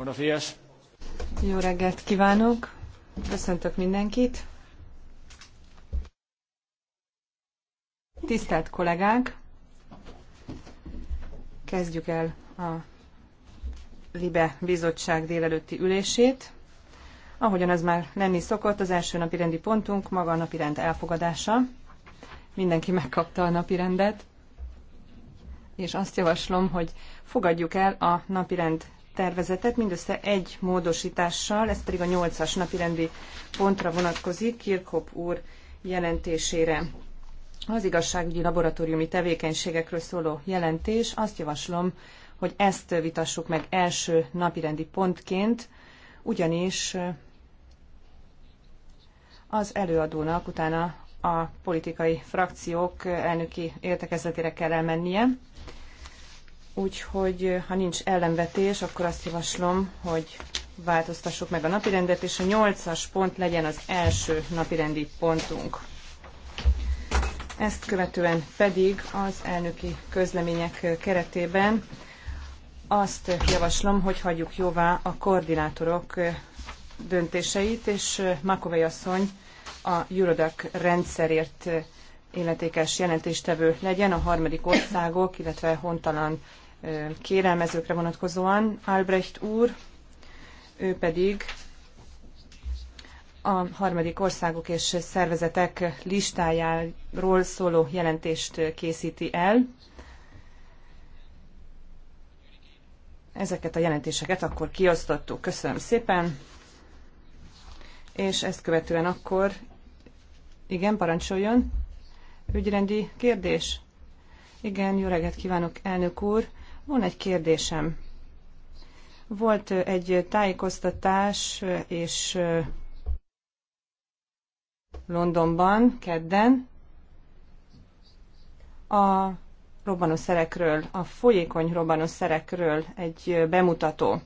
Buenos días. Jó reggelt kívánok! Köszöntök mindenkit! Tisztelt kollégák! Kezdjük el a LIBE bizottság délelőtti ülését. Ahogyan az már lenni szokott, az első napi rendi pontunk maga a napi rend elfogadása. Mindenki megkapta a napi rendet, és azt javaslom, hogy fogadjuk el a napirend tervezetet mindössze egy módosítással, ez pedig a 8-as napirendi pontra vonatkozik, kirkop úr jelentésére. Az igazságügyi laboratóriumi tevékenységekről szóló jelentés, azt javaslom, hogy ezt vitassuk meg első napirendi pontként, ugyanis az előadónak utána a politikai frakciók elnöki értekezletére kell elmennie, Úgyhogy, ha nincs ellenvetés, akkor azt javaslom, hogy változtassuk meg a napirendet, és a nyolcas pont legyen az első napirendi pontunk. Ezt követően pedig az elnöki közlemények keretében azt javaslom, hogy hagyjuk jóvá a koordinátorok döntéseit, és Makovei asszony a Eurodac rendszerért illetékes jelentéstevő legyen a harmadik országok, illetve hontalan kérelmezőkre vonatkozóan. Albrecht úr, ő pedig a harmadik országok és szervezetek listájáról szóló jelentést készíti el. Ezeket a jelentéseket akkor kiosztottuk. Köszönöm szépen. És ezt követően akkor, igen, parancsoljon. Ügyrendi kérdés? Igen, jó reggelt kívánok, elnök úr. Van egy kérdésem. Volt egy tájékoztatás, és Londonban, kedden, a robbanószerekről, a folyékony robbanószerekről egy bemutató.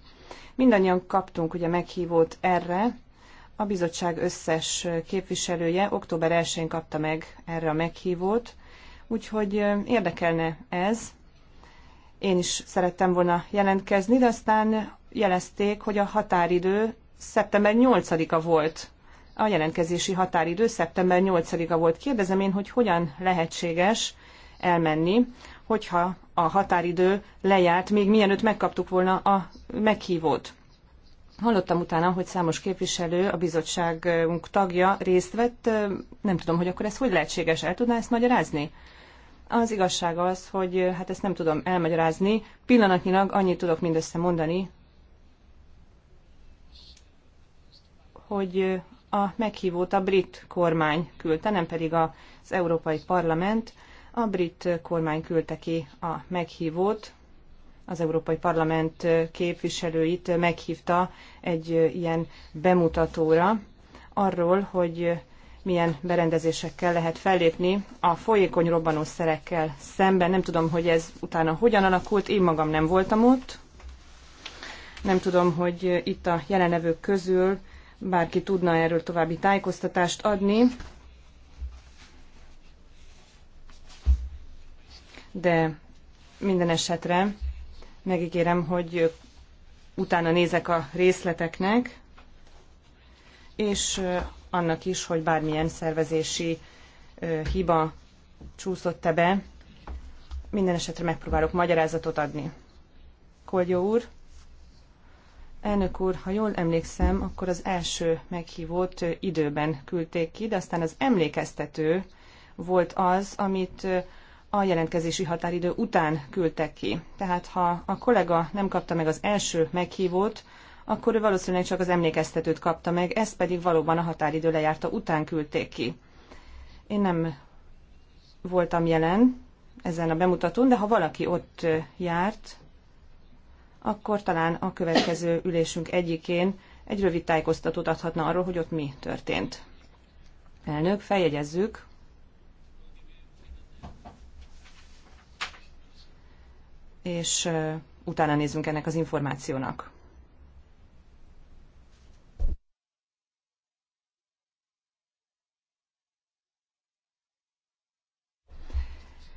Mindannyian kaptunk ugye meghívót erre, a bizottság összes képviselője október 1-én kapta meg erre a meghívót, úgyhogy érdekelne ez, én is szerettem volna jelentkezni, de aztán jelezték, hogy a határidő szeptember 8-a volt. A jelentkezési határidő szeptember 8-a volt. Kérdezem én, hogy hogyan lehetséges elmenni, hogyha a határidő lejárt, még mielőtt megkaptuk volna a meghívót. Hallottam utána, hogy számos képviselő, a bizottságunk tagja részt vett. Nem tudom, hogy akkor ez hogy lehetséges. El tudná ezt magyarázni? Az igazság az, hogy hát ezt nem tudom elmagyarázni. Pillanatnyilag annyit tudok mindössze mondani, hogy a meghívót a brit kormány küldte, nem pedig az Európai Parlament. A brit kormány küldte ki a meghívót, az Európai Parlament képviselőit meghívta egy ilyen bemutatóra arról, hogy milyen berendezésekkel lehet fellépni a folyékony robbanószerekkel szemben. Nem tudom, hogy ez utána hogyan alakult, én magam nem voltam ott. Nem tudom, hogy itt a jelenlevők közül bárki tudna erről további tájékoztatást adni. De minden esetre megígérem, hogy utána nézek a részleteknek, és annak is, hogy bármilyen szervezési hiba csúszott-e be. Minden esetre megpróbálok magyarázatot adni. Kolgyó úr, elnök úr, ha jól emlékszem, akkor az első meghívót időben küldték ki, de aztán az emlékeztető volt az, amit a jelentkezési határidő után küldtek ki. Tehát ha a kollega nem kapta meg az első meghívót, akkor ő valószínűleg csak az emlékeztetőt kapta meg, ezt pedig valóban a határidő lejárta után küldték ki. Én nem voltam jelen ezen a bemutatón, de ha valaki ott járt, akkor talán a következő ülésünk egyikén egy rövid tájékoztatót adhatna arról, hogy ott mi történt. Elnök, feljegyezzük. És utána nézzünk ennek az információnak.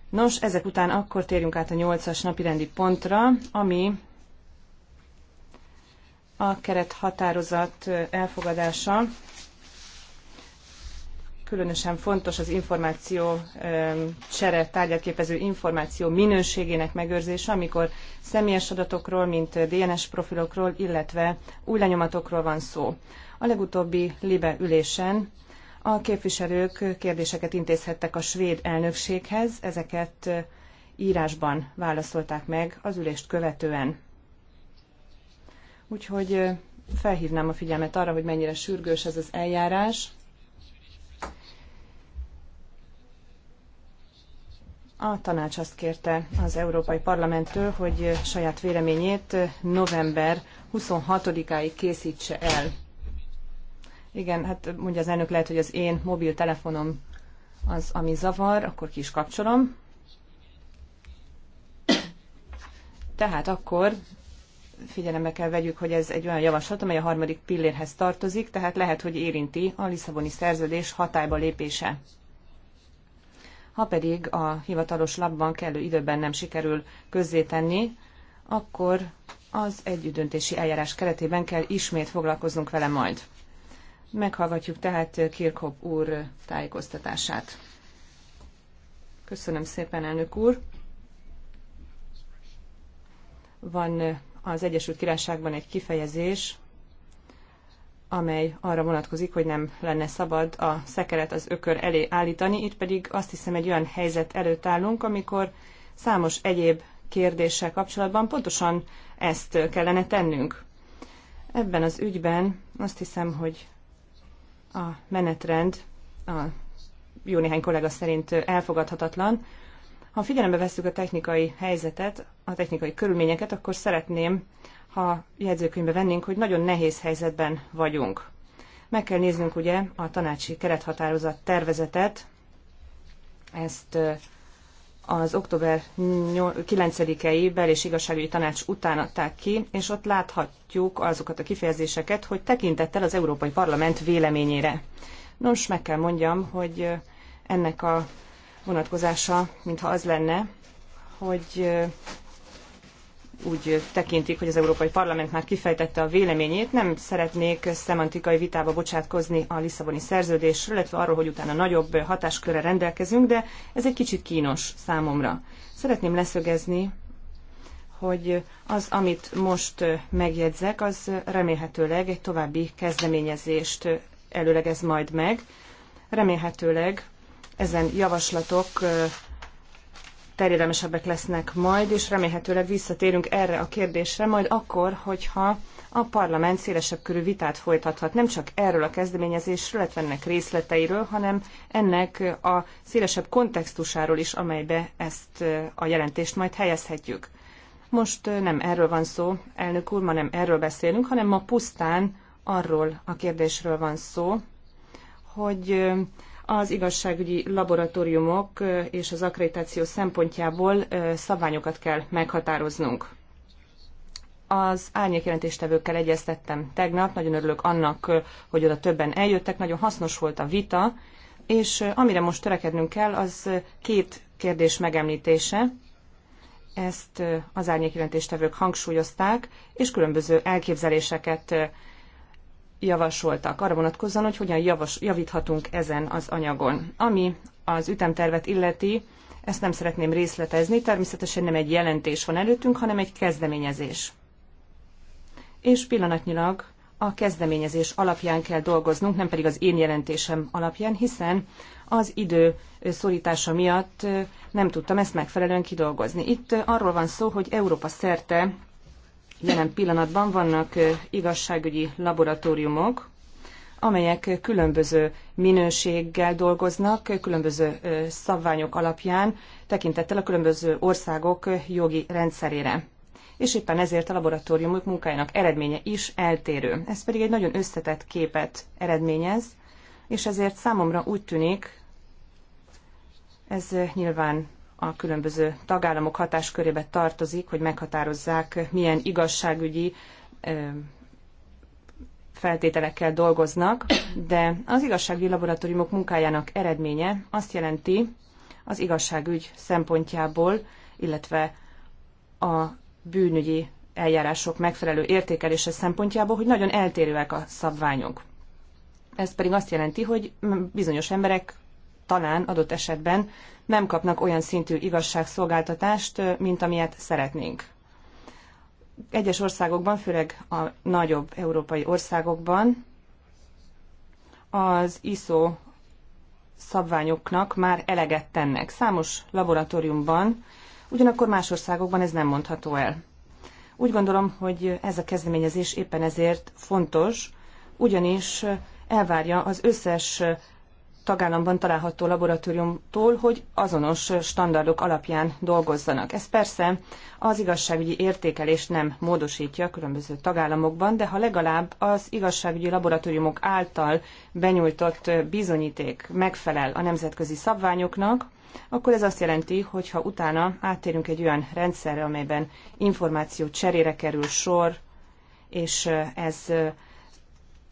Nos, ezek után akkor térjünk át a nyolcas napirendi pontra, ami a keret határozat elfogadása. Különösen fontos az információ csere tárgyát képező információ minőségének megőrzése, amikor személyes adatokról, mint DNS profilokról, illetve új lenyomatokról van szó. A legutóbbi LIBE ülésen a képviselők kérdéseket intézhettek a svéd elnökséghez, ezeket írásban válaszolták meg az ülést követően. Úgyhogy felhívnám a figyelmet arra, hogy mennyire sürgős ez az eljárás. A tanács azt kérte az Európai Parlamenttől, hogy saját véleményét november 26-áig készítse el. Igen, hát mondja az elnök, lehet, hogy az én mobiltelefonom az, ami zavar, akkor ki is kapcsolom. Tehát akkor figyelembe kell vegyük, hogy ez egy olyan javaslat, amely a harmadik pillérhez tartozik, tehát lehet, hogy érinti a Lisszaboni szerződés hatályba lépése. Ha pedig a hivatalos labban kellő időben nem sikerül közzétenni, akkor az együttdöntési eljárás keretében kell ismét foglalkoznunk vele majd. Meghallgatjuk tehát Kirkhoff úr tájékoztatását. Köszönöm szépen, elnök úr. Van eh, az Egyesült Királyságban egy kifejezés, amely arra vonatkozik, hogy nem lenne szabad a szekeret az ökör elé állítani. Itt pedig azt hiszem egy olyan helyzet előtt állunk, amikor számos egyéb kérdéssel kapcsolatban pontosan ezt kellene tennünk. Ebben az ügyben azt hiszem, hogy a menetrend a jó néhány kollega szerint elfogadhatatlan. Ha figyelembe vesszük a technikai helyzetet, a technikai körülményeket, akkor szeretném, ha jegyzőkönyvbe vennénk, hogy nagyon nehéz helyzetben vagyunk. Meg kell néznünk ugye a tanácsi kerethatározat tervezetet, ezt az október 9-i bel- és igazságügyi tanács után adták ki, és ott láthatjuk azokat a kifejezéseket, hogy tekintettel az Európai Parlament véleményére. Nos, meg kell mondjam, hogy ennek a vonatkozása, mintha az lenne, hogy úgy tekintik, hogy az Európai Parlament már kifejtette a véleményét, nem szeretnék szemantikai vitába bocsátkozni a Lisszaboni szerződésről, illetve arról, hogy utána nagyobb hatáskörre rendelkezünk, de ez egy kicsit kínos számomra. Szeretném leszögezni, hogy az, amit most megjegyzek, az remélhetőleg egy további kezdeményezést előlegez majd meg. Remélhetőleg ezen javaslatok terjedelmesebbek lesznek majd, és remélhetőleg visszatérünk erre a kérdésre majd akkor, hogyha a parlament szélesebb körű vitát folytathat, nem csak erről a kezdeményezésről, illetve ennek részleteiről, hanem ennek a szélesebb kontextusáról is, amelybe ezt a jelentést majd helyezhetjük. Most nem erről van szó, elnök úr, ma nem erről beszélünk, hanem ma pusztán arról a kérdésről van szó, hogy az igazságügyi laboratóriumok és az akkreditáció szempontjából szabványokat kell meghatároznunk. Az árnyékjelentéstevőkkel egyeztettem tegnap, nagyon örülök annak, hogy oda többen eljöttek, nagyon hasznos volt a vita, és amire most törekednünk kell, az két kérdés megemlítése. Ezt az árnyékjelentéstevők hangsúlyozták, és különböző elképzeléseket javasoltak arra vonatkozóan, hogy hogyan javas, javíthatunk ezen az anyagon. Ami az ütemtervet illeti, ezt nem szeretném részletezni, természetesen nem egy jelentés van előttünk, hanem egy kezdeményezés. És pillanatnyilag a kezdeményezés alapján kell dolgoznunk, nem pedig az én jelentésem alapján, hiszen az idő szorítása miatt nem tudtam ezt megfelelően kidolgozni. Itt arról van szó, hogy Európa szerte Jelen pillanatban vannak igazságügyi laboratóriumok, amelyek különböző minőséggel dolgoznak, különböző szabványok alapján, tekintettel a különböző országok jogi rendszerére. És éppen ezért a laboratóriumok munkájának eredménye is eltérő. Ez pedig egy nagyon összetett képet eredményez, és ezért számomra úgy tűnik, ez nyilván a különböző tagállamok hatáskörébe tartozik, hogy meghatározzák, milyen igazságügyi feltételekkel dolgoznak, de az igazságügyi laboratóriumok munkájának eredménye azt jelenti az igazságügy szempontjából, illetve a bűnügyi eljárások megfelelő értékelése szempontjából, hogy nagyon eltérőek a szabványok. Ez pedig azt jelenti, hogy bizonyos emberek talán adott esetben nem kapnak olyan szintű igazságszolgáltatást, mint amilyet szeretnénk. Egyes országokban, főleg a nagyobb európai országokban az ISO szabványoknak már eleget tennek. Számos laboratóriumban, ugyanakkor más országokban ez nem mondható el. Úgy gondolom, hogy ez a kezdeményezés éppen ezért fontos, ugyanis elvárja az összes tagállamban található laboratóriumtól, hogy azonos standardok alapján dolgozzanak. Ez persze az igazságügyi értékelés nem módosítja a különböző tagállamokban, de ha legalább az igazságügyi laboratóriumok által benyújtott bizonyíték megfelel a nemzetközi szabványoknak, akkor ez azt jelenti, hogy ha utána áttérünk egy olyan rendszerre, amelyben információ cserére kerül sor, és ez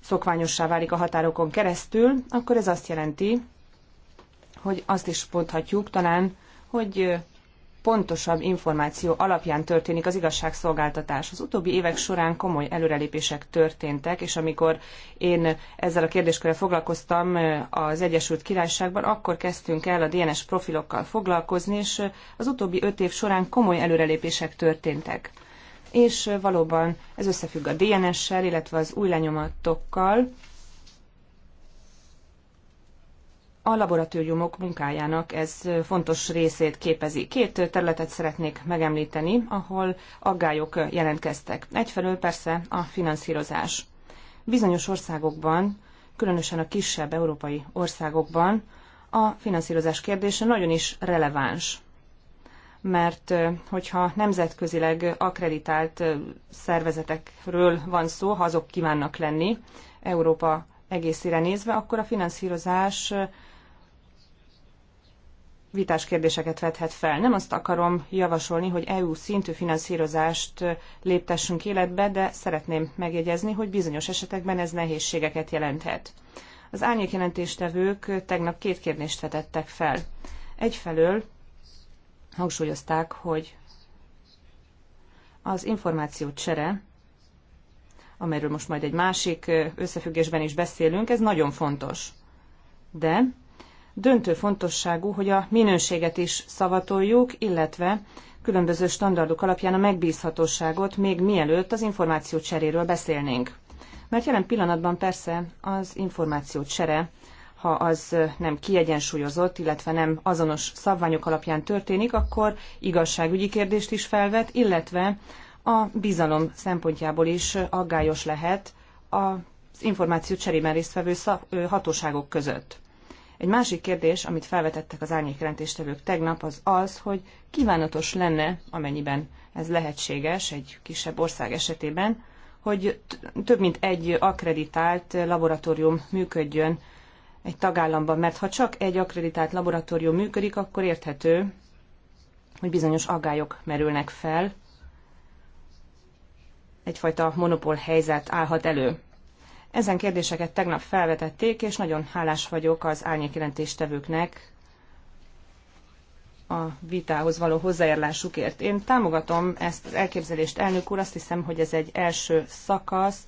szokványossá válik a határokon keresztül, akkor ez azt jelenti, hogy azt is mondhatjuk talán, hogy pontosabb információ alapján történik az igazságszolgáltatás. Az utóbbi évek során komoly előrelépések történtek, és amikor én ezzel a kérdéskörrel foglalkoztam az Egyesült Királyságban, akkor kezdtünk el a DNS profilokkal foglalkozni, és az utóbbi öt év során komoly előrelépések történtek és valóban ez összefügg a DNS-sel, illetve az új lenyomatokkal, a laboratóriumok munkájának ez fontos részét képezi. Két területet szeretnék megemlíteni, ahol aggályok jelentkeztek. Egyfelől persze a finanszírozás. Bizonyos országokban, különösen a kisebb európai országokban a finanszírozás kérdése nagyon is releváns mert hogyha nemzetközileg akreditált szervezetekről van szó, ha azok kívánnak lenni Európa egészére nézve, akkor a finanszírozás vitás kérdéseket vethet fel. Nem azt akarom javasolni, hogy EU szintű finanszírozást léptessünk életbe, de szeretném megjegyezni, hogy bizonyos esetekben ez nehézségeket jelenthet. Az jelentéstevők tegnap két kérdést vetettek fel. Egyfelől hangsúlyozták, hogy az információ csere, amelyről most majd egy másik összefüggésben is beszélünk, ez nagyon fontos. De döntő fontosságú, hogy a minőséget is szavatoljuk, illetve különböző standardok alapján a megbízhatóságot még mielőtt az információ cseréről beszélnénk. Mert jelen pillanatban persze az információ csere ha az nem kiegyensúlyozott, illetve nem azonos szabványok alapján történik, akkor igazságügyi kérdést is felvet, illetve a bizalom szempontjából is aggályos lehet az információ cserében résztvevő hatóságok között. Egy másik kérdés, amit felvetettek az árnyékjelentéstevők tegnap, az az, hogy kívánatos lenne, amennyiben ez lehetséges egy kisebb ország esetében, hogy több mint egy akkreditált laboratórium működjön egy tagállamban, mert ha csak egy akkreditált laboratórium működik, akkor érthető, hogy bizonyos agályok merülnek fel, egyfajta monopól helyzet állhat elő. Ezen kérdéseket tegnap felvetették, és nagyon hálás vagyok az árnyékjelentéstevőknek a vitához való hozzáérlásukért. Én támogatom ezt az elképzelést, elnök úr, azt hiszem, hogy ez egy első szakasz.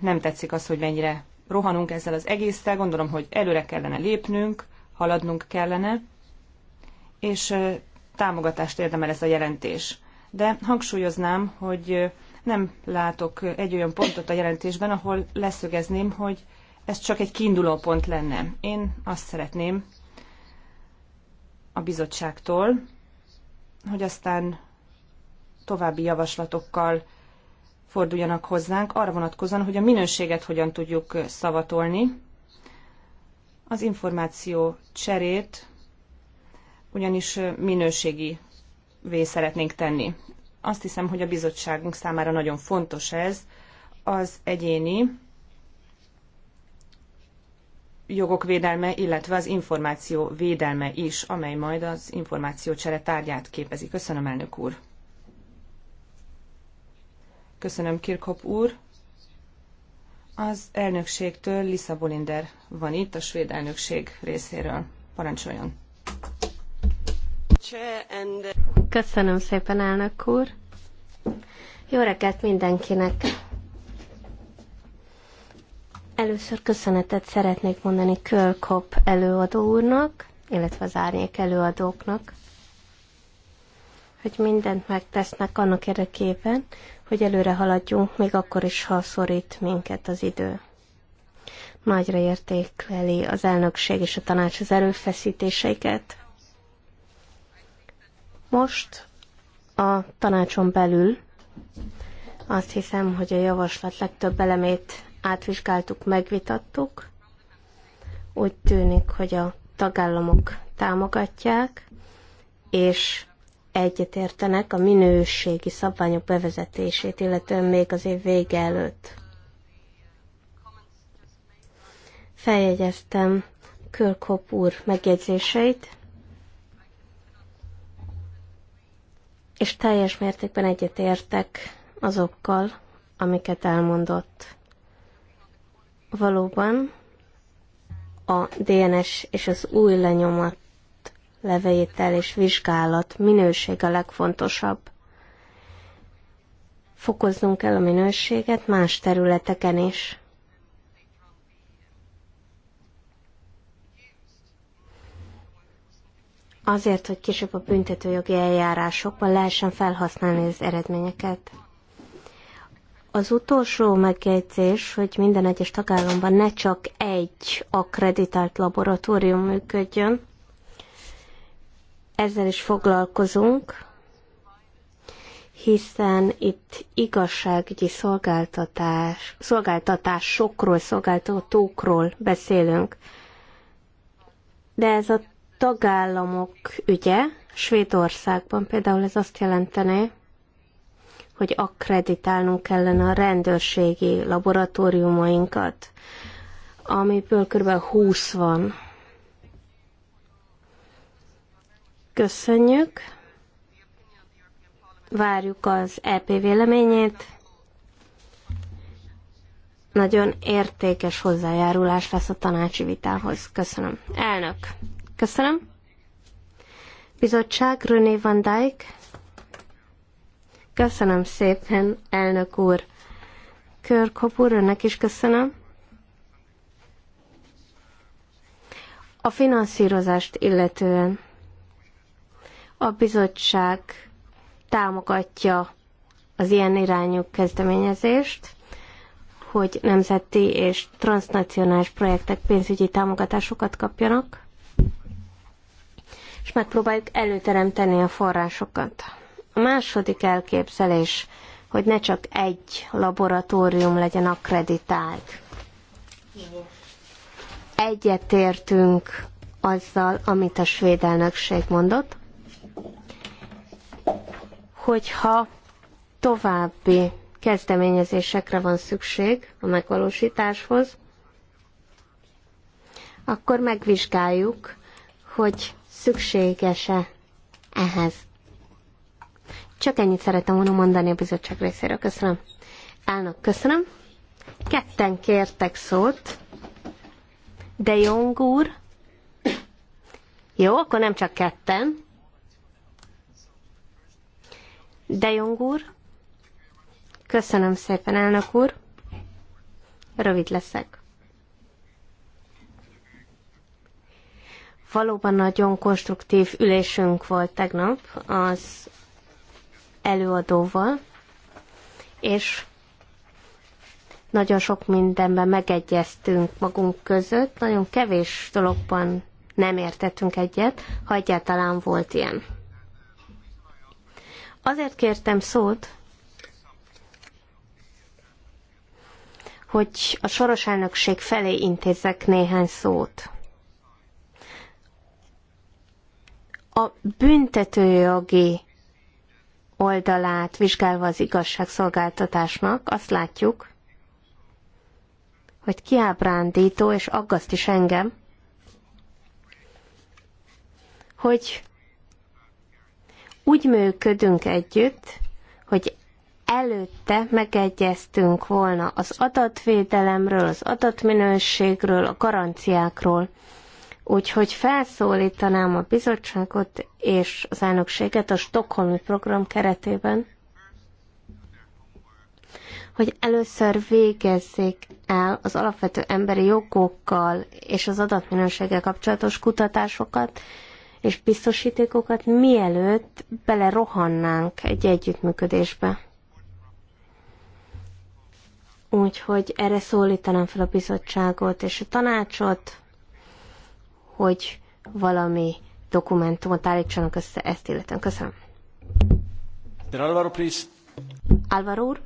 Nem tetszik az, hogy mennyire rohanunk ezzel az egésztel, gondolom, hogy előre kellene lépnünk, haladnunk kellene, és támogatást érdemel ez a jelentés. De hangsúlyoznám, hogy nem látok egy olyan pontot a jelentésben, ahol leszögezném, hogy ez csak egy kiinduló pont lenne. Én azt szeretném a bizottságtól, hogy aztán további javaslatokkal forduljanak hozzánk arra vonatkozóan, hogy a minőséget hogyan tudjuk szavatolni. Az információ cserét ugyanis minőségi vé szeretnénk tenni. Azt hiszem, hogy a bizottságunk számára nagyon fontos ez, az egyéni jogok védelme, illetve az információ védelme is, amely majd az információ információcsere tárgyát képezi. Köszönöm, elnök úr! Köszönöm, Kirkhop úr. Az elnökségtől Lisa Bolinder van itt, a svéd elnökség részéről. Parancsoljon. Köszönöm szépen, elnök úr. Jó reggelt mindenkinek! Először köszönetet szeretnék mondani Kölkop előadó úrnak, illetve az árnyék előadóknak, hogy mindent megtesznek annak érdekében, hogy előre haladjunk, még akkor is, ha szorít minket az idő. Nagyra értékleli az elnökség és a tanács az erőfeszítéseiket. Most a tanácson belül azt hiszem, hogy a javaslat legtöbb elemét átvizsgáltuk, megvitattuk. Úgy tűnik, hogy a tagállamok támogatják, és egyetértenek a minőségi szabványok bevezetését, illetően még az év vége előtt. Feljegyeztem Körkop úr megjegyzéseit, és teljes mértékben egyetértek azokkal, amiket elmondott. Valóban a DNS és az új lenyomat levétel és vizsgálat minőség a legfontosabb. Fokoznunk kell a minőséget más területeken is. Azért, hogy kisebb a büntetőjogi eljárásokban lehessen felhasználni az eredményeket. Az utolsó megjegyzés, hogy minden egyes tagállamban ne csak egy akkreditált laboratórium működjön, ezzel is foglalkozunk, hiszen itt igazságügyi szolgáltatás, szolgáltatásokról, szolgáltatókról beszélünk. De ez a tagállamok ügye, Svédországban például ez azt jelentene, hogy akkreditálnunk kellene a rendőrségi laboratóriumainkat, amiből kb. 20 van Köszönjük. Várjuk az EP véleményét. Nagyon értékes hozzájárulás lesz a tanácsi vitához. Köszönöm. Elnök. Köszönöm. Bizottság, René van Dijk. Köszönöm szépen, elnök úr. Körkop úr, önnek is köszönöm. A finanszírozást illetően a bizottság támogatja az ilyen irányú kezdeményezést, hogy nemzeti és transnacionális projektek pénzügyi támogatásokat kapjanak, és megpróbáljuk előteremteni a forrásokat. A második elképzelés, hogy ne csak egy laboratórium legyen akkreditált. Egyetértünk azzal, amit a svéd elnökség mondott, hogyha további kezdeményezésekre van szükség a megvalósításhoz, akkor megvizsgáljuk, hogy szükséges-e ehhez. Csak ennyit szerettem volna mondani a bizottság részéről. Köszönöm. Elnök, köszönöm. Ketten kértek szót. De Jong úr. Jó, akkor nem csak ketten. De Jong úr, köszönöm szépen, elnök úr. Rövid leszek. Valóban nagyon konstruktív ülésünk volt tegnap az előadóval, és nagyon sok mindenben megegyeztünk magunk között, nagyon kevés dologban nem értettünk egyet, ha egyáltalán volt ilyen. Azért kértem szót, hogy a soros elnökség felé intézzek néhány szót. A büntetőjogi oldalát vizsgálva az igazságszolgáltatásnak azt látjuk, hogy kiábrándító és aggaszt is engem, hogy úgy működünk együtt, hogy előtte megegyeztünk volna az adatvédelemről, az adatminőségről, a garanciákról. Úgyhogy felszólítanám a bizottságot és az elnökséget a Stockholmi program keretében, hogy először végezzék el az alapvető emberi jogokkal és az adatminőséggel kapcsolatos kutatásokat, és biztosítékokat, mielőtt belerohannánk egy együttműködésbe. Úgyhogy erre szólítanám fel a bizottságot és a tanácsot, hogy valami dokumentumot állítsanak össze ezt illetően. Köszönöm. Alvaro, please. Alvaro úr.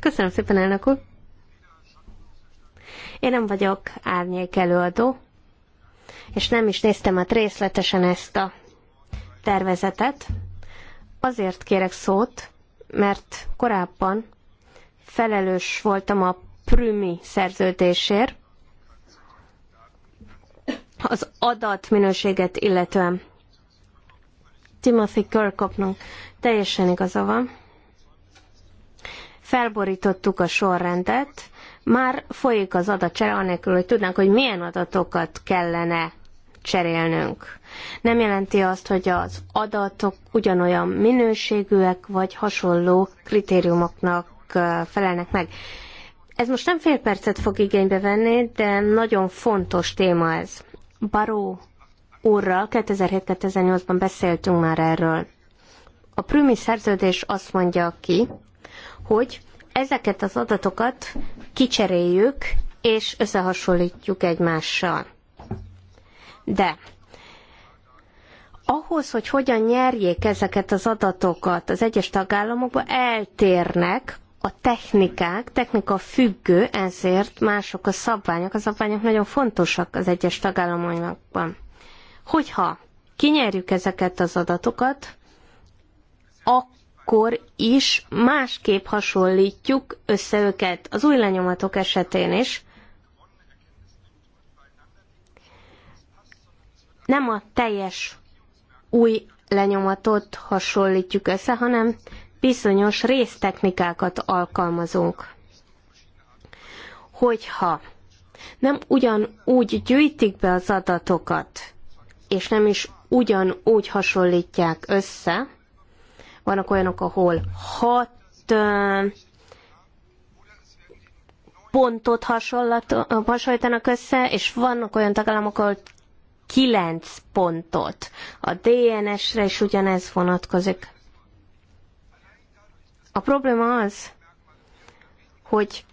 Köszönöm szépen, elnök úr. Én nem vagyok árnyék előadó, és nem is néztem át részletesen ezt a tervezetet. Azért kérek szót, mert korábban felelős voltam a Prümi szerződésért, az adatminőséget illetően. Timothy Kirkopnak teljesen igaza van. Felborítottuk a sorrendet, már folyik az adatcsere, anélkül, hogy tudnánk, hogy milyen adatokat kellene cserélnünk. Nem jelenti azt, hogy az adatok ugyanolyan minőségűek, vagy hasonló kritériumoknak felelnek meg. Ez most nem fél percet fog igénybe venni, de nagyon fontos téma ez. Baró úrral 2007-2008-ban beszéltünk már erről. A prümi szerződés azt mondja ki, hogy ezeket az adatokat kicseréljük, és összehasonlítjuk egymással. De ahhoz, hogy hogyan nyerjék ezeket az adatokat az egyes tagállamokban, eltérnek a technikák, technika függő, ezért mások a szabványok. A szabványok nagyon fontosak az egyes tagállamokban. Hogyha kinyerjük ezeket az adatokat, akkor akkor is másképp hasonlítjuk össze őket. Az új lenyomatok esetén is nem a teljes új lenyomatot hasonlítjuk össze, hanem bizonyos résztechnikákat alkalmazunk. Hogyha nem ugyanúgy gyűjtik be az adatokat, és nem is ugyanúgy hasonlítják össze, vannak olyanok, ahol hat pontot hasonlítanak össze, és vannak olyan tagállamok, ahol kilenc pontot. A DNS-re is ugyanez vonatkozik. A probléma az, hogy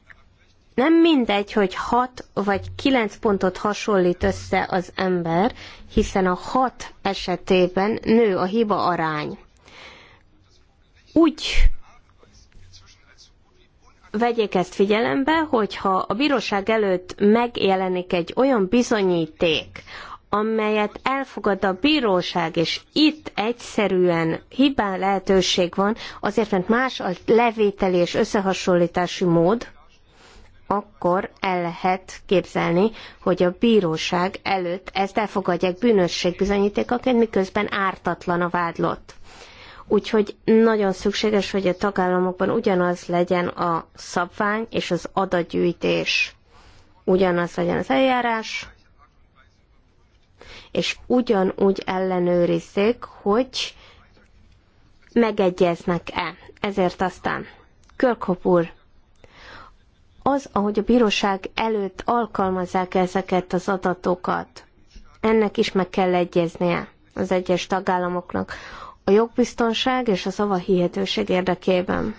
nem mindegy, hogy 6 vagy 9 pontot hasonlít össze az ember, hiszen a 6 esetében nő a hiba arány úgy vegyék ezt figyelembe, hogyha a bíróság előtt megjelenik egy olyan bizonyíték, amelyet elfogad a bíróság, és itt egyszerűen hibá lehetőség van, azért mert más a levételi és összehasonlítási mód, akkor el lehet képzelni, hogy a bíróság előtt ezt elfogadják bűnösségbizonyítékaként, miközben ártatlan a vádlott. Úgyhogy nagyon szükséges, hogy a tagállamokban ugyanaz legyen a szabvány és az adatgyűjtés, ugyanaz legyen az eljárás, és ugyanúgy ellenőrizzék, hogy megegyeznek-e. Ezért aztán Körkhop úr, az, ahogy a bíróság előtt alkalmazzák ezeket az adatokat, ennek is meg kell egyeznie az egyes tagállamoknak a jogbiztonság és a szavahihetőség érdekében.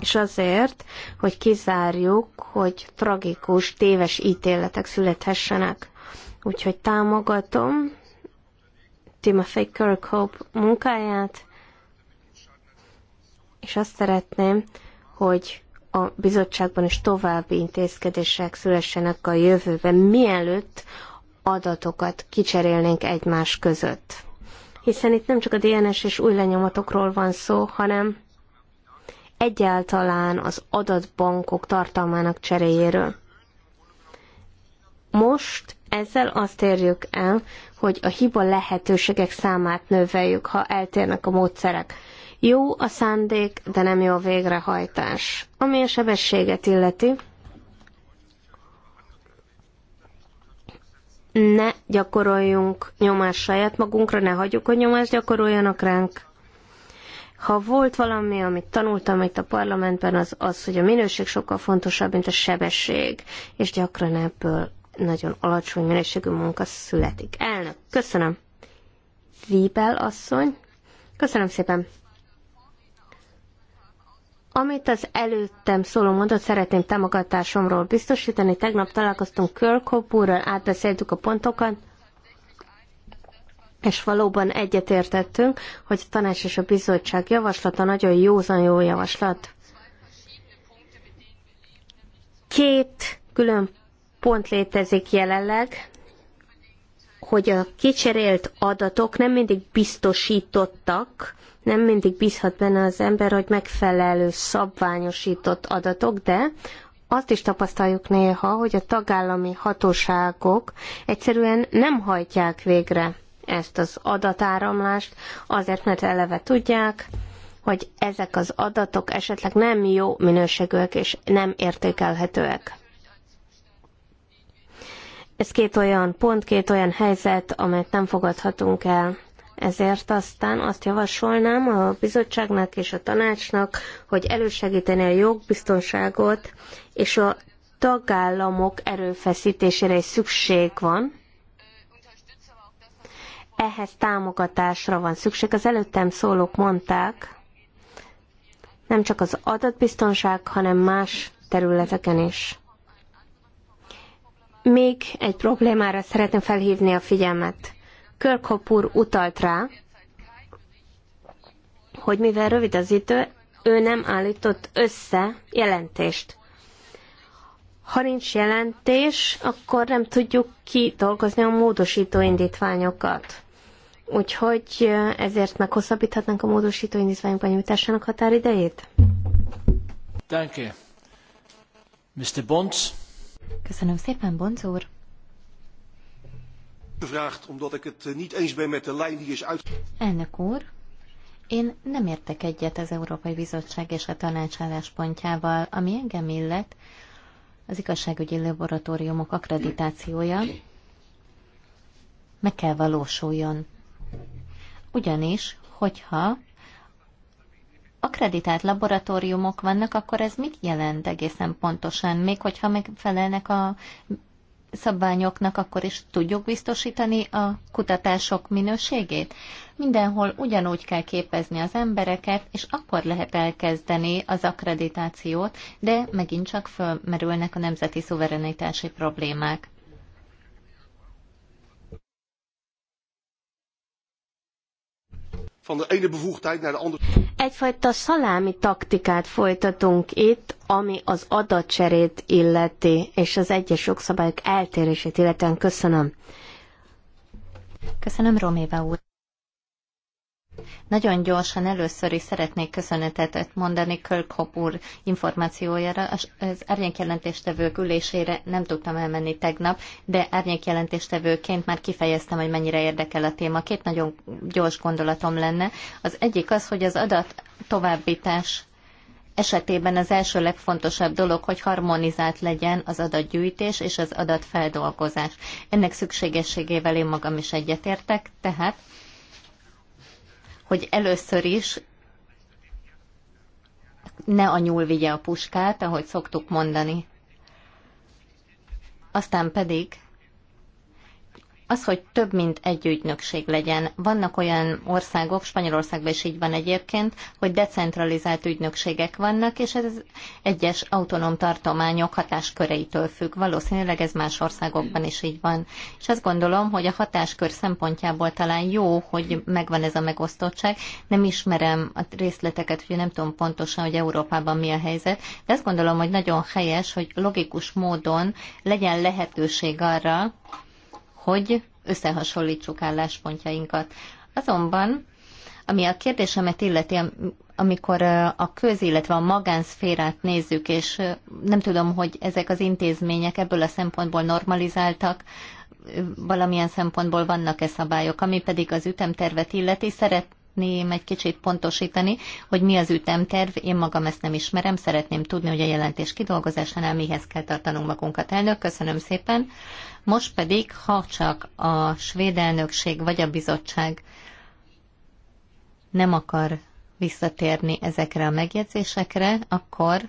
És azért, hogy kizárjuk, hogy tragikus, téves ítéletek születhessenek. Úgyhogy támogatom Timothy Kirkhope munkáját, és azt szeretném, hogy a bizottságban is további intézkedések szülessenek a jövőben, mielőtt adatokat kicserélnénk egymás között hiszen itt nem csak a DNS és új lenyomatokról van szó, hanem egyáltalán az adatbankok tartalmának cseréjéről. Most ezzel azt érjük el, hogy a hiba lehetőségek számát növeljük, ha eltérnek a módszerek. Jó a szándék, de nem jó a végrehajtás. Ami a sebességet illeti, ne gyakoroljunk nyomást saját magunkra, ne hagyjuk, hogy nyomást gyakoroljanak ránk. Ha volt valami, amit tanultam itt a parlamentben, az az, hogy a minőség sokkal fontosabb, mint a sebesség, és gyakran ebből nagyon alacsony minőségű munka születik. Elnök, köszönöm. Vibel asszony, köszönöm szépen. Amit az előttem szóló mondat szeretném támogatásomról biztosítani. Tegnap találkoztunk Kirkhope úrral, átbeszéltük a pontokat, és valóban egyetértettünk, hogy a tanács és a bizottság javaslata nagyon józan jó javaslat. Két külön pont létezik jelenleg, hogy a kicserélt adatok nem mindig biztosítottak, nem mindig bízhat benne az ember, hogy megfelelő szabványosított adatok, de azt is tapasztaljuk néha, hogy a tagállami hatóságok egyszerűen nem hajtják végre ezt az adatáramlást, azért, mert eleve tudják, hogy ezek az adatok esetleg nem jó minőségűek és nem értékelhetőek. Ez két olyan pont, két olyan helyzet, amelyet nem fogadhatunk el. Ezért aztán azt javasolnám a bizottságnak és a tanácsnak, hogy elősegíteni a jogbiztonságot, és a tagállamok erőfeszítésére is szükség van. Ehhez támogatásra van szükség. Az előttem szólók mondták, nem csak az adatbiztonság, hanem más területeken is. Még egy problémára szeretném felhívni a figyelmet. Körkhop úr utalt rá, hogy mivel rövid az idő, ő nem állított össze jelentést. Ha nincs jelentés, akkor nem tudjuk kidolgozni a módosító indítványokat. Úgyhogy eh, ezért meghosszabbíthatnánk a módosító indítványok benyújtásának határidejét. you. Mr. Bonds. Köszönöm szépen, Bonc úr. Elnök úr, én nem értek egyet az Európai Bizottság és a tanács álláspontjával, ami engem illet, az igazságügyi laboratóriumok akkreditációja meg kell valósuljon. Ugyanis, hogyha akreditált laboratóriumok vannak, akkor ez mit jelent egészen pontosan? Még hogyha megfelelnek a szabványoknak, akkor is tudjuk biztosítani a kutatások minőségét? Mindenhol ugyanúgy kell képezni az embereket, és akkor lehet elkezdeni az akkreditációt, de megint csak fölmerülnek a nemzeti szuverenitási problémák. van de ene bevoegdheid naar de andere. Egyfajta szalámi taktikát folytatunk itt, ami az adatcserét illeti, és az egyes jogszabályok eltérését illetően köszönöm. Köszönöm, Roméva úr. Nagyon gyorsan először is szeretnék köszönetet mondani Kölkhop úr információjára. Az árnyékjelentéstevők ülésére nem tudtam elmenni tegnap, de árnyékjelentéstevőként már kifejeztem, hogy mennyire érdekel a téma. Két nagyon gyors gondolatom lenne. Az egyik az, hogy az adat továbbítás esetében az első legfontosabb dolog, hogy harmonizált legyen az adatgyűjtés és az adatfeldolgozás. Ennek szükségességével én magam is egyetértek, tehát hogy először is ne a nyúl vigye a puskát, ahogy szoktuk mondani. Aztán pedig az, hogy több mint egy ügynökség legyen. Vannak olyan országok, Spanyolországban is így van egyébként, hogy decentralizált ügynökségek vannak, és ez egyes autonóm tartományok hatásköreitől függ. Valószínűleg ez más országokban is így van. És azt gondolom, hogy a hatáskör szempontjából talán jó, hogy megvan ez a megosztottság. Nem ismerem a részleteket, hogy nem tudom pontosan, hogy Európában mi a helyzet, de azt gondolom, hogy nagyon helyes, hogy logikus módon legyen lehetőség arra, hogy összehasonlítsuk álláspontjainkat. Azonban, ami a kérdésemet illeti, amikor a köz, illetve a magánszférát nézzük, és nem tudom, hogy ezek az intézmények ebből a szempontból normalizáltak, valamilyen szempontból vannak-e szabályok, ami pedig az ütemtervet illeti, szeret, szeretném egy kicsit pontosítani, hogy mi az ütemterv. Én magam ezt nem ismerem, szeretném tudni, hogy a jelentés kidolgozásánál mihez kell tartanunk magunkat. Elnök, köszönöm szépen. Most pedig, ha csak a svéd elnökség vagy a bizottság nem akar visszatérni ezekre a megjegyzésekre, akkor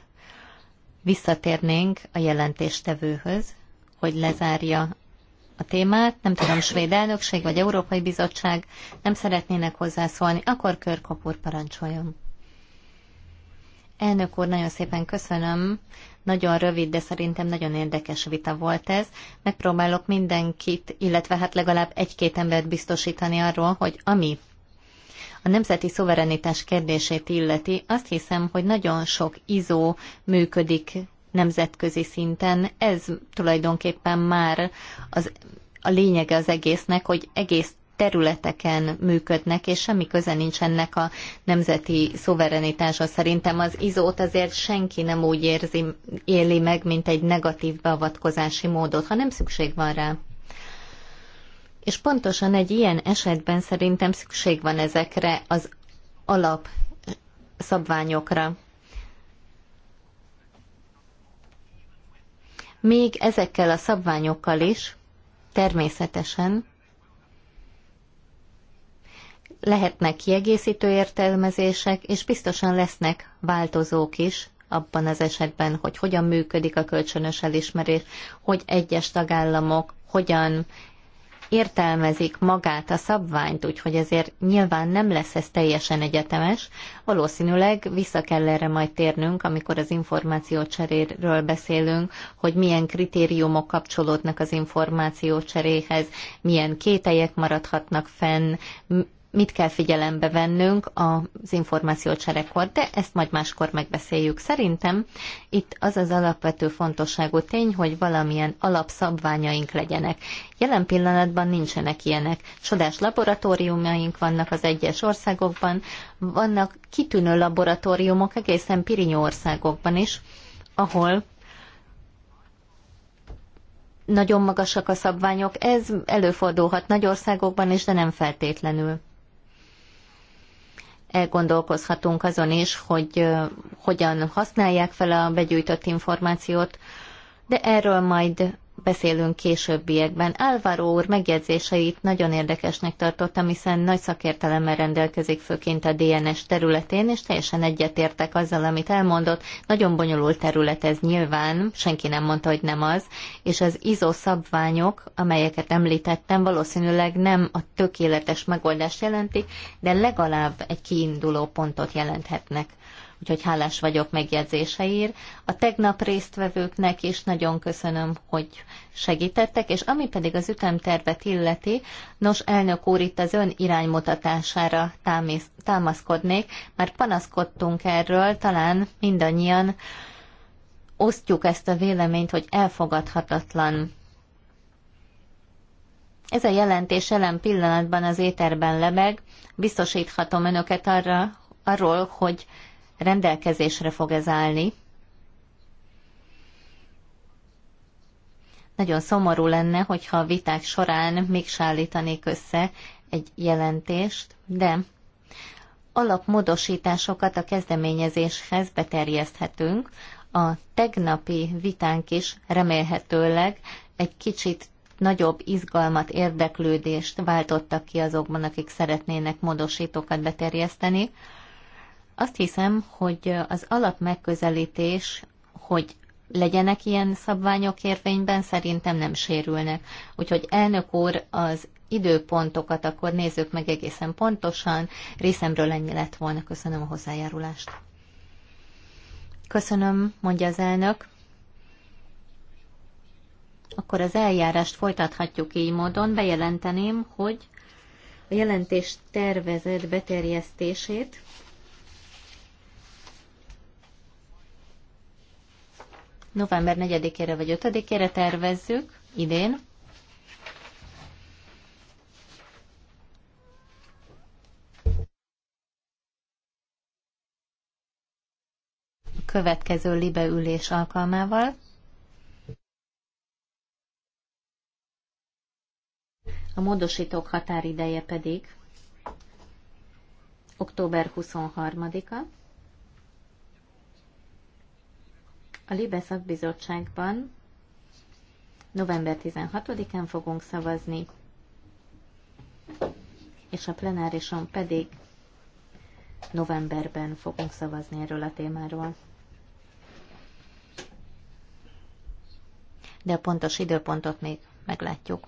visszatérnénk a jelentéstevőhöz, hogy lezárja a témát, nem tudom, svéd elnökség vagy Európai Bizottság nem szeretnének hozzászólni, akkor Körkop úr parancsoljon. Elnök úr, nagyon szépen köszönöm. Nagyon rövid, de szerintem nagyon érdekes vita volt ez. Megpróbálok mindenkit, illetve hát legalább egy-két embert biztosítani arról, hogy ami a nemzeti szuverenitás kérdését illeti, azt hiszem, hogy nagyon sok izó működik nemzetközi szinten. Ez tulajdonképpen már az, a lényege az egésznek, hogy egész területeken működnek, és semmi köze nincs ennek a nemzeti szuverenitása. Szerintem az izót azért senki nem úgy érzi, éli meg, mint egy negatív beavatkozási módot, ha nem szükség van rá. És pontosan egy ilyen esetben szerintem szükség van ezekre az alap szabványokra. még ezekkel a szabványokkal is természetesen lehetnek kiegészítő értelmezések, és biztosan lesznek változók is abban az esetben, hogy hogyan működik a kölcsönös elismerés, hogy egyes tagállamok hogyan értelmezik magát a szabványt, úgyhogy ezért nyilván nem lesz ez teljesen egyetemes. Valószínűleg vissza kell erre majd térnünk, amikor az információcseréről beszélünk, hogy milyen kritériumok kapcsolódnak az információcseréhez, milyen kételyek maradhatnak fenn, mit kell figyelembe vennünk az információcserekor, de ezt majd máskor megbeszéljük. Szerintem itt az az alapvető fontosságú tény, hogy valamilyen alapszabványaink legyenek. Jelen pillanatban nincsenek ilyenek. Csodás laboratóriumaink vannak az egyes országokban, vannak kitűnő laboratóriumok egészen pirinyó országokban is, ahol nagyon magasak a szabványok, ez előfordulhat nagy országokban is, de nem feltétlenül elgondolkozhatunk azon is, hogy hogyan használják fel a begyűjtött információt, de erről majd beszélünk későbbiekben. Álvaro úr megjegyzéseit nagyon érdekesnek tartottam, hiszen nagy szakértelemmel rendelkezik főként a DNS területén, és teljesen egyetértek azzal, amit elmondott. Nagyon bonyolult terület ez nyilván, senki nem mondta, hogy nem az, és az izó szabványok, amelyeket említettem, valószínűleg nem a tökéletes megoldást jelentik, de legalább egy kiinduló pontot jelenthetnek úgyhogy hálás vagyok megjegyzéseért. A tegnap résztvevőknek is nagyon köszönöm, hogy segítettek, és ami pedig az ütemtervet illeti, nos, elnök úr, itt az ön iránymutatására támész, támaszkodnék, mert panaszkodtunk erről, talán mindannyian osztjuk ezt a véleményt, hogy elfogadhatatlan ez a jelentés jelen pillanatban az éterben lebeg, biztosíthatom önöket arra, arról, hogy rendelkezésre fog ez állni. Nagyon szomorú lenne, hogyha a viták során még állítanék össze egy jelentést, de alapmódosításokat a kezdeményezéshez beterjeszthetünk. A tegnapi vitánk is remélhetőleg egy kicsit nagyobb izgalmat, érdeklődést váltottak ki azokban, akik szeretnének módosítókat beterjeszteni. Azt hiszem, hogy az alap megközelítés, hogy legyenek ilyen szabványok érvényben, szerintem nem sérülnek. Úgyhogy elnök úr, az időpontokat akkor nézzük meg egészen pontosan. Részemről ennyi lett volna. Köszönöm a hozzájárulást. Köszönöm, mondja az elnök. Akkor az eljárást folytathatjuk így módon. Bejelenteném, hogy a jelentés tervezett beterjesztését november 4-ére vagy 5-ére tervezzük idén. következő libe ülés alkalmával. A módosítók határideje pedig október 23-a. A Libe szakbizottságban november 16-án fogunk szavazni, és a plenárison pedig novemberben fogunk szavazni erről a témáról. De a pontos időpontot még meglátjuk.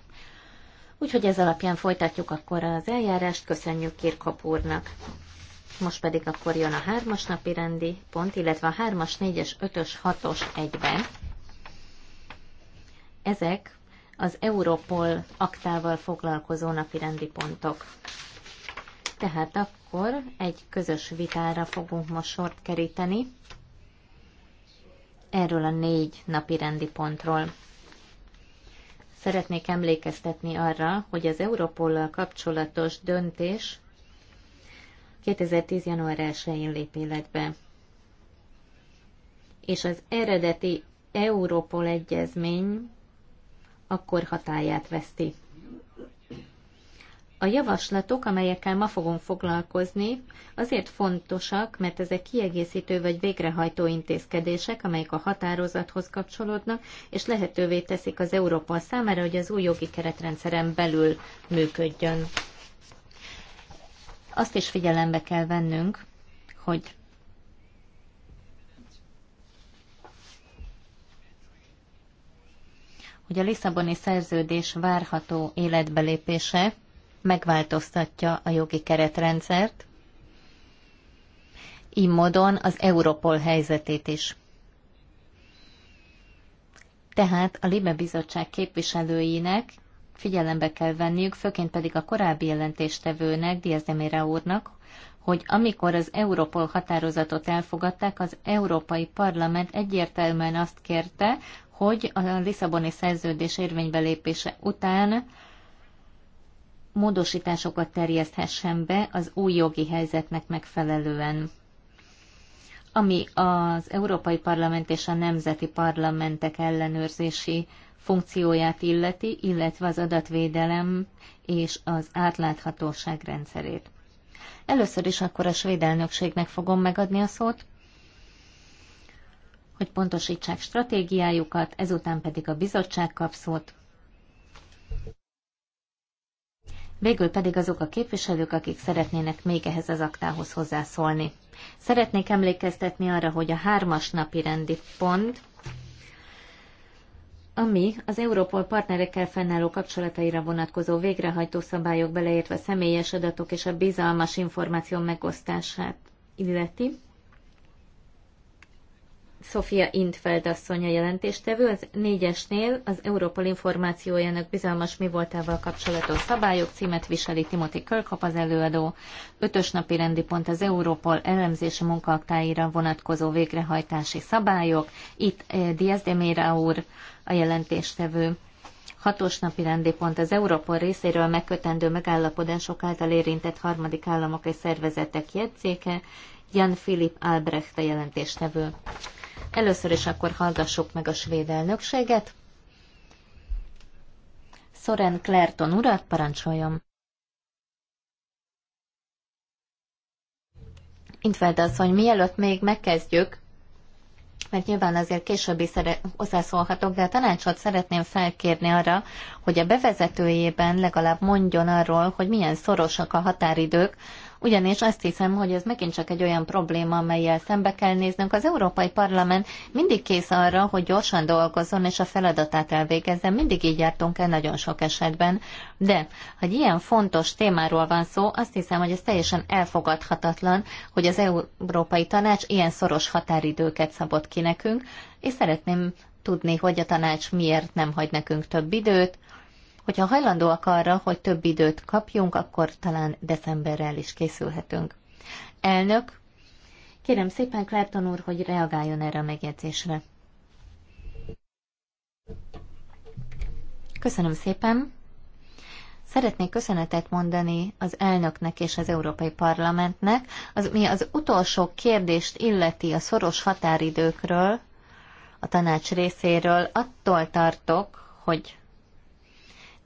Úgyhogy ez alapján folytatjuk akkor az eljárást. Köszönjük Kirkop úrnak! Most pedig akkor jön a hármas napi rendi pont, illetve a hármas, négyes, ötös, hatos egyben. Ezek az Europol aktával foglalkozó napi rendi pontok. Tehát akkor egy közös vitára fogunk most sort keríteni erről a négy napi rendi pontról. Szeretnék emlékeztetni arra, hogy az Europollal kapcsolatos döntés 2010. január 1-én lép életbe. És az eredeti Európol egyezmény akkor hatáját veszti. A javaslatok, amelyekkel ma fogunk foglalkozni, azért fontosak, mert ezek kiegészítő vagy végrehajtó intézkedések, amelyek a határozathoz kapcsolódnak, és lehetővé teszik az Európa számára, hogy az új jogi keretrendszeren belül működjön. Azt is figyelembe kell vennünk, hogy hogy a Lisszaboni szerződés várható életbelépése megváltoztatja a jogi keretrendszert, így módon az Europol helyzetét is. Tehát a Libe Bizottság képviselőinek figyelembe kell venniük, főként pedig a korábbi jelentéstevőnek, Diaz Demira úrnak, hogy amikor az Európol határozatot elfogadták, az Európai Parlament egyértelműen azt kérte, hogy a Lisszaboni szerződés érvénybelépése után módosításokat terjeszthessen be az új jogi helyzetnek megfelelően ami az Európai Parlament és a nemzeti parlamentek ellenőrzési funkcióját illeti, illetve az adatvédelem és az átláthatóság rendszerét. Először is akkor a svéd elnökségnek fogom megadni a szót, hogy pontosítsák stratégiájukat, ezután pedig a bizottság kap szót, Végül pedig azok a képviselők, akik szeretnének még ehhez az aktához hozzászólni. Szeretnék emlékeztetni arra, hogy a hármas napi rendi pont, ami az Európol partnerekkel fennálló kapcsolataira vonatkozó végrehajtó szabályok beleértve személyes adatok és a bizalmas információ megosztását illeti, Sofia Intfeld asszony a jelentéstevő, az négyesnél az Európol információjának bizalmas mi voltával kapcsolatos szabályok címet viseli Timothy Kirkhop az előadó, ötös napi rendi pont az Európol elemzési munkaaktáira vonatkozó végrehajtási szabályok, itt eh, Diaz de Mera úr a jelentéstevő. Hatos napi rendi pont az Európol részéről megkötendő megállapodások által érintett harmadik államok és szervezetek jegyzéke, Jan Philip Albrecht a jelentéstevő. Először is akkor hallgassuk meg a svéd elnökséget. Soren Klerton urat parancsoljon. az hogy mielőtt még megkezdjük, mert nyilván azért későbbi hozzászólhatok, de a tanácsot szeretném felkérni arra, hogy a bevezetőjében legalább mondjon arról, hogy milyen szorosak a határidők ugyanis azt hiszem, hogy ez megint csak egy olyan probléma, amelyel szembe kell néznünk. Az Európai Parlament mindig kész arra, hogy gyorsan dolgozzon és a feladatát elvégezze. Mindig így jártunk el nagyon sok esetben. De, hogy ilyen fontos témáról van szó, azt hiszem, hogy ez teljesen elfogadhatatlan, hogy az Európai Tanács ilyen szoros határidőket szabott ki nekünk, és szeretném tudni, hogy a tanács miért nem hagy nekünk több időt, Hogyha hajlandóak arra, hogy több időt kapjunk, akkor talán decemberrel is készülhetünk. Elnök, kérem szépen Clapton úr, hogy reagáljon erre a megjegyzésre. Köszönöm szépen. Szeretnék köszönetet mondani az elnöknek és az Európai Parlamentnek, az, mi az utolsó kérdést illeti a szoros határidőkről, a tanács részéről, attól tartok, hogy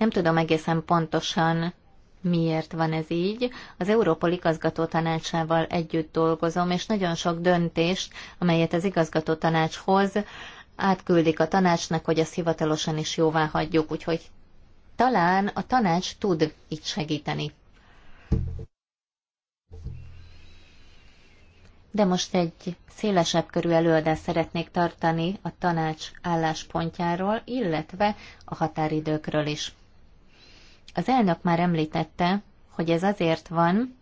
nem tudom egészen pontosan, miért van ez így. Az Európol igazgató tanácsával együtt dolgozom, és nagyon sok döntést, amelyet az igazgató tanács hoz, átküldik a tanácsnak, hogy ezt hivatalosan is jóvá hagyjuk, úgyhogy talán a tanács tud itt segíteni. De most egy szélesebb körű előadást szeretnék tartani a tanács álláspontjáról, illetve a határidőkről is. Az elnök már említette, hogy ez azért van,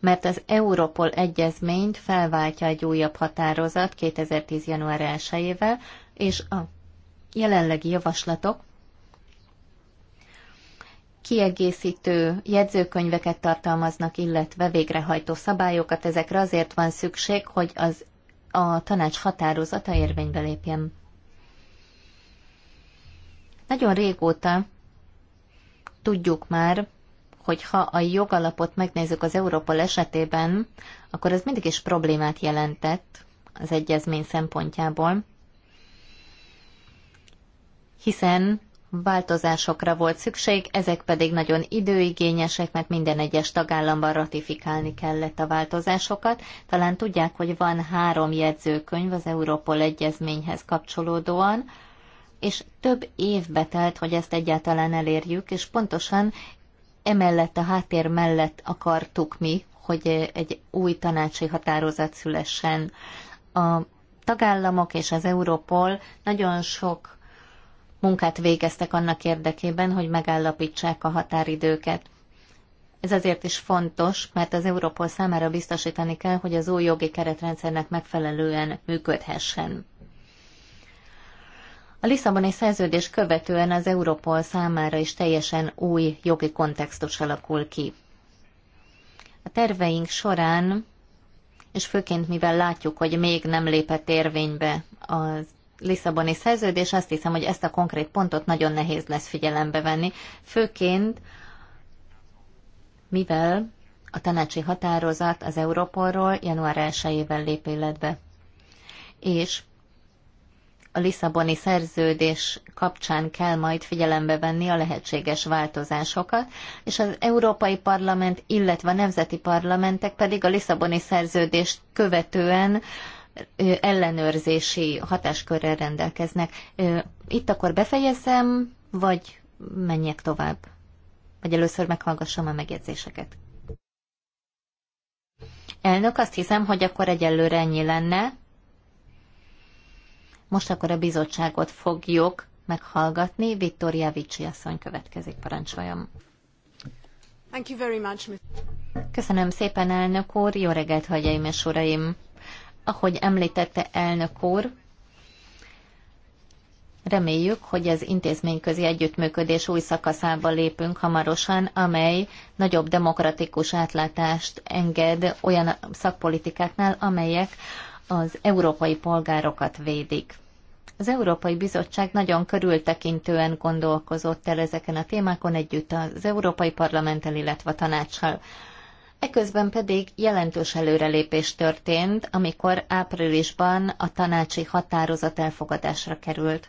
mert az Europol egyezményt felváltja egy újabb határozat 2010. január 1-ével, és a jelenlegi javaslatok kiegészítő jegyzőkönyveket tartalmaznak, illetve végrehajtó szabályokat. Ezekre azért van szükség, hogy az, a tanács határozata érvénybe lépjen. Nagyon régóta tudjuk már, hogy ha a jogalapot megnézzük az Európol esetében, akkor ez mindig is problémát jelentett az egyezmény szempontjából, hiszen változásokra volt szükség, ezek pedig nagyon időigényesek, mert minden egyes tagállamban ratifikálni kellett a változásokat. Talán tudják, hogy van három jegyzőkönyv az Európol egyezményhez kapcsolódóan, és több évbe telt, hogy ezt egyáltalán elérjük, és pontosan emellett a háttér mellett akartuk mi, hogy egy új tanácsi határozat szülessen. A tagállamok és az Európol nagyon sok munkát végeztek annak érdekében, hogy megállapítsák a határidőket. Ez azért is fontos, mert az Európol számára biztosítani kell, hogy az új jogi keretrendszernek megfelelően működhessen. A Lisszaboni szerződés követően az Európol számára is teljesen új jogi kontextus alakul ki. A terveink során, és főként mivel látjuk, hogy még nem lépett érvénybe az Lisszaboni szerződés, azt hiszem, hogy ezt a konkrét pontot nagyon nehéz lesz figyelembe venni, főként mivel a tanácsi határozat az Európolról január 1 lép életbe. És a Lisszaboni szerződés kapcsán kell majd figyelembe venni a lehetséges változásokat, és az Európai Parlament, illetve a nemzeti parlamentek pedig a Lisszaboni szerződést követően ellenőrzési hatáskörrel rendelkeznek. Itt akkor befejezem, vagy menjek tovább? Vagy először meghallgassam a megjegyzéseket? Elnök, azt hiszem, hogy akkor egyelőre ennyi lenne. Most akkor a bizottságot fogjuk meghallgatni. Vittoria Vici asszony következik, parancsoljon. Thank you very much, Köszönöm szépen, elnök úr. Jó reggelt, hölgyeim és uraim. Ahogy említette elnök úr, Reméljük, hogy az intézményközi együttműködés új szakaszába lépünk hamarosan, amely nagyobb demokratikus átlátást enged olyan szakpolitikáknál, amelyek az európai polgárokat védik. Az Európai Bizottság nagyon körültekintően gondolkozott el ezeken a témákon együtt az Európai Parlamenttel, illetve a tanácssal. Eközben pedig jelentős előrelépés történt, amikor áprilisban a tanácsi határozat elfogadásra került.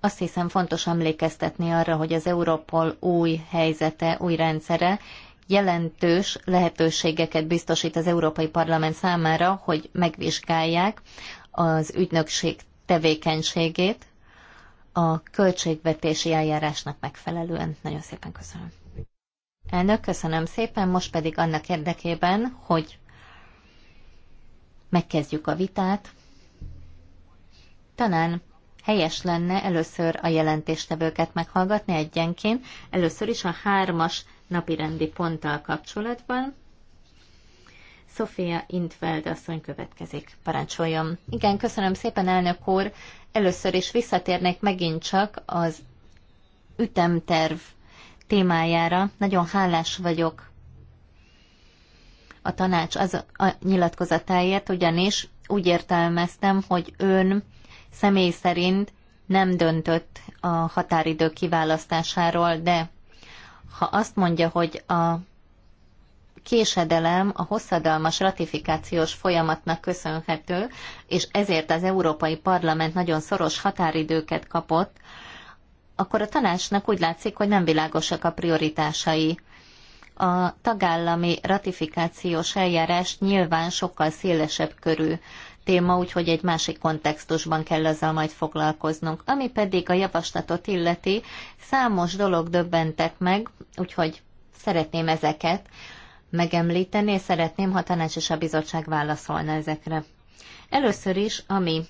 Azt hiszem fontos emlékeztetni arra, hogy az Európol új helyzete, új rendszere jelentős lehetőségeket biztosít az Európai Parlament számára, hogy megvizsgálják az ügynökség tevékenységét a költségvetési eljárásnak megfelelően. Nagyon szépen köszönöm. Elnök, köszönöm szépen, most pedig annak érdekében, hogy megkezdjük a vitát, talán helyes lenne először a jelentéstevőket meghallgatni egyenként. Először is a hármas napirendi ponttal kapcsolatban. Sofia Intveld asszony következik. Parancsoljon. Igen, köszönöm szépen, elnök úr. Először is visszatérnek megint csak az ütemterv témájára. Nagyon hálás vagyok a tanács az a nyilatkozatáért, ugyanis úgy értelmeztem, hogy ön személy szerint nem döntött a határidő kiválasztásáról, de ha azt mondja, hogy a késedelem a hosszadalmas ratifikációs folyamatnak köszönhető, és ezért az Európai Parlament nagyon szoros határidőket kapott, akkor a tanácsnak úgy látszik, hogy nem világosak a prioritásai. A tagállami ratifikációs eljárás nyilván sokkal szélesebb körű téma, úgyhogy egy másik kontextusban kell azzal majd foglalkoznunk. Ami pedig a javaslatot illeti, számos dolog döbbentek meg, úgyhogy szeretném ezeket megemlíteni, és szeretném, ha tanács és a bizottság válaszolna ezekre. Először is, ami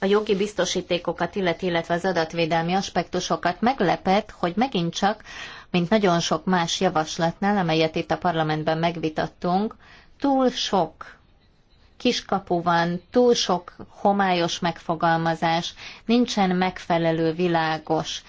a jogi biztosítékokat illeti, illetve az adatvédelmi aspektusokat meglepett, hogy megint csak, mint nagyon sok más javaslatnál, amelyet itt a parlamentben megvitattunk, túl sok kiskapu van, túl sok homályos megfogalmazás, nincsen megfelelő világos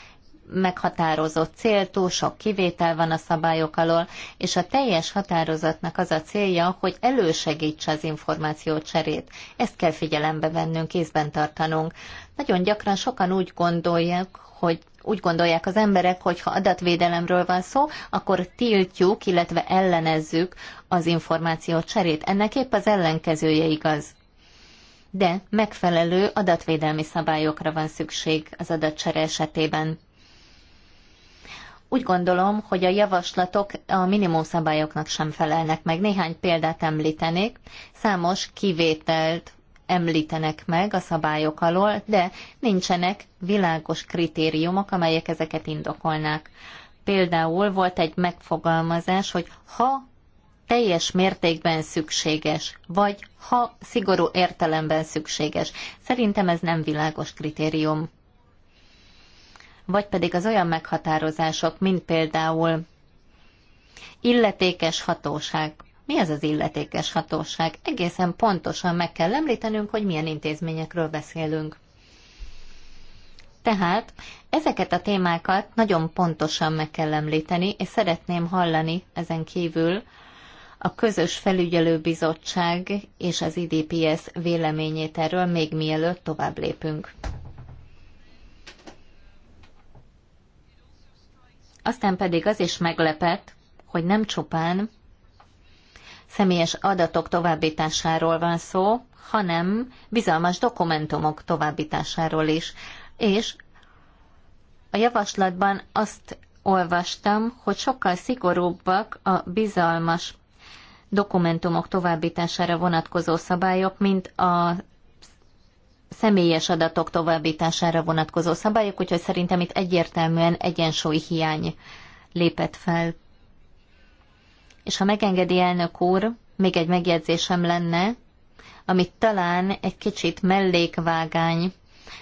meghatározott cél, túl sok kivétel van a szabályok alól, és a teljes határozatnak az a célja, hogy elősegítse az információ cserét. Ezt kell figyelembe vennünk, kézben tartanunk. Nagyon gyakran sokan úgy gondolják, hogy úgy gondolják az emberek, hogy ha adatvédelemről van szó, akkor tiltjuk, illetve ellenezzük az információ cserét. Ennek épp az ellenkezője igaz. De megfelelő adatvédelmi szabályokra van szükség az adatcsere esetében. Úgy gondolom, hogy a javaslatok a minimum szabályoknak sem felelnek meg. Néhány példát említenék, számos kivételt említenek meg a szabályok alól, de nincsenek világos kritériumok, amelyek ezeket indokolnák. Például volt egy megfogalmazás, hogy ha teljes mértékben szükséges, vagy ha szigorú értelemben szükséges. Szerintem ez nem világos kritérium. Vagy pedig az olyan meghatározások, mint például illetékes hatóság, mi ez az illetékes hatóság? Egészen pontosan meg kell említenünk, hogy milyen intézményekről beszélünk. Tehát ezeket a témákat nagyon pontosan meg kell említeni, és szeretném hallani ezen kívül a közös felügyelőbizottság és az IDPS véleményét erről, még mielőtt tovább lépünk. Aztán pedig az is meglepett, hogy nem csupán személyes adatok továbbításáról van szó, hanem bizalmas dokumentumok továbbításáról is. És a javaslatban azt olvastam, hogy sokkal szigorúbbak a bizalmas dokumentumok továbbítására vonatkozó szabályok, mint a személyes adatok továbbítására vonatkozó szabályok, úgyhogy szerintem itt egyértelműen egyensúly hiány lépett fel. És ha megengedi elnök úr, még egy megjegyzésem lenne, amit talán egy kicsit mellékvágány,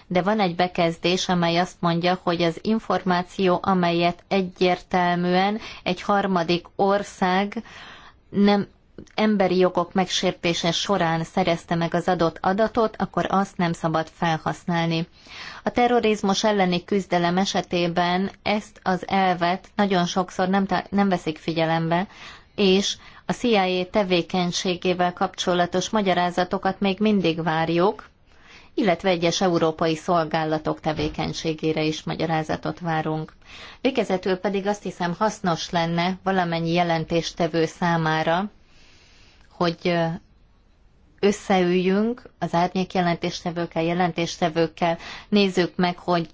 de van egy bekezdés, amely azt mondja, hogy az információ, amelyet egyértelműen egy harmadik ország nem emberi jogok megsértése során szerezte meg az adott adatot, akkor azt nem szabad felhasználni. A terrorizmus elleni küzdelem esetében ezt az elvet nagyon sokszor nem, nem veszik figyelembe, és a CIA tevékenységével kapcsolatos magyarázatokat még mindig várjuk, illetve egyes európai szolgálatok tevékenységére is magyarázatot várunk. Végezetül pedig azt hiszem hasznos lenne valamennyi jelentéstevő számára, hogy összeüljünk az árnyék jelentéstevőkkel, jelentéstevőkkel, nézzük meg, hogy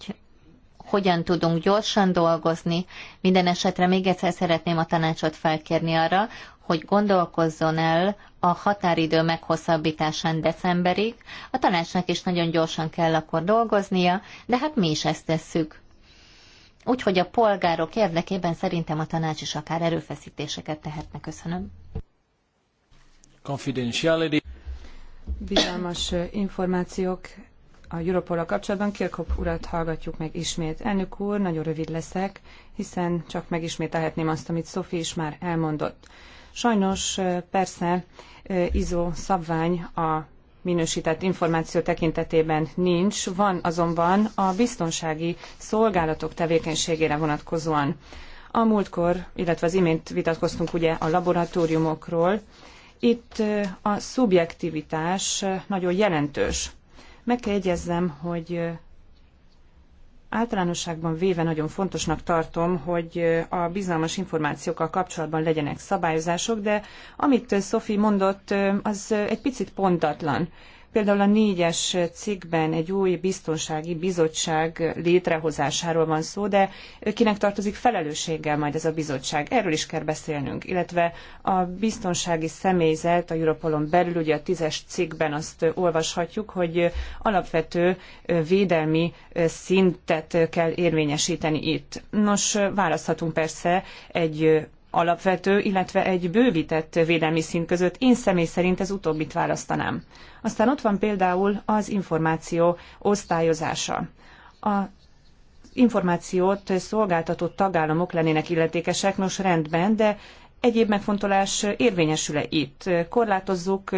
hogyan tudunk gyorsan dolgozni. Minden esetre még egyszer szeretném a tanácsot felkérni arra, hogy gondolkozzon el a határidő meghosszabbításán decemberig. A tanácsnak is nagyon gyorsan kell akkor dolgoznia, de hát mi is ezt tesszük. Úgyhogy a polgárok érdekében szerintem a tanács is akár erőfeszítéseket tehetne. Köszönöm. Confidentiality. Bizalmas információk a Europol-a kapcsolatban. Kirkhope urat hallgatjuk meg ismét. Elnök úr, nagyon rövid leszek, hiszen csak megismételhetném azt, amit Sophie is már elmondott. Sajnos persze izó szabvány a minősített információ tekintetében nincs, van azonban a biztonsági szolgálatok tevékenységére vonatkozóan. A múltkor, illetve az imént vitatkoztunk ugye a laboratóriumokról, itt a szubjektivitás nagyon jelentős. Meg kell egyezzem, hogy általánosságban véve nagyon fontosnak tartom, hogy a bizalmas információkkal kapcsolatban legyenek szabályozások, de amit Szofi mondott, az egy picit pontatlan. Például a négyes cikkben egy új biztonsági bizottság létrehozásáról van szó, de kinek tartozik felelősséggel majd ez a bizottság? Erről is kell beszélnünk, illetve a biztonsági személyzet a Europolon belül, ugye a tízes cikkben azt olvashatjuk, hogy alapvető védelmi szintet kell érvényesíteni itt. Nos, választhatunk persze egy alapvető, illetve egy bővített védelmi szint között. Én személy szerint ez utóbbit választanám. Aztán ott van például az információ osztályozása. A információt szolgáltató tagállamok lennének illetékesek, nos rendben, de egyéb megfontolás érvényesül-e itt? Korlátozzuk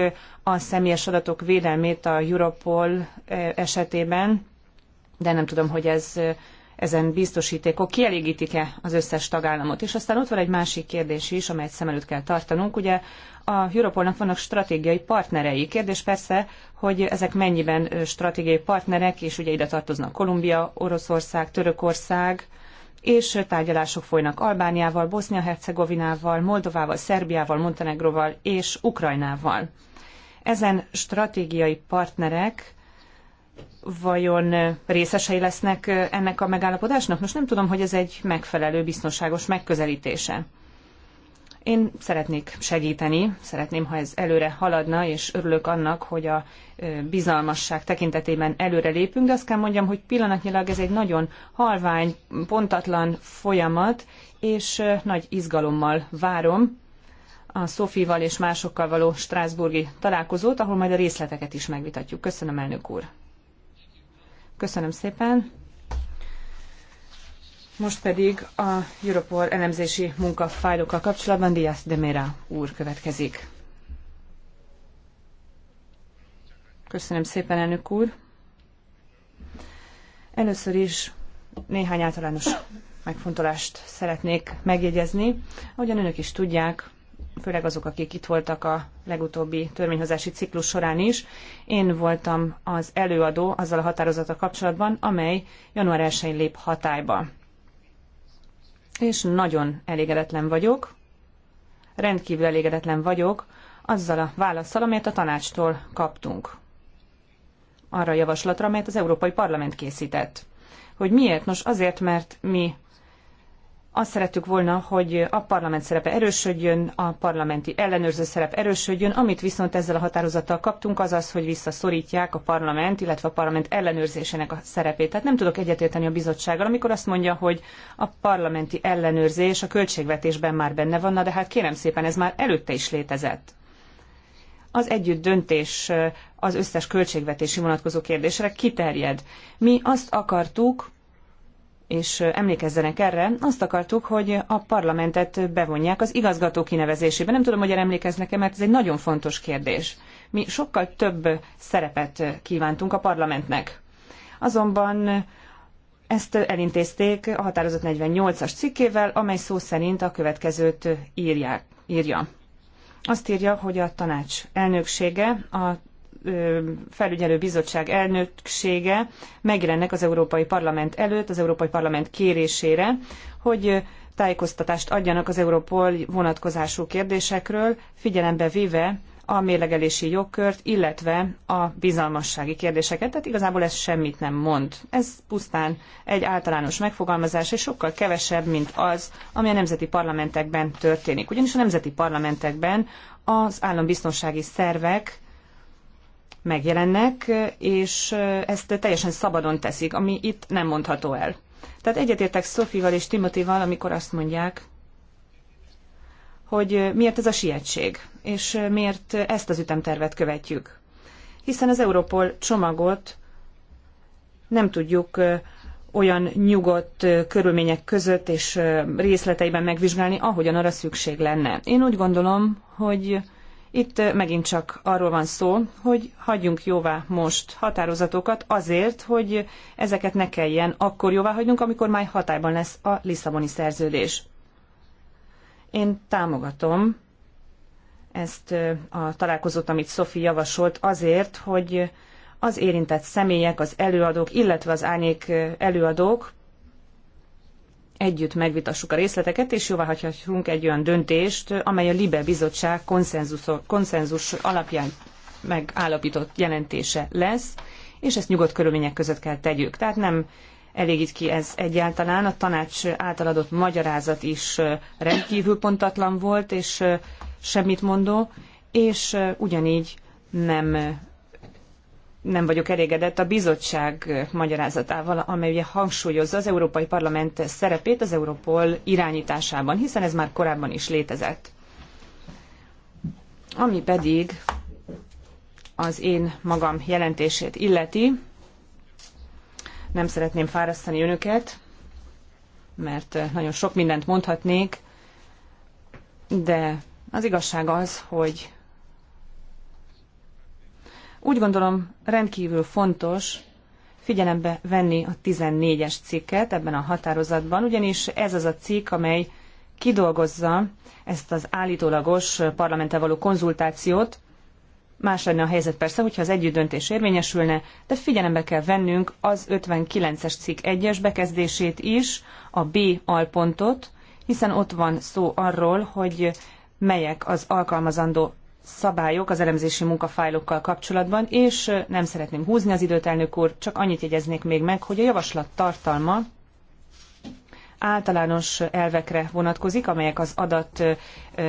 a személyes adatok védelmét a Europol eh, esetében, de nem tudom, hogy ez ezen biztosítékok kielégítik-e az összes tagállamot. És aztán ott van egy másik kérdés is, amelyet szem előtt kell tartanunk. Ugye a Europolnak vannak stratégiai partnerei. Kérdés persze, hogy ezek mennyiben stratégiai partnerek, és ugye ide tartoznak Kolumbia, Oroszország, Törökország, és tárgyalások folynak Albániával, Bosznia-Hercegovinával, Moldovával, Szerbiával, Montenegroval és Ukrajnával. Ezen stratégiai partnerek vajon részesei lesznek ennek a megállapodásnak? Most nem tudom, hogy ez egy megfelelő, biztonságos megközelítése. Én szeretnék segíteni, szeretném, ha ez előre haladna, és örülök annak, hogy a bizalmasság tekintetében előre lépünk, de azt kell mondjam, hogy pillanatnyilag ez egy nagyon halvány, pontatlan folyamat, és nagy izgalommal várom a Szofival és másokkal való Strasburgi találkozót, ahol majd a részleteket is megvitatjuk. Köszönöm, elnök úr! Köszönöm szépen. Most pedig a Europol elemzési munkafájlokkal kapcsolatban Díaz de Mera úr következik. Köszönöm szépen, elnök úr. Először is néhány általános megfontolást szeretnék megjegyezni. Ahogyan önök is tudják, főleg azok, akik itt voltak a legutóbbi törvényhozási ciklus során is. Én voltam az előadó azzal a határozata kapcsolatban, amely január 1-én lép hatályba. És nagyon elégedetlen vagyok, rendkívül elégedetlen vagyok azzal a válaszsal, amelyet a tanácstól kaptunk. Arra a javaslatra, amelyet az Európai Parlament készített. Hogy miért? Nos, azért, mert mi azt szerettük volna, hogy a parlament szerepe erősödjön, a parlamenti ellenőrző szerep erősödjön, amit viszont ezzel a határozattal kaptunk, az az, hogy visszaszorítják a parlament, illetve a parlament ellenőrzésének a szerepét. Tehát nem tudok egyetérteni a bizottsággal, amikor azt mondja, hogy a parlamenti ellenőrzés a költségvetésben már benne van, na de hát kérem szépen, ez már előtte is létezett. Az együtt döntés az összes költségvetési vonatkozó kérdésre kiterjed. Mi azt akartuk, és emlékezzenek erre, azt akartuk, hogy a parlamentet bevonják az igazgató kinevezésébe. Nem tudom, hogy erre emlékeznek-e, mert ez egy nagyon fontos kérdés. Mi sokkal több szerepet kívántunk a parlamentnek. Azonban ezt elintézték a határozat 48-as cikkével, amely szó szerint a következőt írják, írja. Azt írja, hogy a tanács elnöksége a felügyelő bizottság elnöksége megjelennek az Európai Parlament előtt, az Európai Parlament kérésére, hogy tájékoztatást adjanak az Európol vonatkozású kérdésekről, figyelembe véve a mérlegelési jogkört, illetve a bizalmassági kérdéseket. Tehát igazából ez semmit nem mond. Ez pusztán egy általános megfogalmazás, és sokkal kevesebb, mint az, ami a nemzeti parlamentekben történik. Ugyanis a nemzeti parlamentekben az állambiztonsági szervek megjelennek, és ezt teljesen szabadon teszik, ami itt nem mondható el. Tehát egyetértek Szofival és Timotival, amikor azt mondják, hogy miért ez a sietség, és miért ezt az ütemtervet követjük. Hiszen az Europol csomagot nem tudjuk olyan nyugodt körülmények között és részleteiben megvizsgálni, ahogyan arra szükség lenne. Én úgy gondolom, hogy itt megint csak arról van szó, hogy hagyjunk jóvá most határozatokat azért, hogy ezeket ne kelljen akkor jóvá hagynunk, amikor már hatályban lesz a Lisszaboni szerződés. Én támogatom ezt a találkozót, amit Szofi javasolt, azért, hogy az érintett személyek, az előadók, illetve az árnyék előadók együtt megvitassuk a részleteket, és jóváhagyhatunk egy olyan döntést, amely a Libe Bizottság konszenzus alapján megállapított jelentése lesz, és ezt nyugodt körülmények között kell tegyük. Tehát nem elégít ki ez egyáltalán. A tanács által adott magyarázat is rendkívül pontatlan volt, és semmit mondó, és ugyanígy nem nem vagyok elégedett a bizottság magyarázatával, amely ugye hangsúlyozza az Európai Parlament szerepét az Europol irányításában, hiszen ez már korábban is létezett. Ami pedig az én magam jelentését illeti, nem szeretném fárasztani önöket, mert nagyon sok mindent mondhatnék, de az igazság az, hogy úgy gondolom rendkívül fontos figyelembe venni a 14-es cikket ebben a határozatban, ugyanis ez az a cikk, amely kidolgozza ezt az állítólagos parlamenttel való konzultációt. Más lenne a helyzet persze, hogyha az döntés érvényesülne, de figyelembe kell vennünk az 59-es cikk 1-es bekezdését is, a B alpontot, hiszen ott van szó arról, hogy melyek az alkalmazandó szabályok az elemzési munkafájlokkal kapcsolatban, és nem szeretném húzni az időt, elnök úr, csak annyit jegyeznék még meg, hogy a javaslat tartalma általános elvekre vonatkozik, amelyek az adat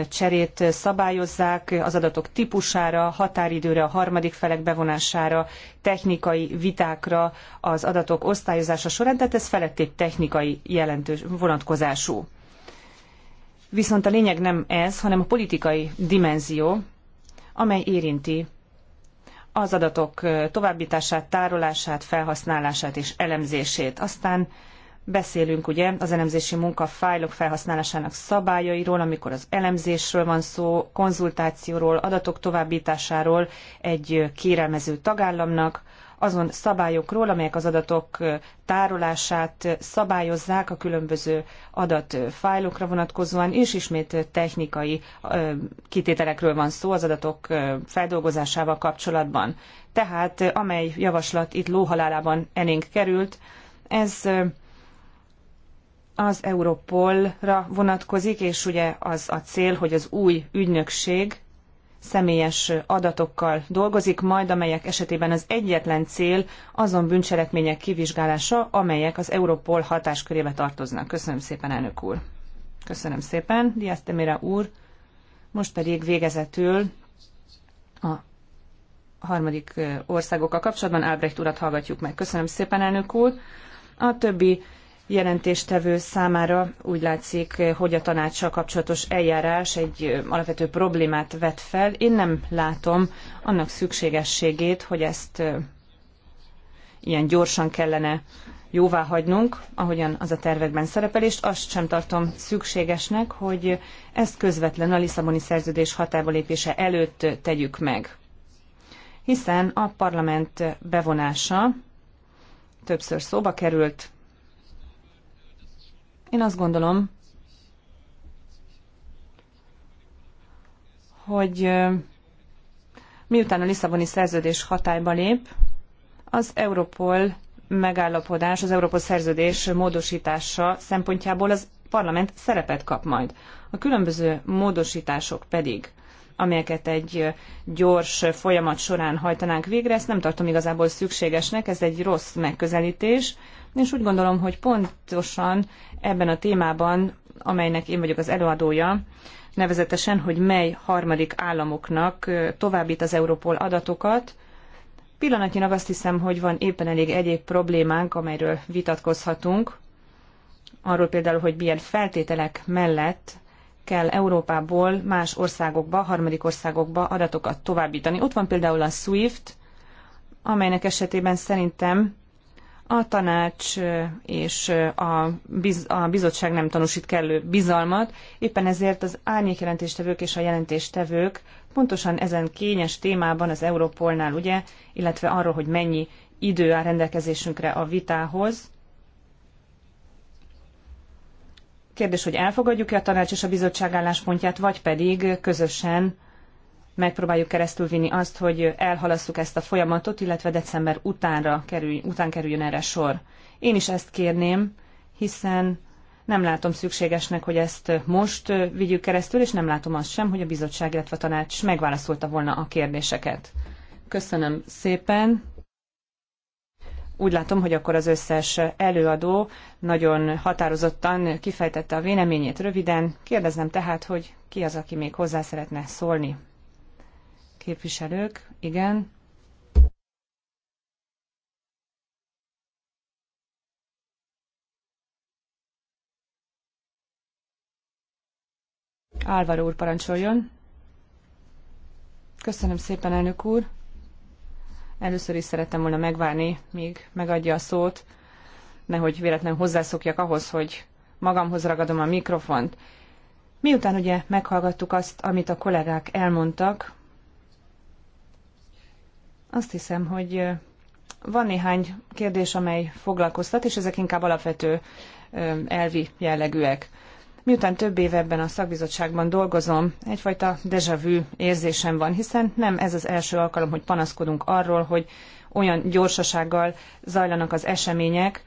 cserét szabályozzák, az adatok típusára, határidőre, a harmadik felek bevonására, technikai vitákra, az adatok osztályozása során, tehát ez felettébb technikai jelentős vonatkozású. Viszont a lényeg nem ez, hanem a politikai dimenzió, amely érinti az adatok továbbítását, tárolását, felhasználását és elemzését. Aztán beszélünk ugye az elemzési munka fájlok felhasználásának szabályairól, amikor az elemzésről van szó, konzultációról, adatok továbbításáról egy kérelmező tagállamnak, azon szabályokról, amelyek az adatok tárolását szabályozzák a különböző adatfájlokra vonatkozóan, és ismét technikai kitételekről van szó az adatok feldolgozásával kapcsolatban. Tehát amely javaslat itt lóhalálában elénk került, ez az Europolra vonatkozik, és ugye az a cél, hogy az új ügynökség személyes adatokkal dolgozik majd, amelyek esetében az egyetlen cél azon bűncselekmények kivizsgálása, amelyek az Europol hatáskörébe tartoznak. Köszönöm szépen, elnök úr. Köszönöm szépen, Diaz Temira úr. Most pedig végezetül a harmadik országokkal kapcsolatban Albrecht urat hallgatjuk meg. Köszönöm szépen, elnök úr. A többi jelentéstevő számára úgy látszik, hogy a tanácssal kapcsolatos eljárás egy alapvető problémát vet fel. Én nem látom annak szükségességét, hogy ezt ilyen gyorsan kellene jóvá hagynunk, ahogyan az a tervekben szerepel, és azt sem tartom szükségesnek, hogy ezt közvetlenül a Lisszaboni szerződés hatába lépése előtt tegyük meg. Hiszen a parlament bevonása többször szóba került, én azt gondolom, hogy miután a Lisszaboni szerződés hatályba lép, az Europol megállapodás, az Europol szerződés módosítása szempontjából az parlament szerepet kap majd. A különböző módosítások pedig amelyeket egy gyors folyamat során hajtanánk végre, ezt nem tartom igazából szükségesnek, ez egy rossz megközelítés, és úgy gondolom, hogy pontosan ebben a témában, amelynek én vagyok az előadója, nevezetesen, hogy mely harmadik államoknak továbbít az Europol adatokat, Pillanatnyilag azt hiszem, hogy van éppen elég egyéb problémánk, amelyről vitatkozhatunk. Arról például, hogy milyen feltételek mellett kell Európából más országokba, harmadik országokba adatokat továbbítani. Ott van például a SWIFT, amelynek esetében szerintem a tanács és a, biz, a bizottság nem tanúsít kellő bizalmat, éppen ezért az árnyékjelentéstevők és a jelentéstevők pontosan ezen kényes témában az Európolnál, ugye, illetve arról, hogy mennyi idő áll rendelkezésünkre a vitához. Kérdés, hogy elfogadjuk-e a tanács és a bizottság álláspontját, vagy pedig közösen megpróbáljuk vinni azt, hogy elhalasszuk ezt a folyamatot, illetve december utánra kerülj, után kerüljön erre sor. Én is ezt kérném, hiszen nem látom szükségesnek, hogy ezt most vigyük keresztül, és nem látom azt sem, hogy a bizottság, illetve a tanács megválaszolta volna a kérdéseket. Köszönöm szépen. Úgy látom, hogy akkor az összes előadó nagyon határozottan kifejtette a véleményét röviden. Kérdezem tehát, hogy ki az, aki még hozzá szeretne szólni Képviselők, igen. Álvaro úr parancsoljon. Köszönöm szépen, elnök úr. Először is szerettem volna megvárni, míg megadja a szót, nehogy véletlenül hozzászokjak ahhoz, hogy magamhoz ragadom a mikrofont. Miután ugye meghallgattuk azt, amit a kollégák elmondtak, azt hiszem, hogy van néhány kérdés, amely foglalkoztat, és ezek inkább alapvető elvi jellegűek. Miután több éve ebben a szakbizottságban dolgozom, egyfajta déjà vu érzésem van, hiszen nem ez az első alkalom, hogy panaszkodunk arról, hogy olyan gyorsasággal zajlanak az események,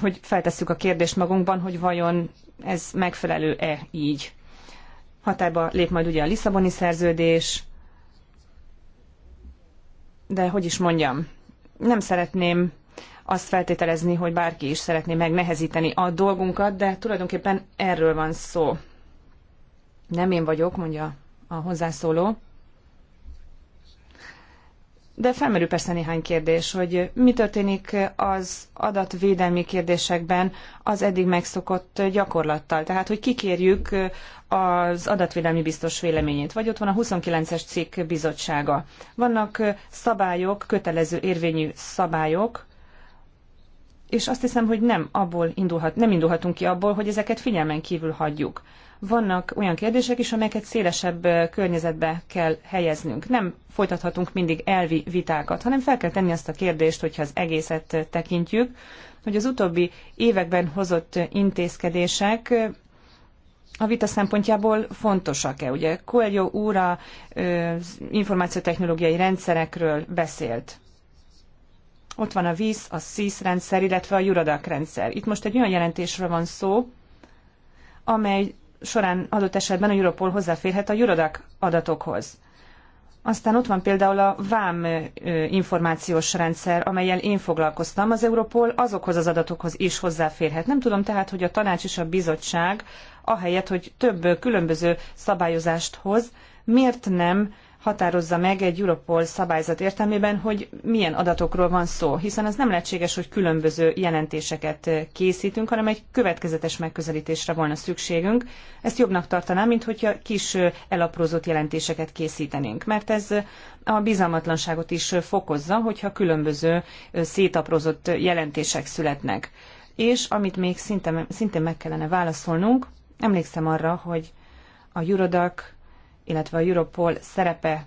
hogy feltesszük a kérdést magunkban, hogy vajon ez megfelelő-e így. Hatályba lép majd ugye a Lisszaboni szerződés, de hogy is mondjam, nem szeretném azt feltételezni, hogy bárki is szeretné megnehezíteni a dolgunkat, de tulajdonképpen erről van szó. Nem én vagyok, mondja a hozzászóló. De felmerül persze néhány kérdés, hogy mi történik az adatvédelmi kérdésekben az eddig megszokott gyakorlattal. Tehát, hogy kikérjük az adatvédelmi biztos véleményét. Vagy ott van a 29-es cikk bizottsága. Vannak szabályok, kötelező érvényű szabályok, és azt hiszem, hogy nem abból indulhat, nem indulhatunk ki abból, hogy ezeket figyelmen kívül hagyjuk vannak olyan kérdések is, amelyeket szélesebb környezetbe kell helyeznünk. Nem folytathatunk mindig elvi vitákat, hanem fel kell tenni azt a kérdést, hogyha az egészet tekintjük, hogy az utóbbi években hozott intézkedések a vita szempontjából fontosak-e? Ugye Coelho úr a információtechnológiai rendszerekről beszélt. Ott van a víz, a SZISZ rendszer, illetve a Juradak rendszer. Itt most egy olyan jelentésről van szó, amely során adott esetben a Europol hozzáférhet a Eurodac adatokhoz. Aztán ott van például a VÁM információs rendszer, amelyel én foglalkoztam. Az Europol azokhoz az adatokhoz is hozzáférhet. Nem tudom tehát, hogy a tanács és a bizottság, ahelyett, hogy több különböző szabályozást hoz, miért nem határozza meg egy Europol szabályzat értelmében, hogy milyen adatokról van szó, hiszen az nem lehetséges, hogy különböző jelentéseket készítünk, hanem egy következetes megközelítésre volna szükségünk. Ezt jobbnak tartanám, mint hogyha kis elaprózott jelentéseket készítenénk, mert ez a bizalmatlanságot is fokozza, hogyha különböző szétaprózott jelentések születnek. És amit még szinte, szintén meg kellene válaszolnunk, emlékszem arra, hogy a Eurodac illetve a Europol szerepe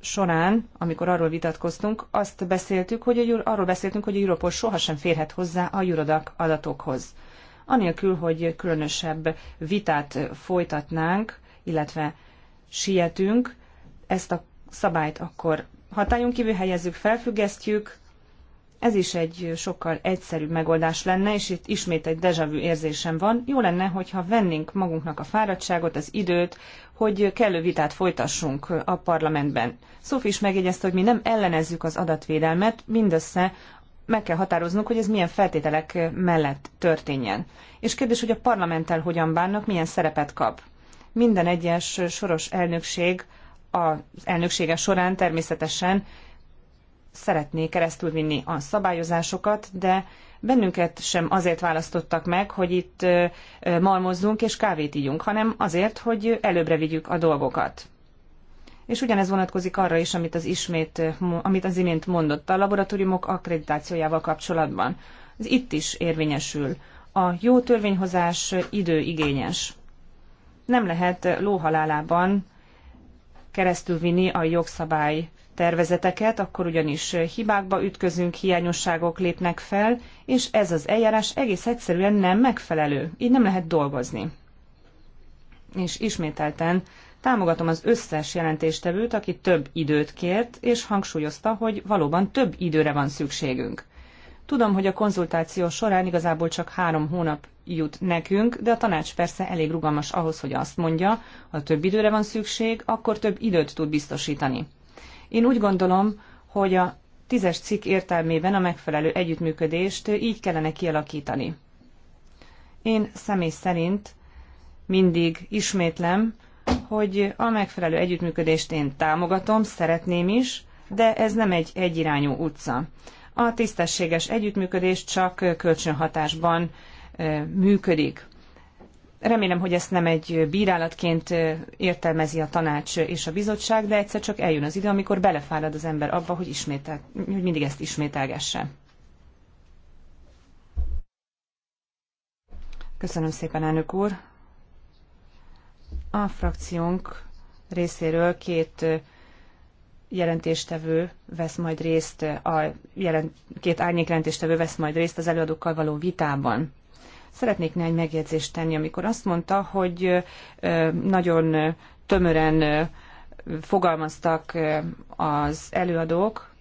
során, amikor arról vitatkoztunk, azt beszéltük, hogy a, arról beszéltünk, hogy a Europol sohasem férhet hozzá a Eurodac adatokhoz. Anélkül, hogy különösebb vitát folytatnánk, illetve sietünk, ezt a szabályt akkor hatályunk kívül helyezzük, felfüggesztjük, ez is egy sokkal egyszerűbb megoldás lenne, és itt ismét egy dejavű érzésem van. Jó lenne, hogyha vennénk magunknak a fáradtságot, az időt, hogy kellő vitát folytassunk a parlamentben. Szófi is megjegyezte, hogy mi nem ellenezzük az adatvédelmet, mindössze meg kell határoznunk, hogy ez milyen feltételek mellett történjen. És kérdés, hogy a parlamenttel hogyan bánnak, milyen szerepet kap. Minden egyes soros elnökség az elnöksége során természetesen szeretné keresztülvinni a szabályozásokat, de bennünket sem azért választottak meg, hogy itt malmozzunk és kávét ígyunk, hanem azért, hogy előbbre vigyük a dolgokat. És ugyanez vonatkozik arra is, amit az, ismét, amit az imént mondott a laboratóriumok akkreditációjával kapcsolatban. Ez itt is érvényesül. A jó törvényhozás időigényes. Nem lehet lóhalálában keresztülvinni a jogszabály tervezeteket, akkor ugyanis hibákba ütközünk, hiányosságok lépnek fel, és ez az eljárás egész egyszerűen nem megfelelő, így nem lehet dolgozni. És ismételten támogatom az összes jelentéstevőt, aki több időt kért, és hangsúlyozta, hogy valóban több időre van szükségünk. Tudom, hogy a konzultáció során igazából csak három hónap jut nekünk, de a tanács persze elég rugalmas ahhoz, hogy azt mondja, ha több időre van szükség, akkor több időt tud biztosítani. Én úgy gondolom, hogy a tízes cikk értelmében a megfelelő együttműködést így kellene kialakítani. Én személy szerint mindig ismétlem, hogy a megfelelő együttműködést én támogatom, szeretném is, de ez nem egy egyirányú utca. A tisztességes együttműködés csak kölcsönhatásban működik. Remélem, hogy ezt nem egy bírálatként értelmezi a tanács és a bizottság, de egyszer csak eljön az idő, amikor belefárad az ember abba, hogy, ismétel, hogy mindig ezt ismételgesse. Köszönöm szépen, elnök úr. A frakciónk részéről két jelentéstevő vesz majd részt, a jelent, két árnyék jelentéstevő vesz majd részt az előadókkal való vitában. Szeretnék néhány megjegyzést tenni, amikor azt mondta, hogy nagyon tömören fogalmaztak az előadók,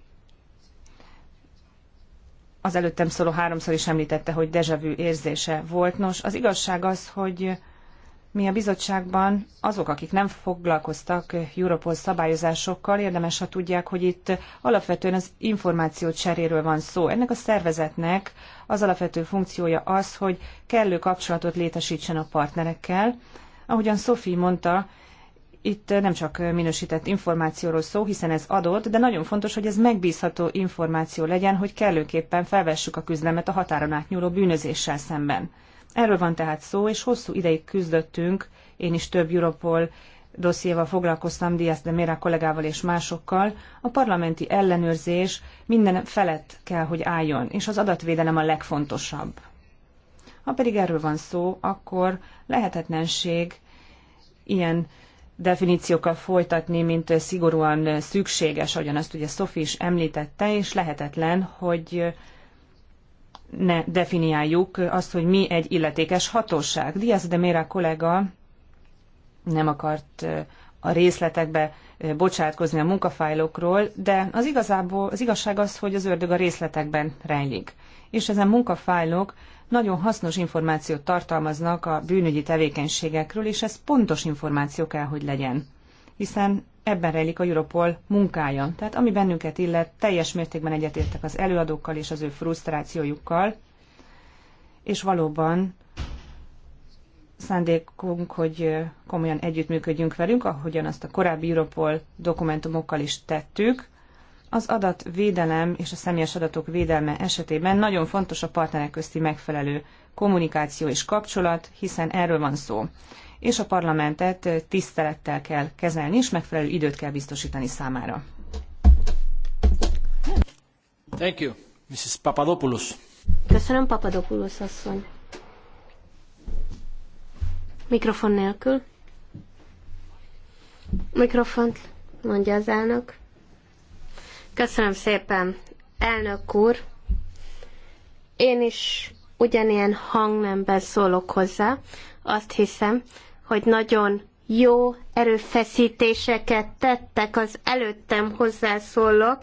az előttem szóló háromszor is említette, hogy dejavű érzése volt. Nos, az igazság az, hogy mi a bizottságban azok, akik nem foglalkoztak Europol szabályozásokkal, érdemes, ha tudják, hogy itt alapvetően az információ cseréről van szó. Ennek a szervezetnek az alapvető funkciója az, hogy kellő kapcsolatot létesítsen a partnerekkel. Ahogyan Sophie mondta, itt nem csak minősített információról szó, hiszen ez adott, de nagyon fontos, hogy ez megbízható információ legyen, hogy kellőképpen felvessük a küzdelmet a határon átnyúló bűnözéssel szemben. Erről van tehát szó, és hosszú ideig küzdöttünk, én is több Europol dossziéval foglalkoztam Diaz de Mera kollégával és másokkal, a parlamenti ellenőrzés minden felett kell, hogy álljon, és az adatvédelem a legfontosabb. Ha pedig erről van szó, akkor lehetetlenség ilyen definíciókkal folytatni, mint szigorúan szükséges, ahogyan azt ugye Szofi is említette, és lehetetlen, hogy ne definiáljuk azt, hogy mi egy illetékes hatóság. Diaz de Mera kollega nem akart a részletekbe bocsátkozni a munkafájlokról, de az, igazából, az igazság az, hogy az ördög a részletekben rejlik. És ezen munkafájlok nagyon hasznos információt tartalmaznak a bűnügyi tevékenységekről, és ez pontos információ kell, hogy legyen hiszen ebben rejlik a Europol munkája. Tehát ami bennünket illet, teljes mértékben egyetértek az előadókkal és az ő frusztrációjukkal, és valóban szándékunk, hogy komolyan együttműködjünk velünk, ahogyan azt a korábbi Europol dokumentumokkal is tettük. Az adatvédelem és a személyes adatok védelme esetében nagyon fontos a partnerek közti megfelelő kommunikáció és kapcsolat, hiszen erről van szó és a parlamentet tisztelettel kell kezelni, és megfelelő időt kell biztosítani számára. Thank you. Mrs. Papadopoulos. Köszönöm, Papadopoulos asszony. Mikrofon nélkül. Mikrofont, mondja az elnök. Köszönöm szépen, elnök úr. Én is ugyanilyen hangnemben szólok hozzá, azt hiszem, hogy nagyon jó erőfeszítéseket tettek az előttem hozzászólók,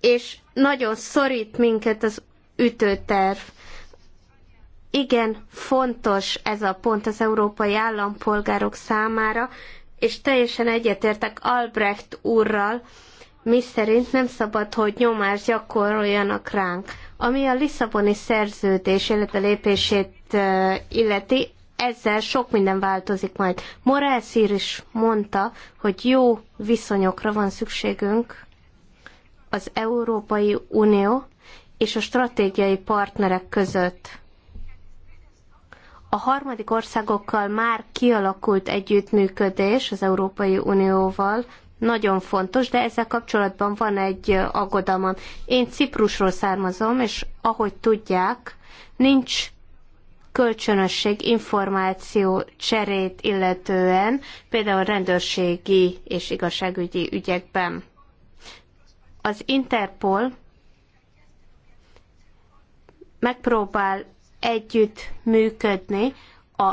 és nagyon szorít minket az ütőterv. Igen, fontos ez a pont az európai állampolgárok számára, és teljesen egyetértek Albrecht úrral, mi szerint nem szabad, hogy nyomást gyakoroljanak ránk. Ami a Lisszaboni szerződés életbe lépését illeti, ezzel sok minden változik majd. Morelszír is mondta, hogy jó viszonyokra van szükségünk az Európai Unió és a stratégiai partnerek között. A harmadik országokkal már kialakult együttműködés az Európai Unióval, nagyon fontos, de ezzel kapcsolatban van egy aggodalmam. Én Ciprusról származom, és ahogy tudják, nincs kölcsönösség információ cserét illetően, például rendőrségi és igazságügyi ügyekben. Az Interpol megpróbál együtt működni a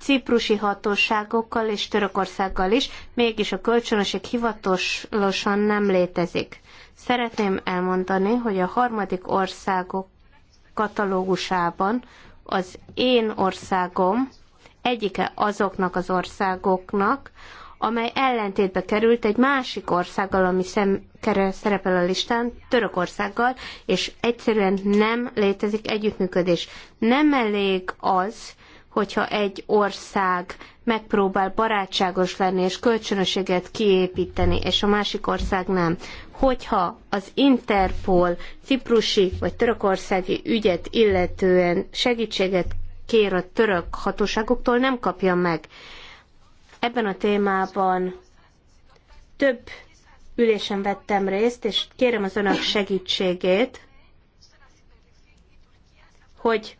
ciprusi hatóságokkal és Törökországgal is, mégis a kölcsönösség hivatalosan nem létezik. Szeretném elmondani, hogy a harmadik országok katalógusában az én országom egyike azoknak az országoknak, amely ellentétbe került egy másik országgal, ami szem, szerepel a listán, Törökországgal, és egyszerűen nem létezik együttműködés. Nem elég az, hogyha egy ország megpróbál barátságos lenni és kölcsönöséget kiépíteni, és a másik ország nem. Hogyha az Interpol ciprusi vagy törökországi ügyet illetően segítséget kér a török hatóságoktól, nem kapja meg. Ebben a témában több ülésen vettem részt, és kérem az önök segítségét, hogy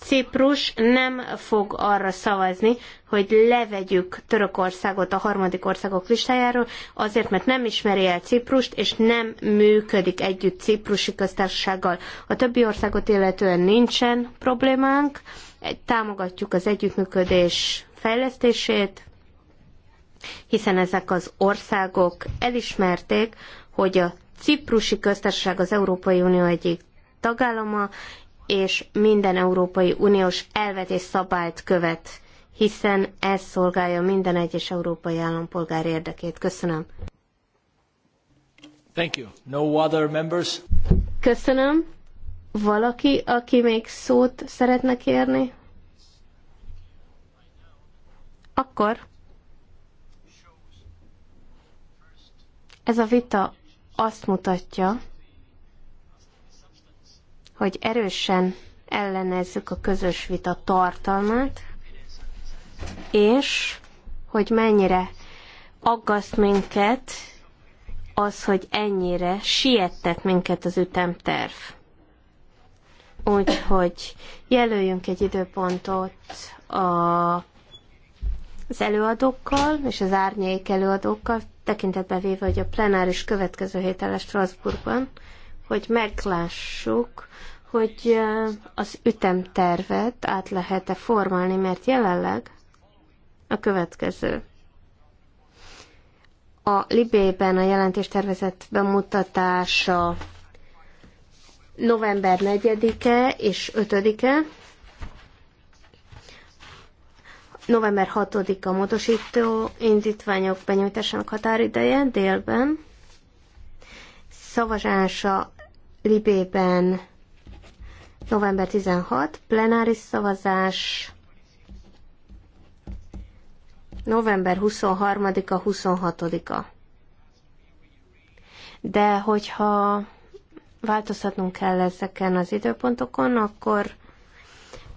Ciprus nem fog arra szavazni, hogy levegyük Törökországot a harmadik országok listájáról, azért, mert nem ismeri el Ciprust, és nem működik együtt Ciprusi köztársasággal. A többi országot illetően nincsen problémánk, támogatjuk az együttműködés fejlesztését, hiszen ezek az országok elismerték, hogy a Ciprusi köztársaság az Európai Unió egyik tagállama, és minden Európai Uniós elvet és szabályt követ, hiszen ez szolgálja minden egyes európai állampolgár érdekét. Köszönöm. Thank you. No other members? Köszönöm. Valaki, aki még szót szeretne kérni? Akkor ez a vita azt mutatja, hogy erősen ellenezzük a közös vita tartalmát, és hogy mennyire aggaszt minket az, hogy ennyire siettet minket az ütemterv. Úgyhogy jelöljünk egy időpontot a, az előadókkal és az árnyék előadókkal, tekintetbe véve, hogy a plenáris következő héten lesz Strasbourgban, hogy meglássuk, hogy az ütemtervet át lehet-e formálni, mert jelenleg a következő. A Libében a jelentéstervezet bemutatása november 4-e és 5-e, november 6-a módosító indítványok benyújtásának határideje délben, szavazása Lipében november 16, plenáris szavazás november 23-a, 26-a. De hogyha változtatnunk kell ezeken az időpontokon, akkor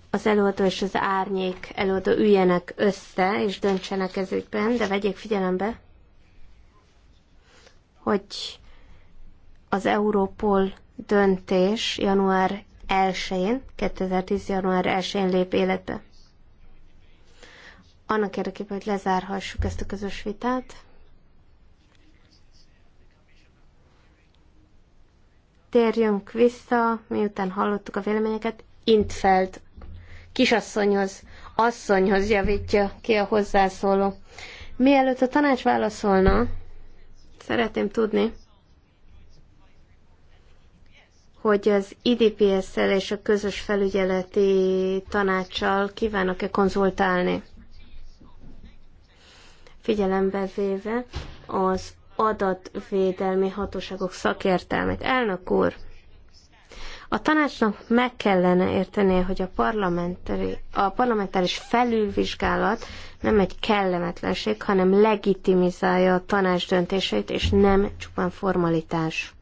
az előadó és az árnyék előadó üljenek össze, és döntsenek ez de vegyék figyelembe, hogy az Európol döntés január 1-én, 2010. január 1-én lép életbe. Annak érdekében, hogy lezárhassuk ezt a közös vitát, térjünk vissza, miután hallottuk a véleményeket, Intfeld kisasszonyhoz, asszonyhoz javítja ki a hozzászóló. Mielőtt a tanács válaszolna, szeretném tudni, hogy az IDPS-szel és a közös felügyeleti tanácssal kívánok-e konzultálni. Figyelembe véve az adatvédelmi hatóságok szakértelmét. Elnök úr, a tanácsnak meg kellene értenie, hogy a, parlamentári, a parlamentáris felülvizsgálat nem egy kellemetlenség, hanem legitimizálja a tanács döntéseit, és nem csupán formalitás.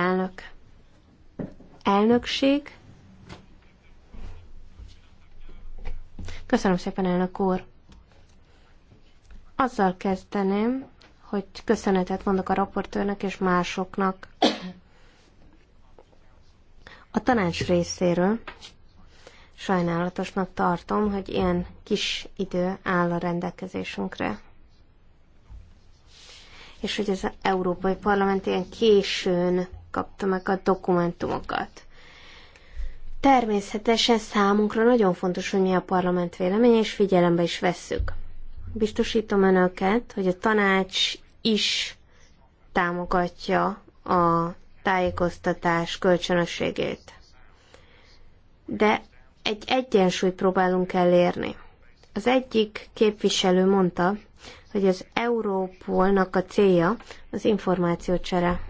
Elnök. Elnökség. Köszönöm szépen, elnök úr. Azzal kezdeném, hogy köszönetet mondok a raportőrnek és másoknak. A tanács részéről sajnálatosnak tartom, hogy ilyen kis idő áll a rendelkezésünkre. És hogy az Európai Parlament ilyen későn kapta meg a dokumentumokat. Természetesen számunkra nagyon fontos, hogy mi a parlament véleménye, és figyelembe is vesszük. Biztosítom önöket, hogy a tanács is támogatja a tájékoztatás kölcsönösségét. De egy egyensúlyt próbálunk elérni. Az egyik képviselő mondta, hogy az Európolnak a célja az információcsere.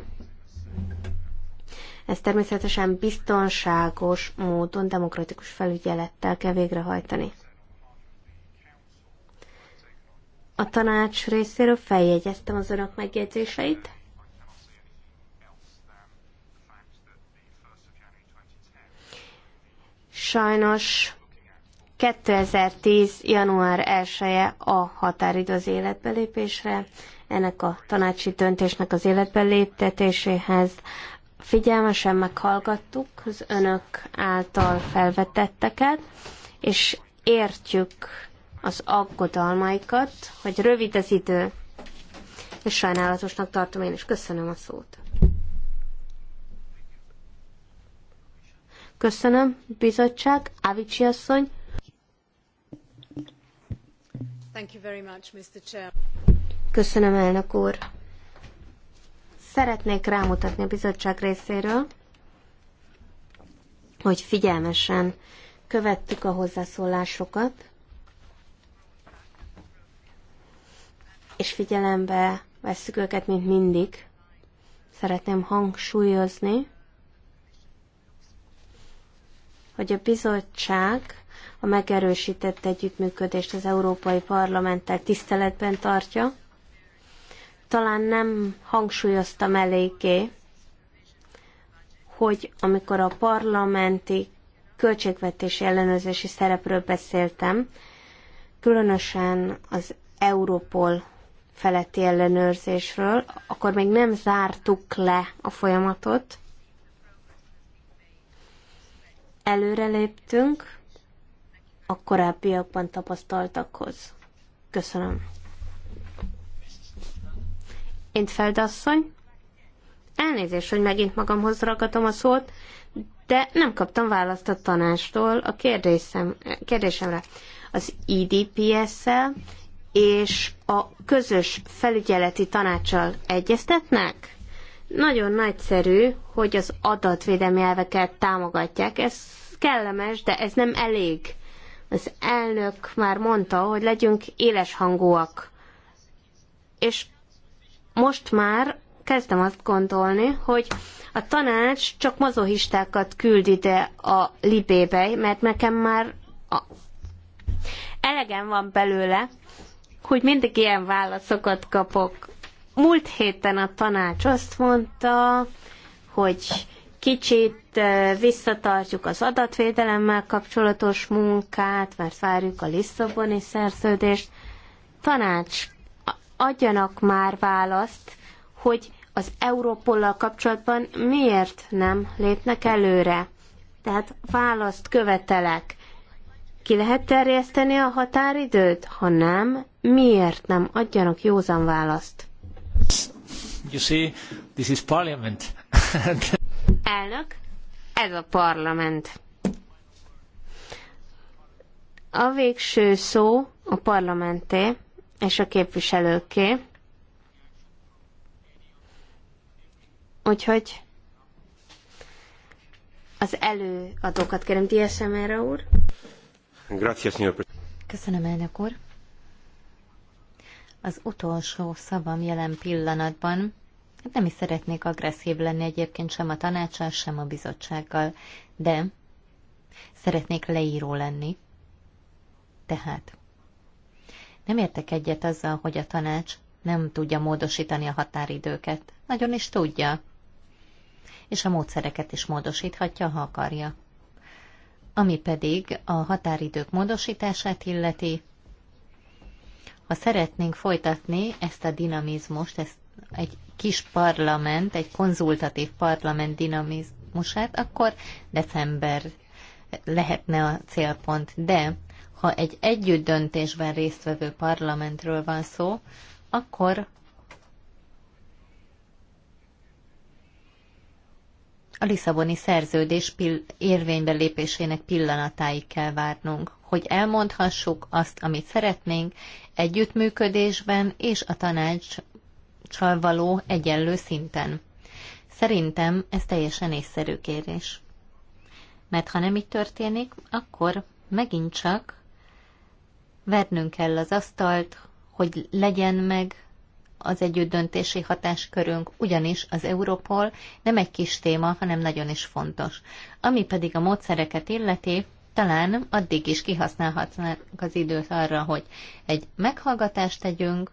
Ezt természetesen biztonságos módon, demokratikus felügyelettel kell végrehajtani. A tanács részéről feljegyeztem az önök megjegyzéseit. Sajnos 2010. január 1-e a határidő az életbelépésre, ennek a tanácsi döntésnek az életbeléptetéséhez Figyelmesen meghallgattuk az önök által felvetetteket, és értjük az aggodalmaikat, hogy rövid az idő, és sajnálatosnak tartom én is. Köszönöm a szót. Köszönöm, bizottság, Avicsi asszony. Thank you very much, Mr. Chair. Köszönöm, elnök úr. Szeretnék rámutatni a bizottság részéről, hogy figyelmesen követtük a hozzászólásokat, és figyelembe vesszük őket, mint mindig. Szeretném hangsúlyozni, hogy a bizottság a megerősített együttműködést az Európai Parlamenttel tiszteletben tartja, talán nem hangsúlyoztam eléggé, hogy amikor a parlamenti költségvetési ellenőrzési szerepről beszéltem, különösen az Európol feletti ellenőrzésről, akkor még nem zártuk le a folyamatot. Előreléptünk a korábbiakban tapasztaltakhoz. Köszönöm. Intfeld asszony. Elnézést, hogy megint magamhoz ragadom a szót, de nem kaptam választ a tanástól a kérdésem, kérdésemre. Az IDPS-szel és a közös felügyeleti tanácsal egyeztetnek? Nagyon nagyszerű, hogy az adatvédelmi elveket támogatják. Ez kellemes, de ez nem elég. Az elnök már mondta, hogy legyünk éles hangúak. És most már kezdtem azt gondolni, hogy a tanács csak mazohistákat küld ide a libébe, mert nekem már a... elegem van belőle, hogy mindig ilyen válaszokat kapok. Múlt héten a tanács azt mondta, hogy kicsit visszatartjuk az adatvédelemmel kapcsolatos munkát, mert várjuk a Lisszaboni szerződést. Tanács, adjanak már választ, hogy az Európollal kapcsolatban miért nem lépnek előre. Tehát választ követelek. Ki lehet terjeszteni a határidőt? Ha nem, miért nem adjanak józan választ? You see, this is parliament. Elnök, ez a parlament. A végső szó a parlamenté és a képviselőké. Úgyhogy az előadókat kérem, erre úr. Köszönöm, elnök úr. Az utolsó szavam jelen pillanatban, hát nem is szeretnék agresszív lenni egyébként sem a tanácsal, sem a bizottsággal, de szeretnék leíró lenni. Tehát nem értek egyet azzal, hogy a tanács nem tudja módosítani a határidőket. Nagyon is tudja. És a módszereket is módosíthatja, ha akarja. Ami pedig a határidők módosítását illeti, ha szeretnénk folytatni ezt a dinamizmust, ezt egy kis parlament, egy konzultatív parlament dinamizmusát, akkor december lehetne a célpont. De ha egy együtt döntésben résztvevő parlamentről van szó, akkor a Lisszaboni szerződés pill- érvénybe lépésének pillanatáig kell várnunk, hogy elmondhassuk azt, amit szeretnénk, együttműködésben és a tanácssal való egyenlő szinten. Szerintem ez teljesen észszerű kérés. Mert ha nem így történik, akkor megint csak vernünk kell az asztalt, hogy legyen meg az döntési hatáskörünk, ugyanis az Europol nem egy kis téma, hanem nagyon is fontos. Ami pedig a módszereket illeti, talán addig is kihasználhatnánk az időt arra, hogy egy meghallgatást tegyünk,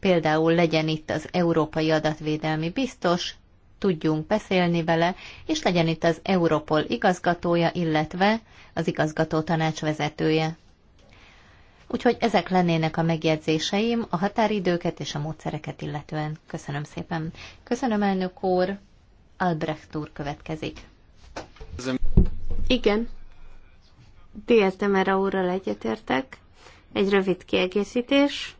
például legyen itt az Európai Adatvédelmi Biztos, tudjunk beszélni vele, és legyen itt az Europol igazgatója, illetve az igazgató tanács vezetője. Úgyhogy ezek lennének a megjegyzéseim a határidőket és a módszereket illetően. Köszönöm szépen. Köszönöm, elnök úr. Albrecht úr következik. Igen. Diaz de úrral egyetértek. Egy rövid kiegészítés.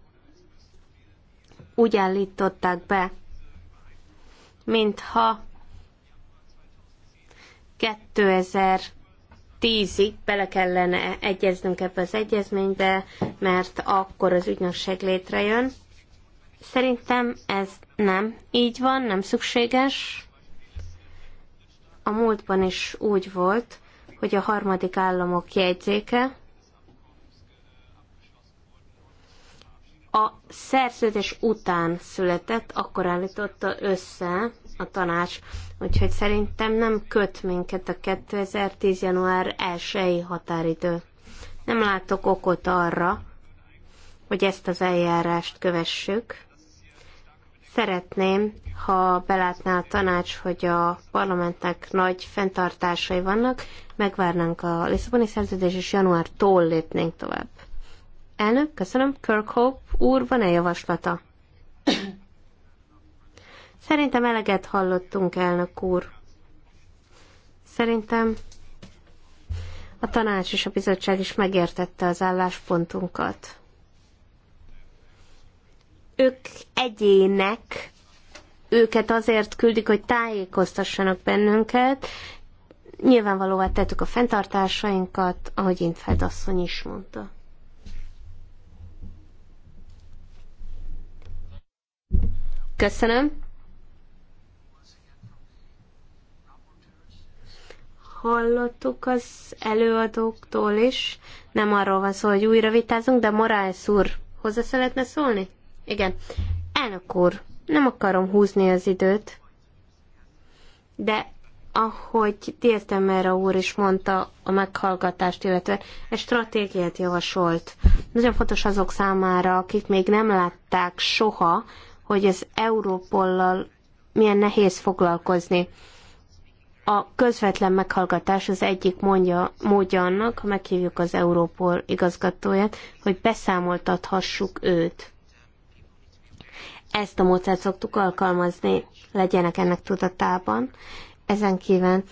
Úgy állították be, mintha 2000 tízig bele kellene egyeznünk ebbe az egyezménybe, mert akkor az ügynökség létrejön. Szerintem ez nem így van, nem szükséges. A múltban is úgy volt, hogy a harmadik államok jegyzéke a szerződés után született, akkor állította össze a tanács, úgyhogy szerintem nem köt minket a 2010. január 1 határidő. Nem látok okot arra, hogy ezt az eljárást kövessük. Szeretném, ha belátná a tanács, hogy a parlamentnek nagy fenntartásai vannak, megvárnánk a Lisszaboni szerződés, és januártól lépnénk tovább. Elnök, köszönöm. Kirkhope úr, van-e javaslata? Szerintem eleget hallottunk, elnök úr. Szerintem a tanács és a bizottság is megértette az álláspontunkat. Ők egyének, őket azért küldik, hogy tájékoztassanak bennünket. Nyilvánvalóvá tettük a fenntartásainkat, ahogy Intfeld asszony is mondta. Köszönöm. hallottuk az előadóktól is. Nem arról van szó, hogy újra vitázunk, de Morales úr, hozzá szeretne szólni? Igen. Elnök úr, nem akarom húzni az időt, de ahogy Dieztemera úr is mondta a meghallgatást, illetve egy stratégiát javasolt. Nagyon fontos azok számára, akik még nem látták soha, hogy az Európollal milyen nehéz foglalkozni. A közvetlen meghallgatás az egyik mondja, módja annak, ha meghívjuk az Európol igazgatóját, hogy beszámoltathassuk őt. Ezt a módszert szoktuk alkalmazni, legyenek ennek tudatában. Ezen kíván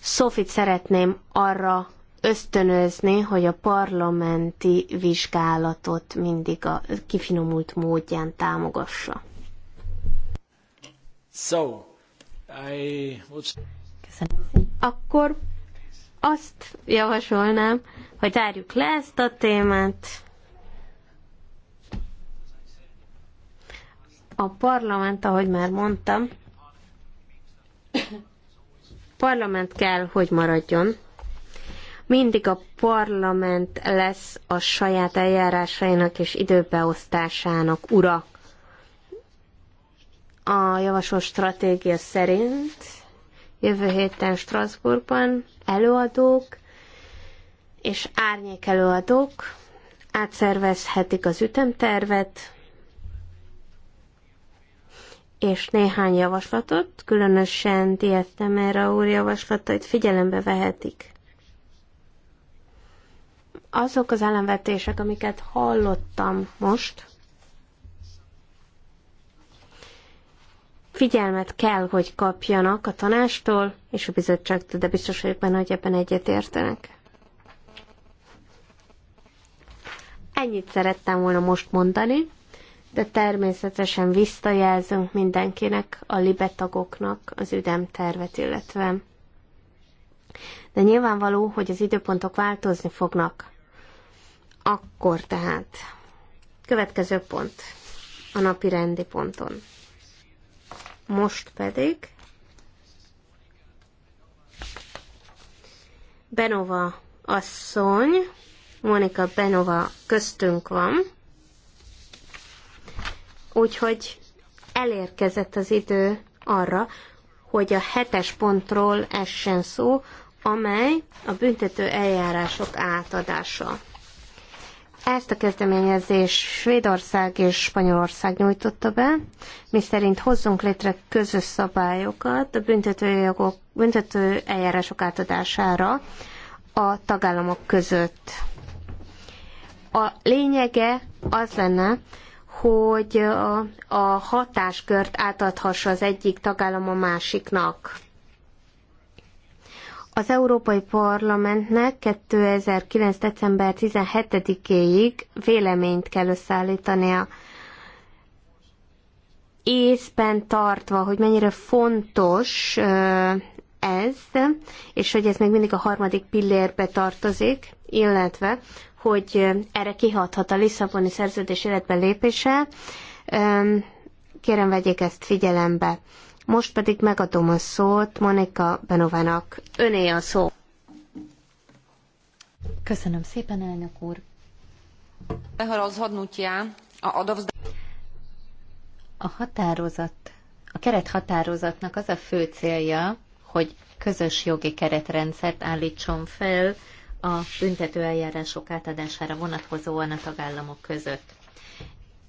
Szofit szeretném arra ösztönözni, hogy a parlamenti vizsgálatot mindig a kifinomult módján támogassa. So, I would... Akkor azt javasolnám, hogy zárjuk le ezt a témát. A parlament, ahogy már mondtam, parlament kell, hogy maradjon. Mindig a parlament lesz a saját eljárásainak és időbeosztásának ura. A javasolt stratégia szerint jövő héten Strasbourgban előadók és árnyék előadók átszervezhetik az ütemtervet, és néhány javaslatot, különösen Diaz úr javaslatait figyelembe vehetik. Azok az ellenvetések, amiket hallottam most, figyelmet kell, hogy kapjanak a tanástól és a bizottságtól, de biztos vagyok benne, hogy ebben egyetértenek. Ennyit szerettem volna most mondani, de természetesen visszajelzünk mindenkinek, a libetagoknak az üdemtervet illetve. De nyilvánvaló, hogy az időpontok változni fognak. Akkor tehát. Következő pont a napi rendi ponton. Most pedig Benova asszony, Monika Benova köztünk van, úgyhogy elérkezett az idő arra, hogy a hetes pontról essen szó, amely a büntető eljárások átadása. Ezt a kezdeményezést Svédország és Spanyolország nyújtotta be, mi szerint hozzunk létre közös szabályokat a büntetőjogok, büntető eljárások átadására a tagállamok között. A lényege az lenne, hogy a hatáskört átadhassa az egyik tagállam a másiknak az Európai Parlamentnek 2009. december 17-éig véleményt kell összeállítania észben tartva, hogy mennyire fontos ez, és hogy ez még mindig a harmadik pillérbe tartozik, illetve, hogy erre kihathat a Lisszaboni szerződés életbe lépése, kérem vegyék ezt figyelembe. Most pedig megadom a szót Monika Benovának. Öné a szó. Köszönöm szépen, elnök úr. A határozat, a keret határozatnak az a fő célja, hogy közös jogi keretrendszert állítson fel a büntetőeljárások átadására vonatkozóan a tagállamok között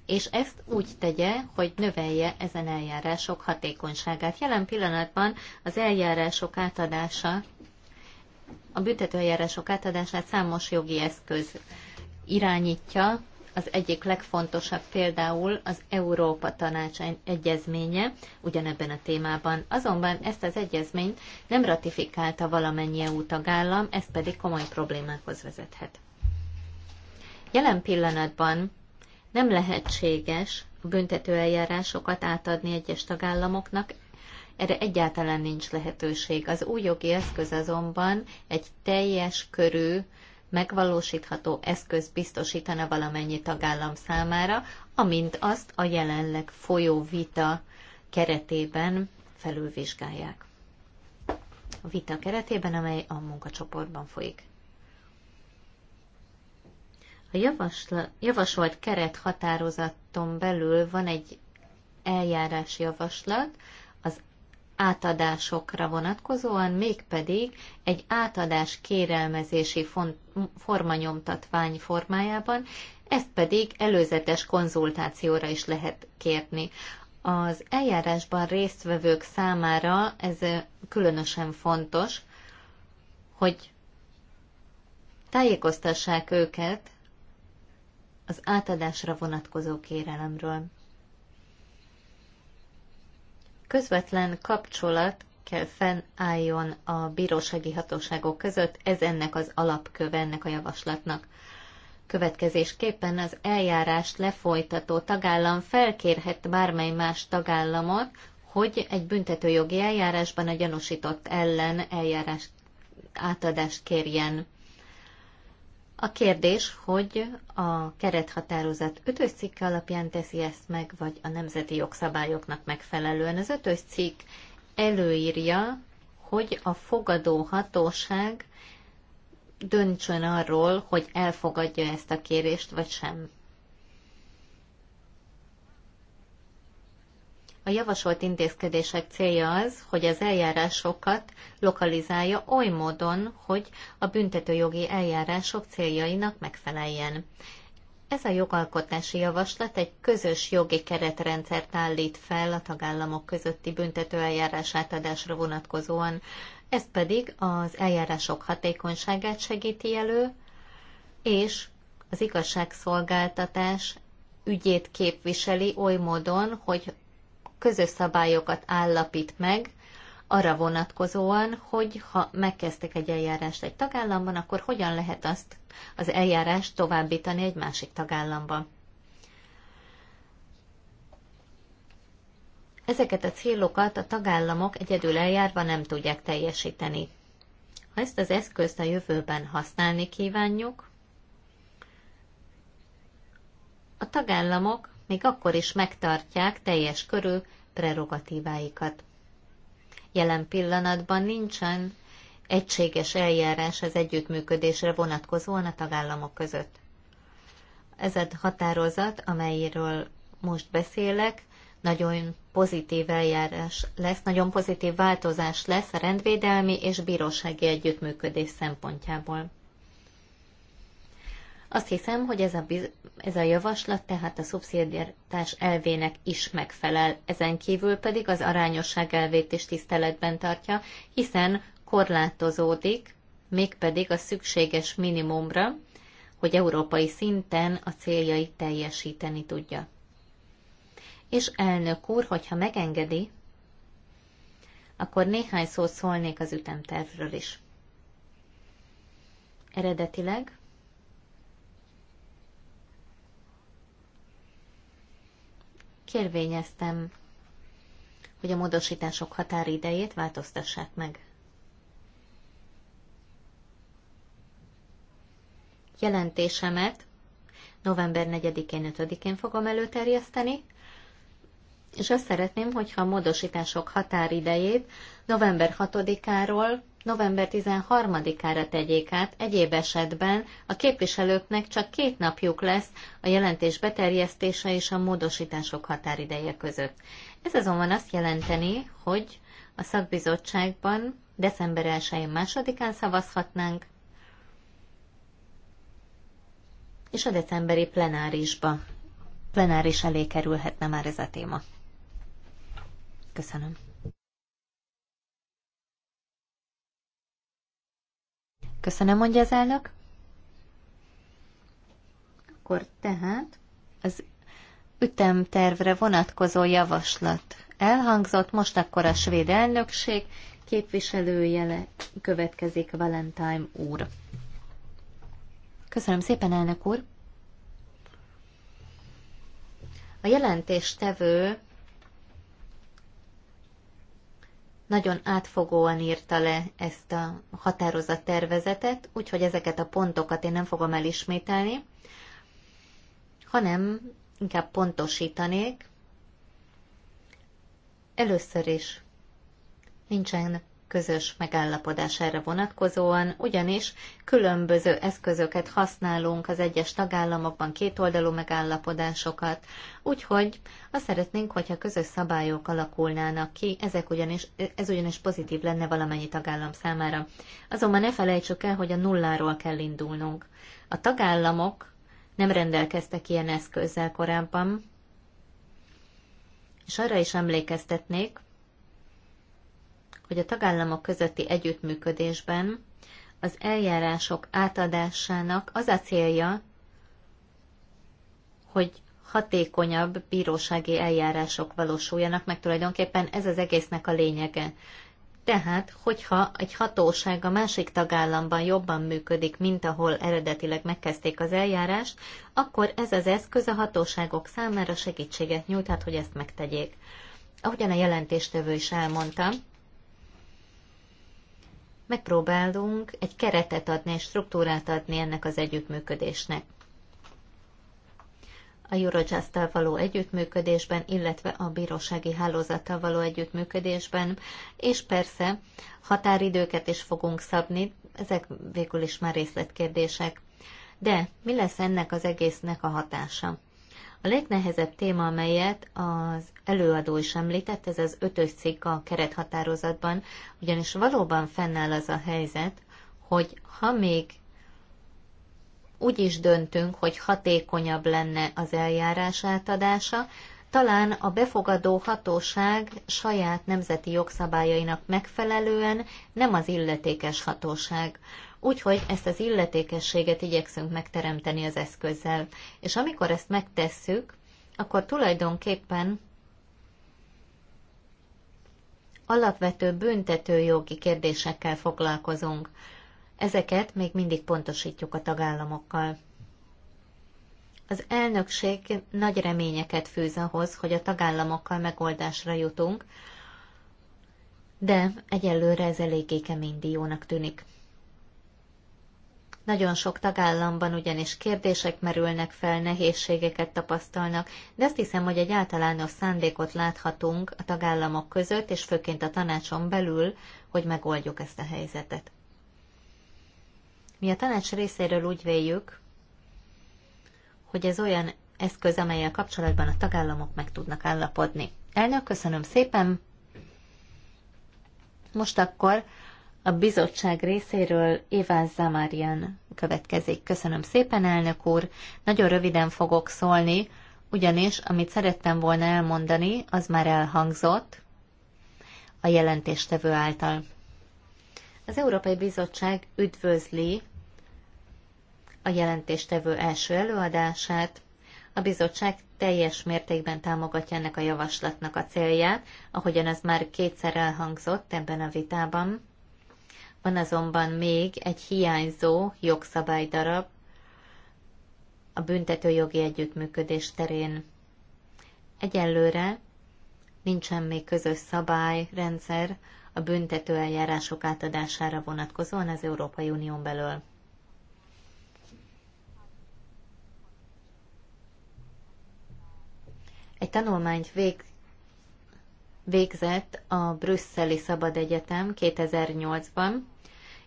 és ezt úgy tegye, hogy növelje ezen eljárások hatékonyságát. Jelen pillanatban az eljárások átadása, a büntetőeljárások átadását számos jogi eszköz irányítja, az egyik legfontosabb például az Európa Tanács egyezménye ugyanebben a témában. Azonban ezt az egyezményt nem ratifikálta valamennyi EU tagállam, ez pedig komoly problémákhoz vezethet. Jelen pillanatban nem lehetséges a büntetőeljárásokat átadni egyes tagállamoknak, erre egyáltalán nincs lehetőség. Az új jogi eszköz azonban egy teljes körű, megvalósítható eszköz biztosítana valamennyi tagállam számára, amint azt a jelenleg folyó vita keretében felülvizsgálják. A vita keretében, amely a munkacsoportban folyik. A javasla, javasolt keret határozaton belül van egy eljárás javaslat az átadásokra vonatkozóan, mégpedig egy átadás kérelmezési formanyomtatvány formájában, ezt pedig előzetes konzultációra is lehet kérni. Az eljárásban résztvevők számára ez különösen fontos, hogy tájékoztassák őket az átadásra vonatkozó kérelemről. Közvetlen kapcsolat kell fennálljon a bírósági hatóságok között, ez ennek az alapköve, ennek a javaslatnak. Következésképpen az eljárást lefolytató tagállam felkérhet bármely más tagállamot, hogy egy büntetőjogi eljárásban a gyanúsított ellen eljárást átadást kérjen. A kérdés, hogy a kerethatározat ötös cikke alapján teszi ezt meg, vagy a nemzeti jogszabályoknak megfelelően. Az ötös cikk előírja, hogy a fogadó hatóság döntsön arról, hogy elfogadja ezt a kérést, vagy sem. A javasolt intézkedések célja az, hogy az eljárásokat lokalizálja oly módon, hogy a büntetőjogi eljárások céljainak megfeleljen. Ez a jogalkotási javaslat egy közös jogi keretrendszert állít fel a tagállamok közötti büntetőeljárás átadásra vonatkozóan, ez pedig az eljárások hatékonyságát segíti elő, és az igazságszolgáltatás ügyét képviseli oly módon, hogy közös szabályokat állapít meg, arra vonatkozóan, hogy ha megkezdtek egy eljárást egy tagállamban, akkor hogyan lehet azt az eljárást továbbítani egy másik tagállamban. Ezeket a célokat a tagállamok egyedül eljárva nem tudják teljesíteni. Ha ezt az eszközt a jövőben használni kívánjuk, a tagállamok még akkor is megtartják teljes körű prerogatíváikat. Jelen pillanatban nincsen egységes eljárás az együttműködésre vonatkozóan a tagállamok között. Ez a határozat, amelyről most beszélek, nagyon pozitív eljárás lesz, nagyon pozitív változás lesz a rendvédelmi és bírósági együttműködés szempontjából. Azt hiszem, hogy ez a, biz- ez a javaslat tehát a szubszidiaritás elvének is megfelel, ezen kívül pedig az arányosság elvét is tiszteletben tartja, hiszen korlátozódik, mégpedig a szükséges minimumra, hogy európai szinten a céljait teljesíteni tudja. És elnök úr, hogyha megengedi, akkor néhány szót szólnék az ütemtervről is. Eredetileg kérvényeztem, hogy a módosítások határidejét változtassák meg. Jelentésemet november 4-én, 5-én fogom előterjeszteni, és azt szeretném, hogyha a módosítások határidejét november 6-áról november 13-ára tegyék át, egyéb esetben a képviselőknek csak két napjuk lesz a jelentés beterjesztése és a módosítások határideje között. Ez azonban azt jelenteni, hogy a szakbizottságban december 1-én másodikán szavazhatnánk, és a decemberi plenárisba, plenáris elé kerülhetne már ez a téma. Köszönöm. Köszönöm, mondja az elnök. Akkor tehát az ütemtervre vonatkozó javaslat elhangzott, most akkor a svéd elnökség képviselője következik Valentine úr. Köszönöm szépen, elnök úr! A jelentéstevő nagyon átfogóan írta le ezt a határozat tervezetet, úgyhogy ezeket a pontokat én nem fogom elismételni, hanem inkább pontosítanék. Először is nincsen közös megállapodására vonatkozóan, ugyanis különböző eszközöket használunk az egyes tagállamokban, kétoldalú megállapodásokat, úgyhogy azt szeretnénk, hogyha közös szabályok alakulnának ki, ezek ugyanis, ez ugyanis pozitív lenne valamennyi tagállam számára. Azonban ne felejtsük el, hogy a nulláról kell indulnunk. A tagállamok nem rendelkeztek ilyen eszközzel korábban, és arra is emlékeztetnék, hogy a tagállamok közötti együttműködésben az eljárások átadásának az a célja, hogy hatékonyabb bírósági eljárások valósuljanak meg tulajdonképpen ez az egésznek a lényege. Tehát, hogyha egy hatóság a másik tagállamban jobban működik, mint ahol eredetileg megkezdték az eljárást, akkor ez az eszköz a hatóságok számára segítséget nyújt, hogy ezt megtegyék. Ahogyan a jelentéstevő is elmondta, megpróbálunk egy keretet adni, egy struktúrát adni ennek az együttműködésnek. A eurojust való együttműködésben, illetve a bírósági hálózattal való együttműködésben, és persze határidőket is fogunk szabni, ezek végül is már részletkérdések. De mi lesz ennek az egésznek a hatása? A legnehezebb téma, amelyet az előadó is említett, ez az ötös cikk a kerethatározatban, ugyanis valóban fennáll az a helyzet, hogy ha még úgy is döntünk, hogy hatékonyabb lenne az eljárás átadása, talán a befogadó hatóság saját nemzeti jogszabályainak megfelelően nem az illetékes hatóság. Úgyhogy ezt az illetékességet igyekszünk megteremteni az eszközzel. És amikor ezt megtesszük, akkor tulajdonképpen alapvető büntetőjogi kérdésekkel foglalkozunk. Ezeket még mindig pontosítjuk a tagállamokkal. Az elnökség nagy reményeket fűz ahhoz, hogy a tagállamokkal megoldásra jutunk, de egyelőre ez eléggé kemény diónak tűnik. Nagyon sok tagállamban ugyanis kérdések merülnek fel, nehézségeket tapasztalnak, de azt hiszem, hogy egy általános szándékot láthatunk a tagállamok között, és főként a tanácson belül, hogy megoldjuk ezt a helyzetet. Mi a tanács részéről úgy véljük, hogy ez olyan eszköz, amelyel kapcsolatban a tagállamok meg tudnak állapodni. Elnök, köszönöm szépen! Most akkor a bizottság részéről Éva Zamarian következik. Köszönöm szépen, elnök úr. Nagyon röviden fogok szólni, ugyanis amit szerettem volna elmondani, az már elhangzott a jelentéstevő által. Az Európai Bizottság üdvözli a jelentéstevő első előadását. A bizottság teljes mértékben támogatja ennek a javaslatnak a célját, ahogyan ez már kétszer elhangzott ebben a vitában van azonban még egy hiányzó jogszabálydarab a büntetőjogi együttműködés terén. Egyelőre nincsen még közös szabályrendszer a büntető eljárások átadására vonatkozóan az Európai Unión belül. Egy tanulmányt vég, végzett a Brüsszeli Szabad Egyetem 2008-ban,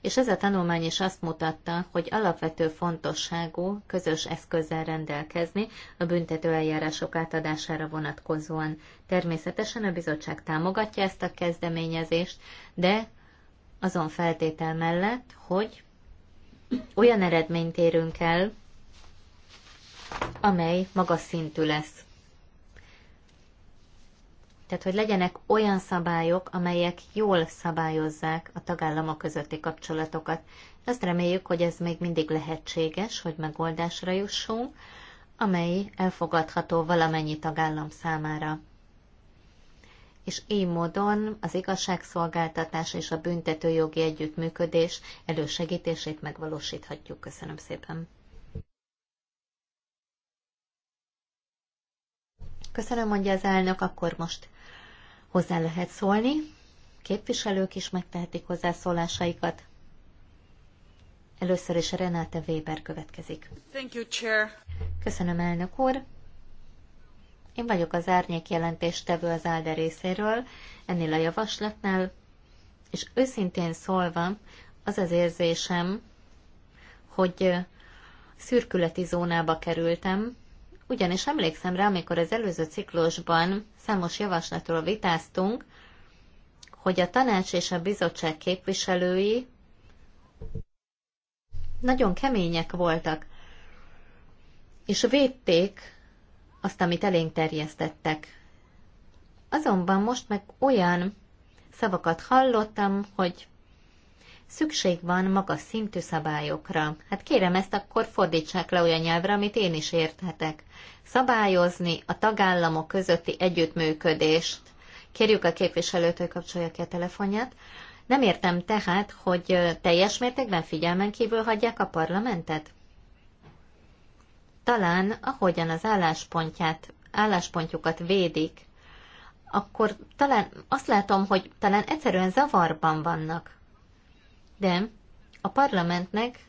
és ez a tanulmány is azt mutatta, hogy alapvető fontosságú közös eszközzel rendelkezni a büntető eljárások átadására vonatkozóan. Természetesen a bizottság támogatja ezt a kezdeményezést, de azon feltétel mellett, hogy olyan eredményt érünk el, amely magas szintű lesz. Tehát, hogy legyenek olyan szabályok, amelyek jól szabályozzák a tagállamok közötti kapcsolatokat. Azt reméljük, hogy ez még mindig lehetséges, hogy megoldásra jussunk, amely elfogadható valamennyi tagállam számára. És így módon az igazságszolgáltatás és a büntetőjogi együttműködés elősegítését megvalósíthatjuk. Köszönöm szépen! Köszönöm, mondja az elnök, akkor most Hozzá lehet szólni, képviselők is megtehetik hozzászólásaikat. Először is Renate Weber következik. Thank you, Chair. Köszönöm, elnök úr. Én vagyok az árnyék jelentéstevő az ALDE részéről, ennél a javaslatnál, és őszintén szólva az az érzésem, hogy szürkületi zónába kerültem, ugyanis emlékszem rá, amikor az előző ciklusban számos javaslatról vitáztunk, hogy a tanács és a bizottság képviselői nagyon kemények voltak, és védték azt, amit elénk terjesztettek. Azonban most meg olyan szavakat hallottam, hogy szükség van magas szintű szabályokra. Hát kérem ezt akkor fordítsák le olyan nyelvre, amit én is érthetek. Szabályozni a tagállamok közötti együttműködést. Kérjük a képviselőtől kapcsolja ki a telefonját. Nem értem tehát, hogy teljes mértékben figyelmen kívül hagyják a parlamentet? Talán, ahogyan az álláspontját, álláspontjukat védik, akkor talán azt látom, hogy talán egyszerűen zavarban vannak de a parlamentnek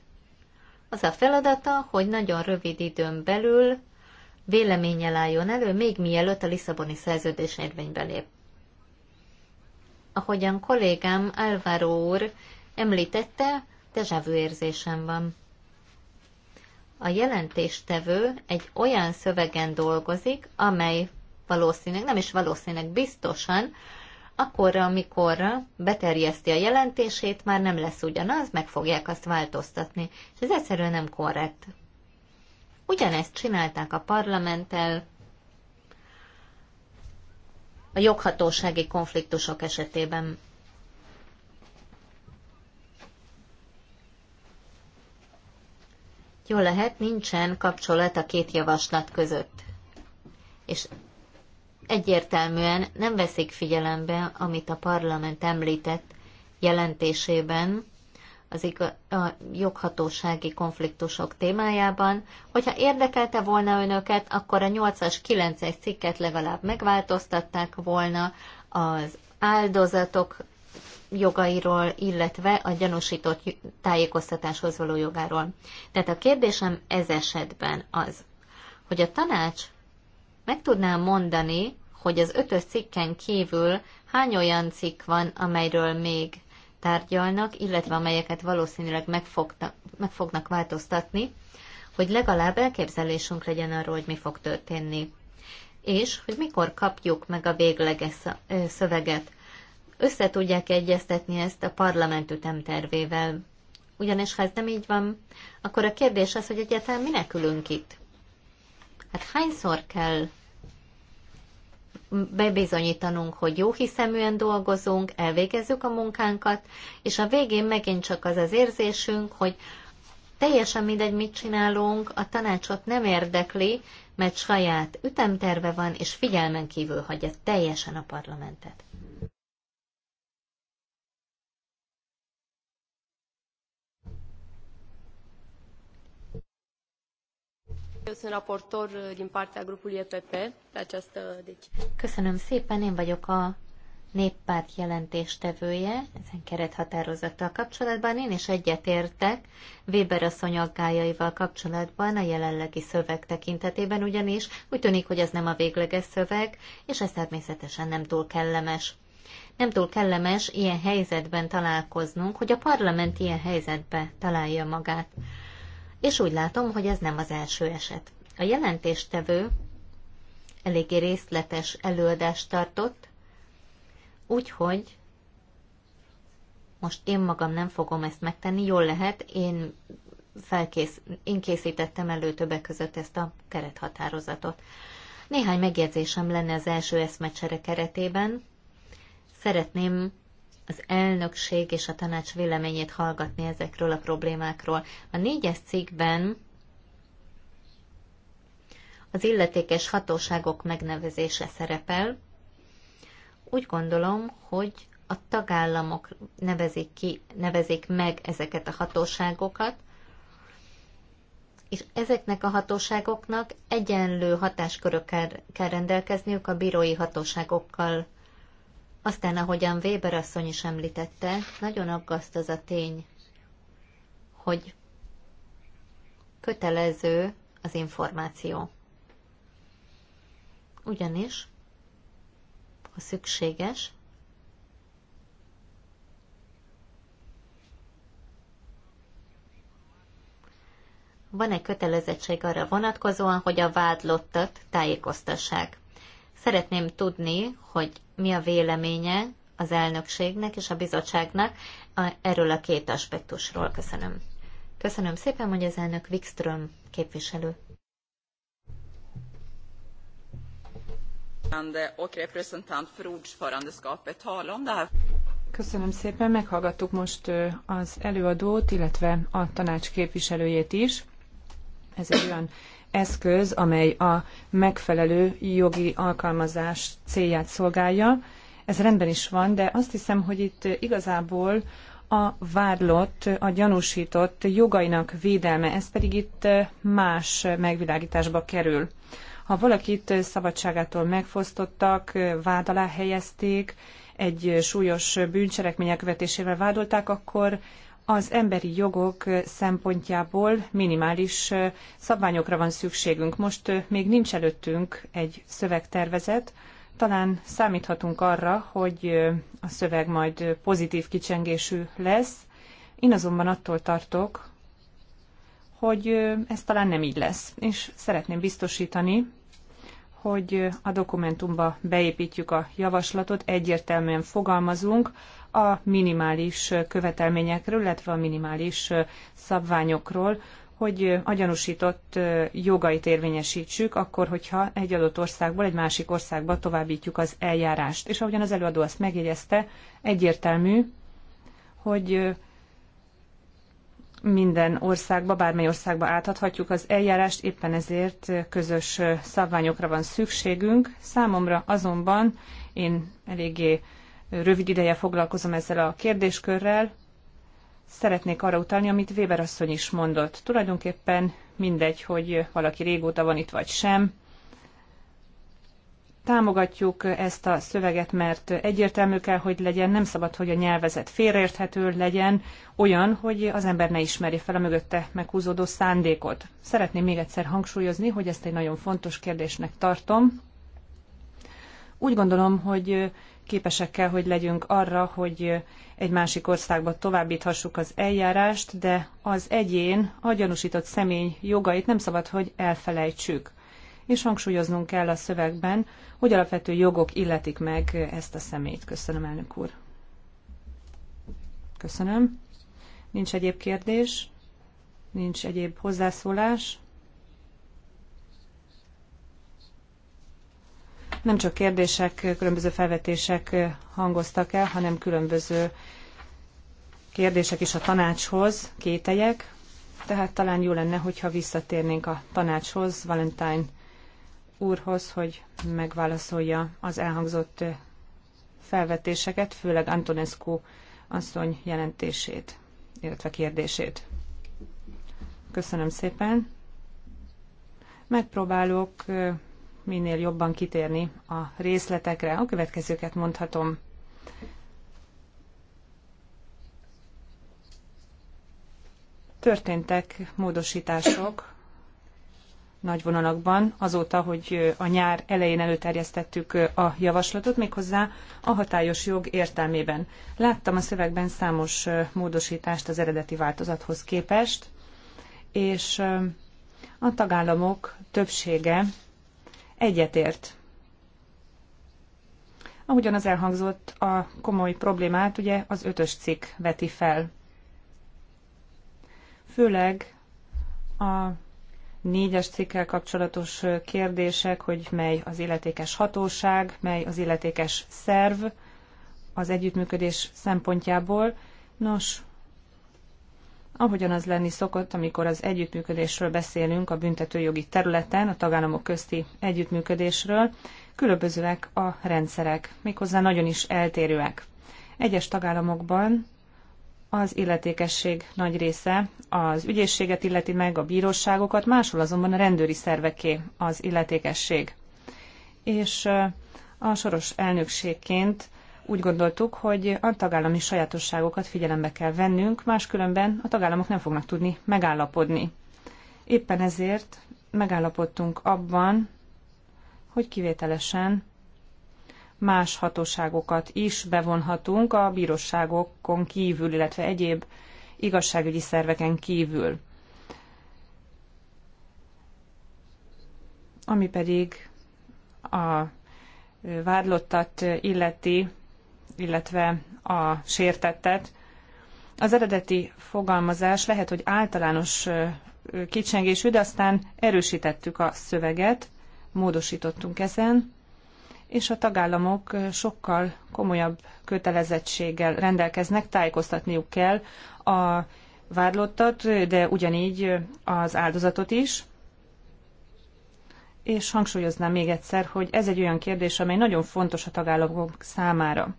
az a feladata, hogy nagyon rövid időn belül véleménnyel álljon elő, még mielőtt a Lisszaboni szerződés érvénybe lép. Ahogyan kollégám Álvaro úr említette, dejavű érzésem van. A jelentéstevő egy olyan szövegen dolgozik, amely valószínűleg, nem is valószínűleg, biztosan akkorra, amikorra beterjeszti a jelentését, már nem lesz ugyanaz, meg fogják azt változtatni. És ez egyszerűen nem korrekt. Ugyanezt csinálták a parlamenttel, a joghatósági konfliktusok esetében. Jó lehet, nincsen kapcsolat a két javaslat között. És egyértelműen nem veszik figyelembe, amit a parlament említett jelentésében, az a joghatósági konfliktusok témájában. Hogyha érdekelte volna önöket, akkor a 8-as, 9-es cikket legalább megváltoztatták volna az áldozatok jogairól, illetve a gyanúsított tájékoztatáshoz való jogáról. Tehát a kérdésem ez esetben az, hogy a tanács meg tudnám mondani, hogy az ötös cikken kívül hány olyan cikk van, amelyről még tárgyalnak, illetve amelyeket valószínűleg meg fogta, meg fognak változtatni, hogy legalább elképzelésünk legyen arról, hogy mi fog történni. És hogy mikor kapjuk meg a végleges szöveget. Össze tudják egyeztetni ezt a parlament ütemtervével. Ugyanis ha ez nem így van, akkor a kérdés az, hogy egyáltalán minek ülünk itt. Hát hányszor kell bebizonyítanunk, hogy jó hiszeműen dolgozunk, elvégezzük a munkánkat, és a végén megint csak az az érzésünk, hogy teljesen mindegy, mit csinálunk, a tanácsot nem érdekli, mert saját ütemterve van, és figyelmen kívül hagyja teljesen a parlamentet. Eu sunt raportor uh, din partea grupului EPP pe această decizie. Köszönöm szépen, én vagyok a néppárt jelentéstevője, ezen kerethatározattal kapcsolatban én is egyetértek Weber asszony aggájaival kapcsolatban a jelenlegi szöveg tekintetében, ugyanis úgy tűnik, hogy ez nem a végleges szöveg, és ez természetesen nem túl kellemes. Nem túl kellemes ilyen helyzetben találkoznunk, hogy a parlament ilyen helyzetbe találja magát és úgy látom, hogy ez nem az első eset. A jelentéstevő eléggé részletes előadást tartott, úgyhogy most én magam nem fogom ezt megtenni, jól lehet, én, felkész, én készítettem elő többek között ezt a kerethatározatot. Néhány megjegyzésem lenne az első eszmecsere keretében. Szeretném az elnökség és a tanács véleményét hallgatni ezekről a problémákról. A négyes cikkben az illetékes hatóságok megnevezése szerepel. Úgy gondolom, hogy a tagállamok nevezik ki, nevezik meg ezeket a hatóságokat, és ezeknek a hatóságoknak egyenlő hatáskörökkel kell rendelkezniük a bírói hatóságokkal aztán, ahogyan Weber asszony is említette, nagyon aggaszt az a tény, hogy kötelező az információ. Ugyanis, ha szükséges, van egy kötelezettség arra vonatkozóan, hogy a vádlottat tájékoztassák. Szeretném tudni, hogy mi a véleménye az elnökségnek és a bizottságnak erről a két aspektusról. Köszönöm. Köszönöm szépen, hogy az elnök Wikström képviselő. Köszönöm szépen, meghallgattuk most az előadót, illetve a tanács képviselőjét is. Ez egy olyan eszköz, amely a megfelelő jogi alkalmazás célját szolgálja. Ez rendben is van, de azt hiszem, hogy itt igazából a vádlott, a gyanúsított jogainak védelme, ez pedig itt más megvilágításba kerül. Ha valakit szabadságától megfosztottak, vád alá helyezték, egy súlyos bűncselekmény elkövetésével vádolták, akkor az emberi jogok szempontjából minimális szabványokra van szükségünk. Most még nincs előttünk egy szövegtervezet, talán számíthatunk arra, hogy a szöveg majd pozitív kicsengésű lesz. Én azonban attól tartok, hogy ez talán nem így lesz, és szeretném biztosítani, hogy a dokumentumba beépítjük a javaslatot, egyértelműen fogalmazunk, a minimális követelményekről, illetve a minimális szabványokról, hogy a gyanúsított jogait érvényesítsük, akkor, hogyha egy adott országból egy másik országba továbbítjuk az eljárást. És ahogyan az előadó azt megjegyezte, egyértelmű, hogy minden országba, bármely országba átadhatjuk az eljárást, éppen ezért közös szabványokra van szükségünk. Számomra azonban én eléggé rövid ideje foglalkozom ezzel a kérdéskörrel, szeretnék arra utalni, amit Weber asszony is mondott. Tulajdonképpen mindegy, hogy valaki régóta van itt vagy sem. Támogatjuk ezt a szöveget, mert egyértelmű kell, hogy legyen, nem szabad, hogy a nyelvezet félreérthető legyen, olyan, hogy az ember ne ismeri fel a mögötte meghúzódó szándékot. Szeretném még egyszer hangsúlyozni, hogy ezt egy nagyon fontos kérdésnek tartom. Úgy gondolom, hogy képesek kell, hogy legyünk arra, hogy egy másik országba továbbíthassuk az eljárást, de az egyén, a gyanúsított személy jogait nem szabad, hogy elfelejtsük. És hangsúlyoznunk kell a szövegben, hogy alapvető jogok illetik meg ezt a személyt. Köszönöm, elnök úr. Köszönöm. Nincs egyéb kérdés? Nincs egyéb hozzászólás? Nem csak kérdések, különböző felvetések hangoztak el, hanem különböző kérdések is a tanácshoz, kételyek, tehát talán jó lenne, hogyha visszatérnénk a tanácshoz, Valentine úrhoz, hogy megválaszolja az elhangzott felvetéseket, főleg Antonescu asszony jelentését, illetve kérdését. Köszönöm szépen. Megpróbálok minél jobban kitérni a részletekre. A következőket mondhatom. Történtek módosítások nagy vonalakban azóta, hogy a nyár elején előterjesztettük a javaslatot, méghozzá a hatályos jog értelmében. Láttam a szövegben számos módosítást az eredeti változathoz képest, és a tagállamok többsége egyetért. Ahogyan az elhangzott, a komoly problémát ugye az ötös cikk veti fel. Főleg a négyes cikkel kapcsolatos kérdések, hogy mely az illetékes hatóság, mely az illetékes szerv az együttműködés szempontjából. Nos, ahogyan az lenni szokott, amikor az együttműködésről beszélünk a büntetőjogi területen, a tagállamok közti együttműködésről, különbözőek a rendszerek, méghozzá nagyon is eltérőek. Egyes tagállamokban az illetékesség nagy része az ügyészséget illeti meg, a bíróságokat, máshol azonban a rendőri szerveké az illetékesség. És a soros elnökségként úgy gondoltuk, hogy a tagállami sajátosságokat figyelembe kell vennünk, máskülönben a tagállamok nem fognak tudni megállapodni. Éppen ezért megállapodtunk abban, hogy kivételesen más hatóságokat is bevonhatunk a bíróságokon kívül, illetve egyéb igazságügyi szerveken kívül. Ami pedig a vádlottat illeti illetve a sértettet. Az eredeti fogalmazás lehet, hogy általános kicsengésű, de aztán erősítettük a szöveget, módosítottunk ezen, és a tagállamok sokkal komolyabb kötelezettséggel rendelkeznek, tájékoztatniuk kell a vádlottat, de ugyanígy az áldozatot is. És hangsúlyoznám még egyszer, hogy ez egy olyan kérdés, amely nagyon fontos a tagállamok számára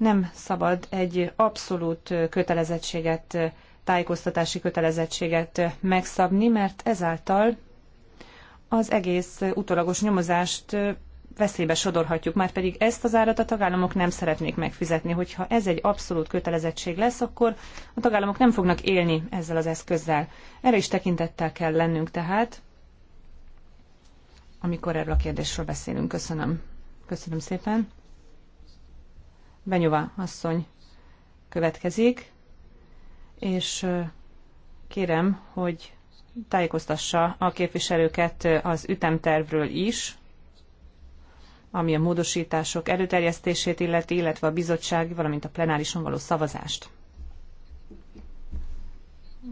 nem szabad egy abszolút kötelezettséget, tájékoztatási kötelezettséget megszabni, mert ezáltal az egész utolagos nyomozást veszélybe sodorhatjuk, már pedig ezt az árat a tagállamok nem szeretnék megfizetni. Hogyha ez egy abszolút kötelezettség lesz, akkor a tagállamok nem fognak élni ezzel az eszközzel. Erre is tekintettel kell lennünk tehát, amikor erről a kérdésről beszélünk. Köszönöm. Köszönöm szépen. Benyova asszony következik, és kérem, hogy tájékoztassa a képviselőket az ütemtervről is, ami a módosítások előterjesztését illeti, illetve a bizottság, valamint a plenárison való szavazást.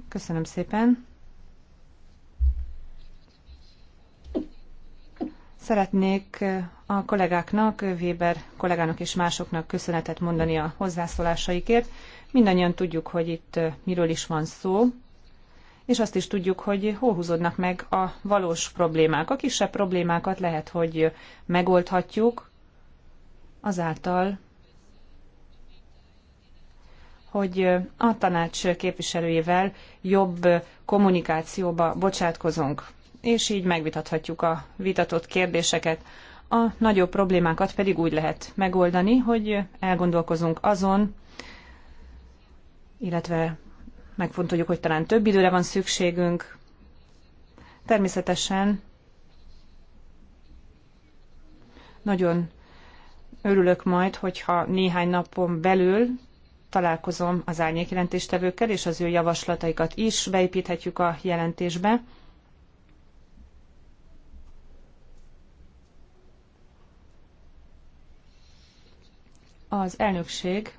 Köszönöm szépen. Szeretnék a kollégáknak, Weber kollégának és másoknak köszönetet mondani a hozzászólásaikért. Mindannyian tudjuk, hogy itt miről is van szó, és azt is tudjuk, hogy hol húzódnak meg a valós problémák. A kisebb problémákat lehet, hogy megoldhatjuk azáltal, hogy a tanács képviselőjével jobb kommunikációba bocsátkozunk és így megvitathatjuk a vitatott kérdéseket. A nagyobb problémákat pedig úgy lehet megoldani, hogy elgondolkozunk azon, illetve megfontoljuk, hogy talán több időre van szükségünk. Természetesen nagyon örülök majd, hogyha néhány napon belül találkozom az árnyékjelentéstevőkkel, és az ő javaslataikat is beépíthetjük a jelentésbe. Az elnökség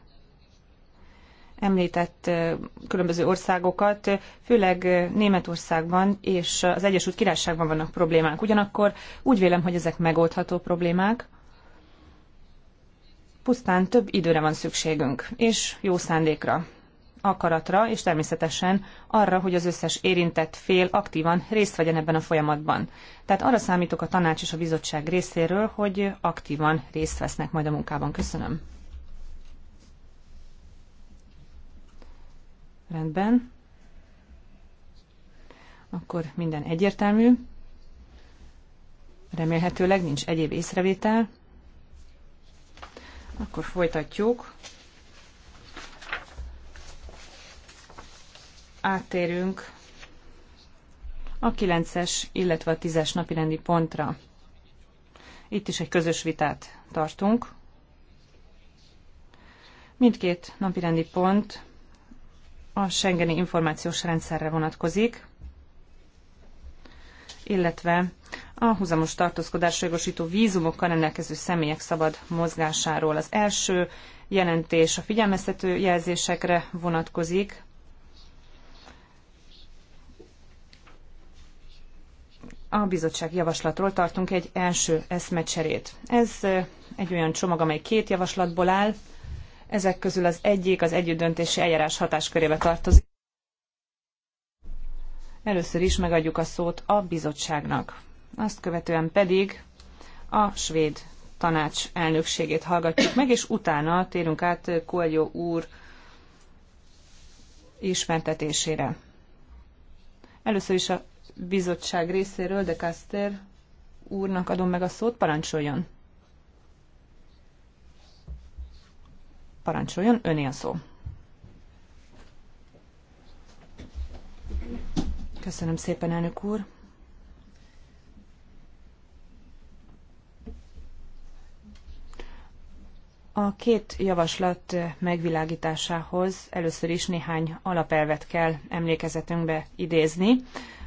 említett különböző országokat, főleg Németországban és az Egyesült Királyságban vannak problémák. Ugyanakkor úgy vélem, hogy ezek megoldható problémák, pusztán több időre van szükségünk, és jó szándékra, akaratra, és természetesen arra, hogy az összes érintett fél aktívan részt vegyen ebben a folyamatban. Tehát arra számítok a tanács és a bizottság részéről, hogy aktívan részt vesznek majd a munkában. Köszönöm. Rendben. Akkor minden egyértelmű. Remélhetőleg nincs egyéb észrevétel. Akkor folytatjuk. Áttérünk a 9-es, illetve a 10-es napirendi pontra. Itt is egy közös vitát tartunk. Mindkét napirendi pont a Schengeni információs rendszerre vonatkozik, illetve a huzamos tartózkodásra jogosító vízumokkal rendelkező személyek szabad mozgásáról. Az első jelentés a figyelmeztető jelzésekre vonatkozik. A bizottság javaslatról tartunk egy első eszmecserét. Ez eh, egy olyan csomag, amely két javaslatból áll. Ezek közül az egyik az együttdöntési eljárás hatáskörébe tartozik. Először is megadjuk a szót a bizottságnak. Azt követően pedig a svéd tanács elnökségét hallgatjuk meg, és utána térünk át kolyó úr ismertetésére. Először is a bizottság részéről de Kaster úrnak adom meg a szót, parancsoljon. Parancsoljon, öné a szó. Köszönöm szépen, elnök úr. A két javaslat megvilágításához először is néhány alapelvet kell emlékezetünkbe idézni,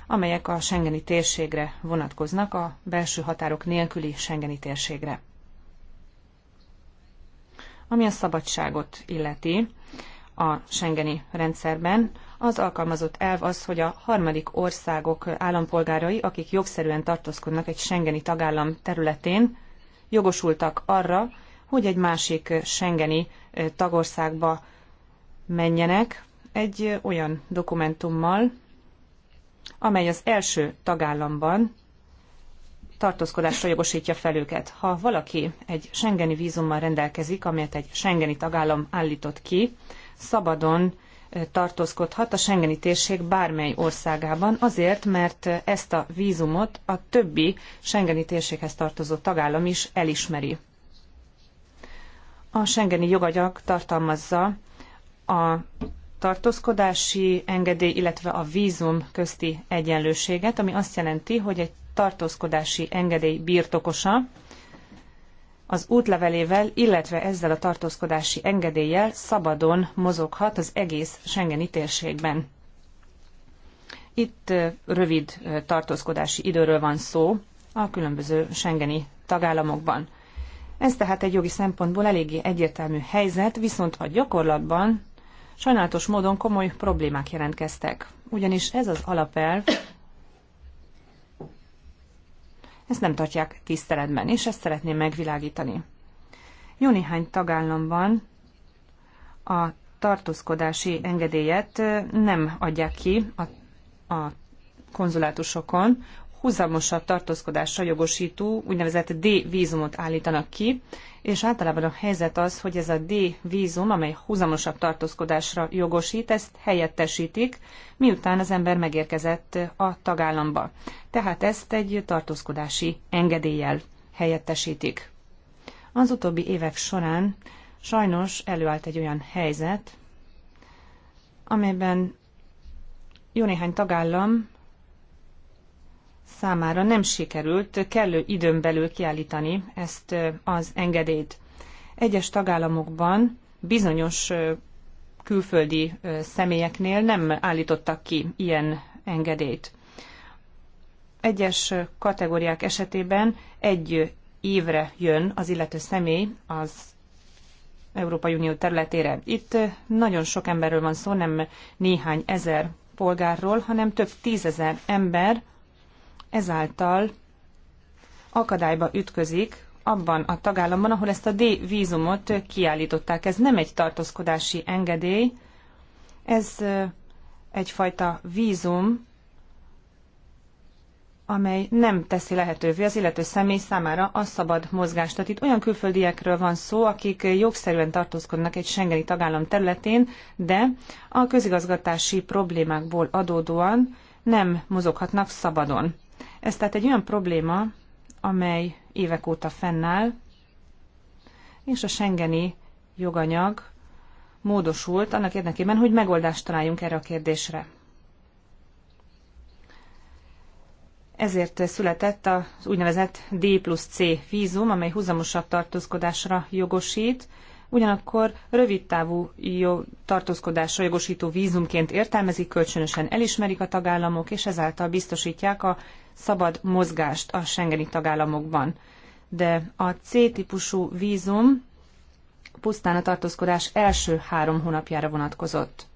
amelyek a Schengeni térségre vonatkoznak, a belső határok nélküli Schengeni térségre. Ami a szabadságot illeti a Schengeni rendszerben, az alkalmazott elv az, hogy a harmadik országok állampolgárai, akik jogszerűen tartózkodnak egy Schengeni tagállam területén, jogosultak arra, hogy egy másik Schengeni tagországba menjenek egy olyan dokumentummal, amely az első tagállamban tartózkodásra jogosítja fel őket. Ha valaki egy Schengeni vízummal rendelkezik, amelyet egy Schengeni tagállam állított ki, szabadon tartózkodhat a Schengeni térség bármely országában, azért, mert ezt a vízumot a többi Schengeni térséghez tartozó tagállam is elismeri. A Schengeni jogagyak tartalmazza a tartózkodási engedély, illetve a vízum közti egyenlőséget, ami azt jelenti, hogy egy tartózkodási engedély birtokosa az útlevelével, illetve ezzel a tartózkodási engedéllyel szabadon mozoghat az egész Schengeni térségben. Itt rövid tartózkodási időről van szó a különböző Schengeni tagállamokban. Ez tehát egy jogi szempontból eléggé egyértelmű helyzet, viszont a gyakorlatban sajnálatos módon komoly problémák jelentkeztek. Ugyanis ez az alapelv ezt nem tartják tiszteletben, és ezt szeretném megvilágítani. Jó néhány tagállamban a tartózkodási engedélyet nem adják ki a, a konzulátusokon, húzamosabb tartózkodásra jogosító úgynevezett D-vízumot állítanak ki, és általában a helyzet az, hogy ez a D-vízum, amely húzamosabb tartózkodásra jogosít, ezt helyettesítik, miután az ember megérkezett a tagállamba. Tehát ezt egy tartózkodási engedéllyel helyettesítik. Az utóbbi évek során sajnos előállt egy olyan helyzet, amelyben jó néhány tagállam számára nem sikerült kellő időn belül kiállítani ezt az engedélyt. Egyes tagállamokban bizonyos külföldi személyeknél nem állítottak ki ilyen engedélyt. Egyes kategóriák esetében egy évre jön az illető személy az Európai Unió területére. Itt nagyon sok emberről van szó, nem néhány ezer polgárról, hanem több tízezer ember, ezáltal akadályba ütközik abban a tagállamban, ahol ezt a D vízumot kiállították. Ez nem egy tartózkodási engedély, ez egyfajta vízum, amely nem teszi lehetővé az illető személy számára a szabad mozgást. Tehát itt olyan külföldiekről van szó, akik jogszerűen tartózkodnak egy Schengeni tagállam területén, de a közigazgatási problémákból adódóan nem mozoghatnak szabadon. Ez tehát egy olyan probléma, amely évek óta fennáll, és a Schengeni joganyag módosult annak érdekében, hogy megoldást találjunk erre a kérdésre. Ezért született az úgynevezett D plusz C vízum, amely húzamosabb tartózkodásra jogosít, ugyanakkor rövidtávú tartózkodásra jogosító vízumként értelmezik, kölcsönösen elismerik a tagállamok, és ezáltal biztosítják a szabad mozgást a Schengeni tagállamokban. De a C-típusú vízum pusztán a tartózkodás első három hónapjára vonatkozott.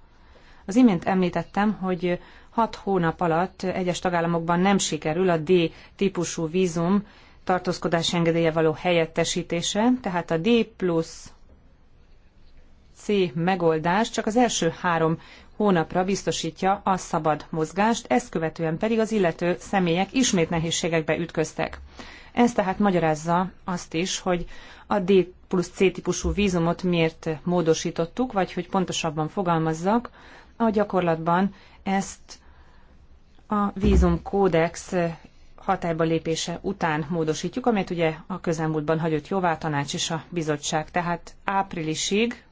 Az imént említettem, hogy hat hónap alatt egyes tagállamokban nem sikerül a D-típusú vízum tartózkodás engedélye való helyettesítése, tehát a D plusz C megoldás csak az első három hónapra biztosítja a szabad mozgást, ezt követően pedig az illető személyek ismét nehézségekbe ütköztek. Ez tehát magyarázza azt is, hogy a D plusz C típusú vízumot miért módosítottuk, vagy hogy pontosabban fogalmazzak, a gyakorlatban ezt a vízumkódex hatályba lépése után módosítjuk, amelyet ugye a közelmúltban hagyott jóvá a tanács és a bizottság. Tehát áprilisig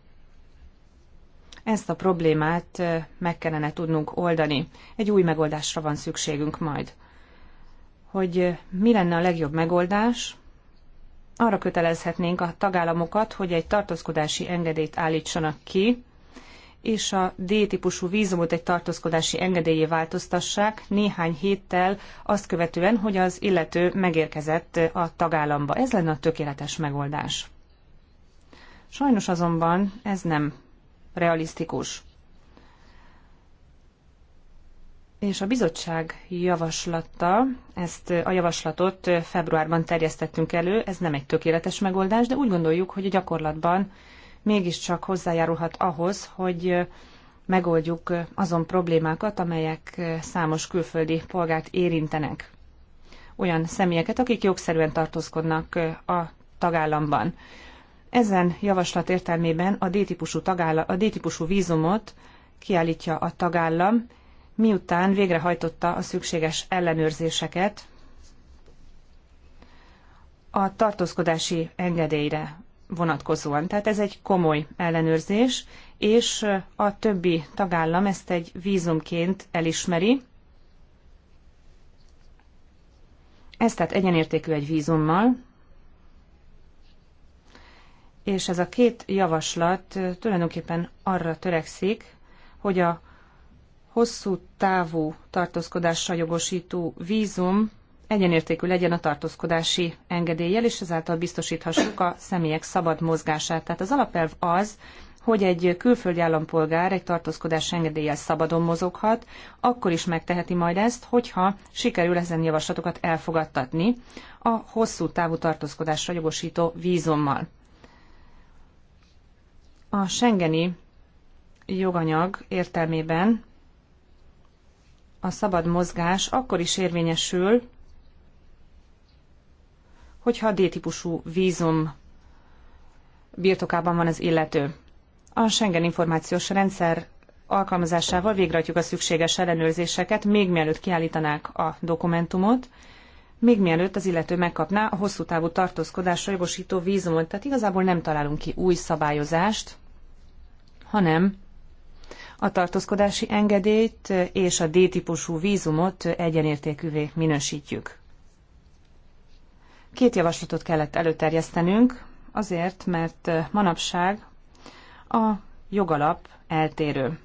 ezt a problémát meg kellene tudnunk oldani. Egy új megoldásra van szükségünk majd. Hogy mi lenne a legjobb megoldás, arra kötelezhetnénk a tagállamokat, hogy egy tartózkodási engedélyt állítsanak ki, és a D-típusú vízumot egy tartózkodási engedélyé változtassák néhány héttel azt követően, hogy az illető megérkezett a tagállamba. Ez lenne a tökéletes megoldás. Sajnos azonban ez nem realisztikus. És a bizottság javaslata, ezt a javaslatot februárban terjesztettünk elő, ez nem egy tökéletes megoldás, de úgy gondoljuk, hogy a gyakorlatban mégiscsak hozzájárulhat ahhoz, hogy megoldjuk azon problémákat, amelyek számos külföldi polgárt érintenek. Olyan személyeket, akik jogszerűen tartózkodnak a tagállamban. Ezen javaslat értelmében a D-típusú, tagálla, a D-típusú vízumot kiállítja a tagállam, miután végrehajtotta a szükséges ellenőrzéseket a tartózkodási engedélyre vonatkozóan. Tehát ez egy komoly ellenőrzés, és a többi tagállam ezt egy vízumként elismeri. Ez tehát egyenértékű egy vízummal, és ez a két javaslat tulajdonképpen arra törekszik, hogy a hosszú távú tartózkodásra jogosító vízum egyenértékű legyen a tartózkodási engedéllyel, és ezáltal biztosíthassuk a személyek szabad mozgását. Tehát az alapelv az, hogy egy külföldi állampolgár egy tartózkodás engedéllyel szabadon mozoghat, akkor is megteheti majd ezt, hogyha sikerül ezen javaslatokat elfogadtatni a hosszú távú tartózkodásra jogosító vízummal. A Schengeni joganyag értelmében a szabad mozgás akkor is érvényesül, hogyha a D-típusú vízum birtokában van az illető. A Schengen információs rendszer alkalmazásával végrehajtjuk a szükséges ellenőrzéseket, még mielőtt kiállítanák a dokumentumot, még mielőtt az illető megkapná a hosszú távú tartózkodásra jogosító vízumot. Tehát igazából nem találunk ki új szabályozást, hanem a tartózkodási engedélyt és a D-típusú vízumot egyenértékűvé minősítjük. Két javaslatot kellett előterjesztenünk, azért, mert manapság a jogalap eltérő.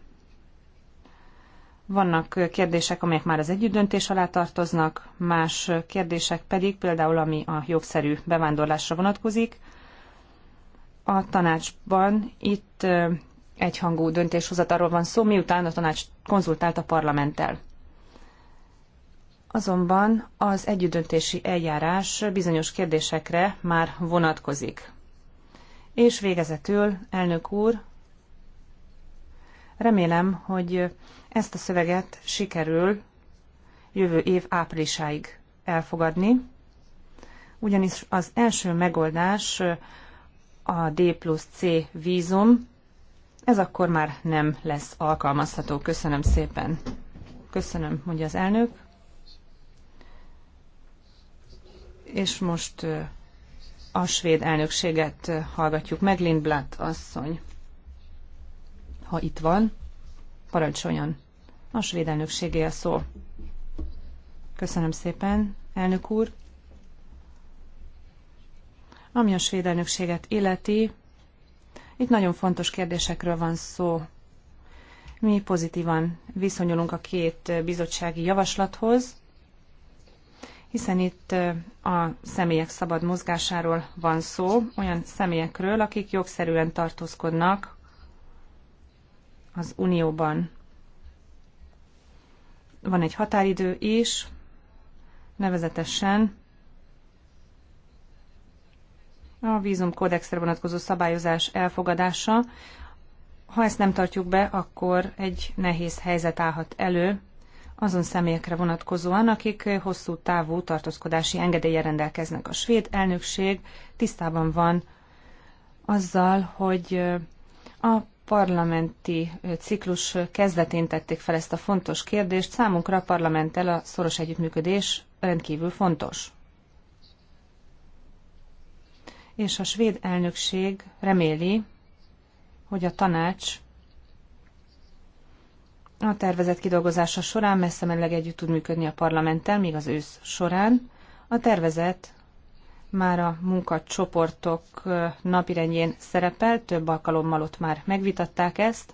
Vannak kérdések, amelyek már az együttdöntés alá tartoznak, más kérdések pedig, például ami a jogszerű bevándorlásra vonatkozik, a tanácsban itt egyhangú döntéshozatarról van szó, miután a tanács konzultált a parlamenttel. Azonban az együttdöntési eljárás bizonyos kérdésekre már vonatkozik. És végezetül, elnök úr, remélem, hogy ezt a szöveget sikerül jövő év áprilisáig elfogadni, ugyanis az első megoldás a D plusz C vízum, ez akkor már nem lesz alkalmazható. Köszönöm szépen. Köszönöm, mondja az elnök. És most a svéd elnökséget hallgatjuk meg, Lindblad asszony. Ha itt van, parancsoljon. A svéd elnökségé a szó. Köszönöm szépen, elnök úr. Ami a svéd elnökséget illeti, itt nagyon fontos kérdésekről van szó. Mi pozitívan viszonyulunk a két bizottsági javaslathoz, hiszen itt a személyek szabad mozgásáról van szó, olyan személyekről, akik jogszerűen tartózkodnak az Unióban. Van egy határidő is, nevezetesen a vízumkódexre vonatkozó szabályozás elfogadása. Ha ezt nem tartjuk be, akkor egy nehéz helyzet állhat elő azon személyekre vonatkozóan, akik hosszú távú tartózkodási engedélye rendelkeznek. A svéd elnökség tisztában van azzal, hogy a parlamenti ciklus kezdetén tették fel ezt a fontos kérdést. Számunkra a parlamenttel a szoros együttműködés rendkívül fontos és a svéd elnökség reméli, hogy a tanács a tervezet kidolgozása során messze menleg együtt tud működni a parlamenttel, míg az ősz során. A tervezet már a munkacsoportok napirendjén szerepel, több alkalommal ott már megvitatták ezt.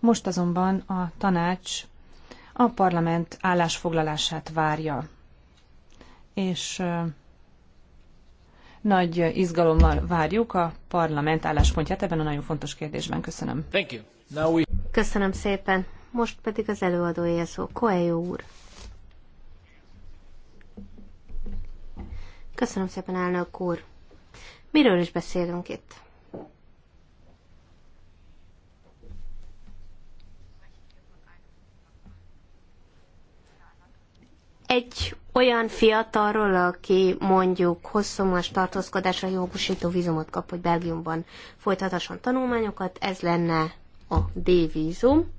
Most azonban a tanács a parlament állásfoglalását várja. És nagy izgalommal várjuk a parlament álláspontját ebben a nagyon fontos kérdésben. Köszönöm. Thank you. Now we... Köszönöm szépen. Most pedig az előadója szó, Koejo úr. Köszönöm szépen, elnök úr. Miről is beszélünk itt? egy olyan fiatalról, aki mondjuk más tartózkodásra jogosító vízumot kap, hogy Belgiumban folytathasson tanulmányokat, ez lenne a D-vízum,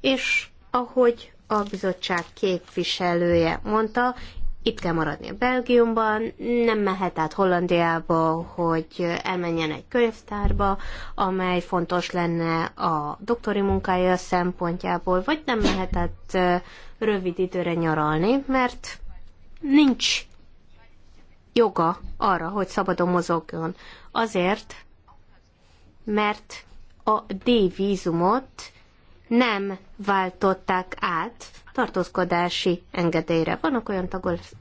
és ahogy a bizottság képviselője mondta, itt kell maradni a Belgiumban, nem mehet át Hollandiába, hogy elmenjen egy könyvtárba, amely fontos lenne a doktori munkája szempontjából, vagy nem mehet át rövid időre nyaralni, mert nincs joga arra, hogy szabadon mozogjon. Azért, mert a D vízumot nem váltották át tartózkodási engedélyre. Vannak olyan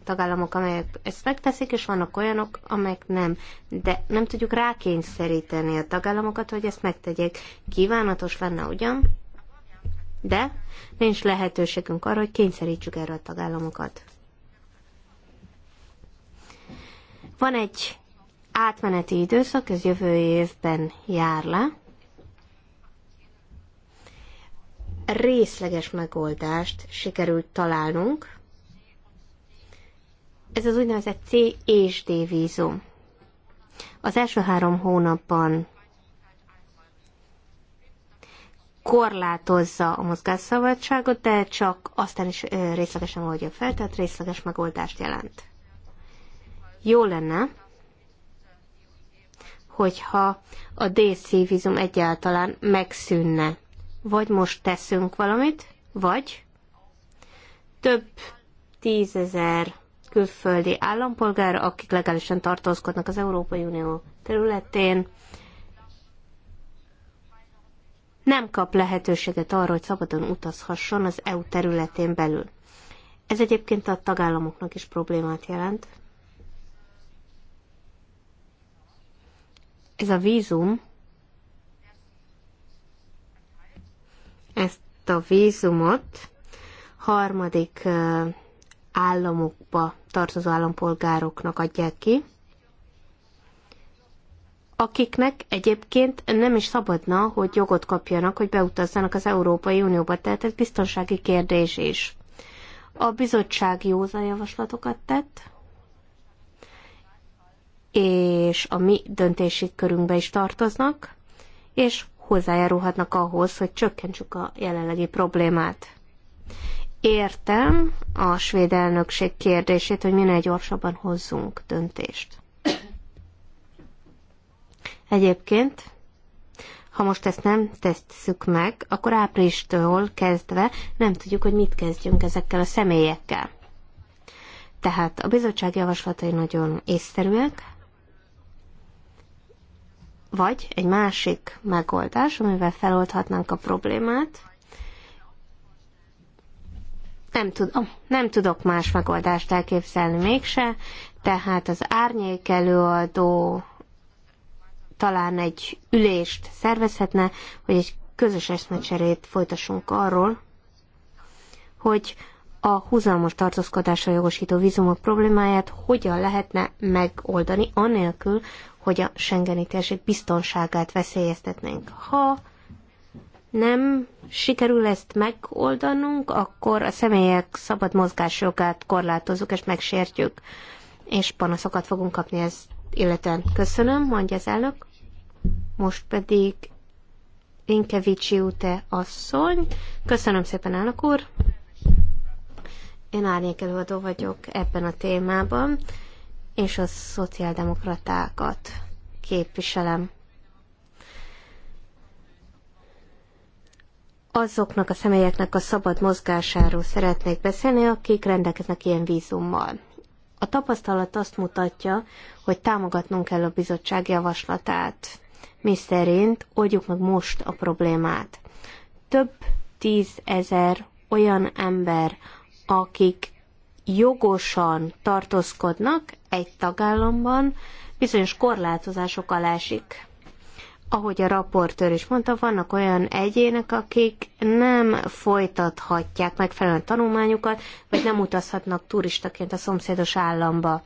tagállamok, amelyek ezt megteszik, és vannak olyanok, amelyek nem. De nem tudjuk rákényszeríteni a tagállamokat, hogy ezt megtegyék. Kívánatos lenne ugyan, de nincs lehetőségünk arra, hogy kényszerítsük erre a tagállamokat. Van egy átmeneti időszak, ez jövő évben jár le, részleges megoldást sikerült találnunk. Ez az úgynevezett C és D vízum. Az első három hónapban korlátozza a mozgásszabadságot, de csak aztán is részlegesen oldja fel, tehát részleges megoldást jelent. Jó lenne, hogyha a DC vízum egyáltalán megszűnne vagy most teszünk valamit, vagy több tízezer külföldi állampolgár, akik legálisan tartózkodnak az Európai Unió területén, nem kap lehetőséget arra, hogy szabadon utazhasson az EU területén belül. Ez egyébként a tagállamoknak is problémát jelent. Ez a vízum ezt a vízumot harmadik államokba tartozó állampolgároknak adják ki, akiknek egyébként nem is szabadna, hogy jogot kapjanak, hogy beutazzanak az Európai Unióba, tehát ez biztonsági kérdés is. A bizottság józan javaslatokat tett, és a mi döntési körünkbe is tartoznak, és hozzájárulhatnak ahhoz, hogy csökkentsük a jelenlegi problémát. Értem a svéd elnökség kérdését, hogy minél gyorsabban hozzunk döntést. Egyébként, ha most ezt nem tesszük meg, akkor áprilistől kezdve nem tudjuk, hogy mit kezdjünk ezekkel a személyekkel. Tehát a bizottság javaslatai nagyon észszerűek, vagy egy másik megoldás, amivel feloldhatnánk a problémát. Nem, tudom, nem tudok más megoldást elképzelni mégse, tehát az árnyék előadó talán egy ülést szervezhetne, hogy egy közös eszmecserét folytassunk arról, hogy a húzalmas tartózkodásra jogosító vízumok problémáját hogyan lehetne megoldani, anélkül, hogy a Schengeni térség biztonságát veszélyeztetnénk. Ha nem sikerül ezt megoldanunk, akkor a személyek szabad mozgásjogát korlátozunk és megsértjük, és panaszokat fogunk kapni ezt illetően. Köszönöm, mondja az elnök. Most pedig Inkevicsi úte asszony. Köszönöm szépen, elnök úr. Én árnyékelőadó vagyok ebben a témában, és a szociáldemokratákat képviselem. Azoknak a személyeknek a szabad mozgásáról szeretnék beszélni, akik rendelkeznek ilyen vízummal. A tapasztalat azt mutatja, hogy támogatnunk kell a bizottság javaslatát, mi szerint oldjuk meg most a problémát. Több tízezer olyan ember, akik jogosan tartózkodnak egy tagállamban, bizonyos korlátozások alá esik. Ahogy a raportőr is mondta, vannak olyan egyének, akik nem folytathatják megfelelően tanulmányukat, vagy nem utazhatnak turistaként a szomszédos államba.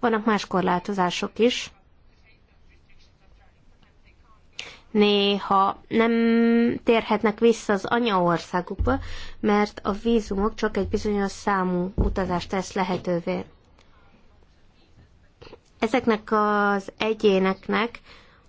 Vannak más korlátozások is, néha nem térhetnek vissza az anyaországukba, mert a vízumok csak egy bizonyos számú utazást tesz lehetővé. Ezeknek az egyéneknek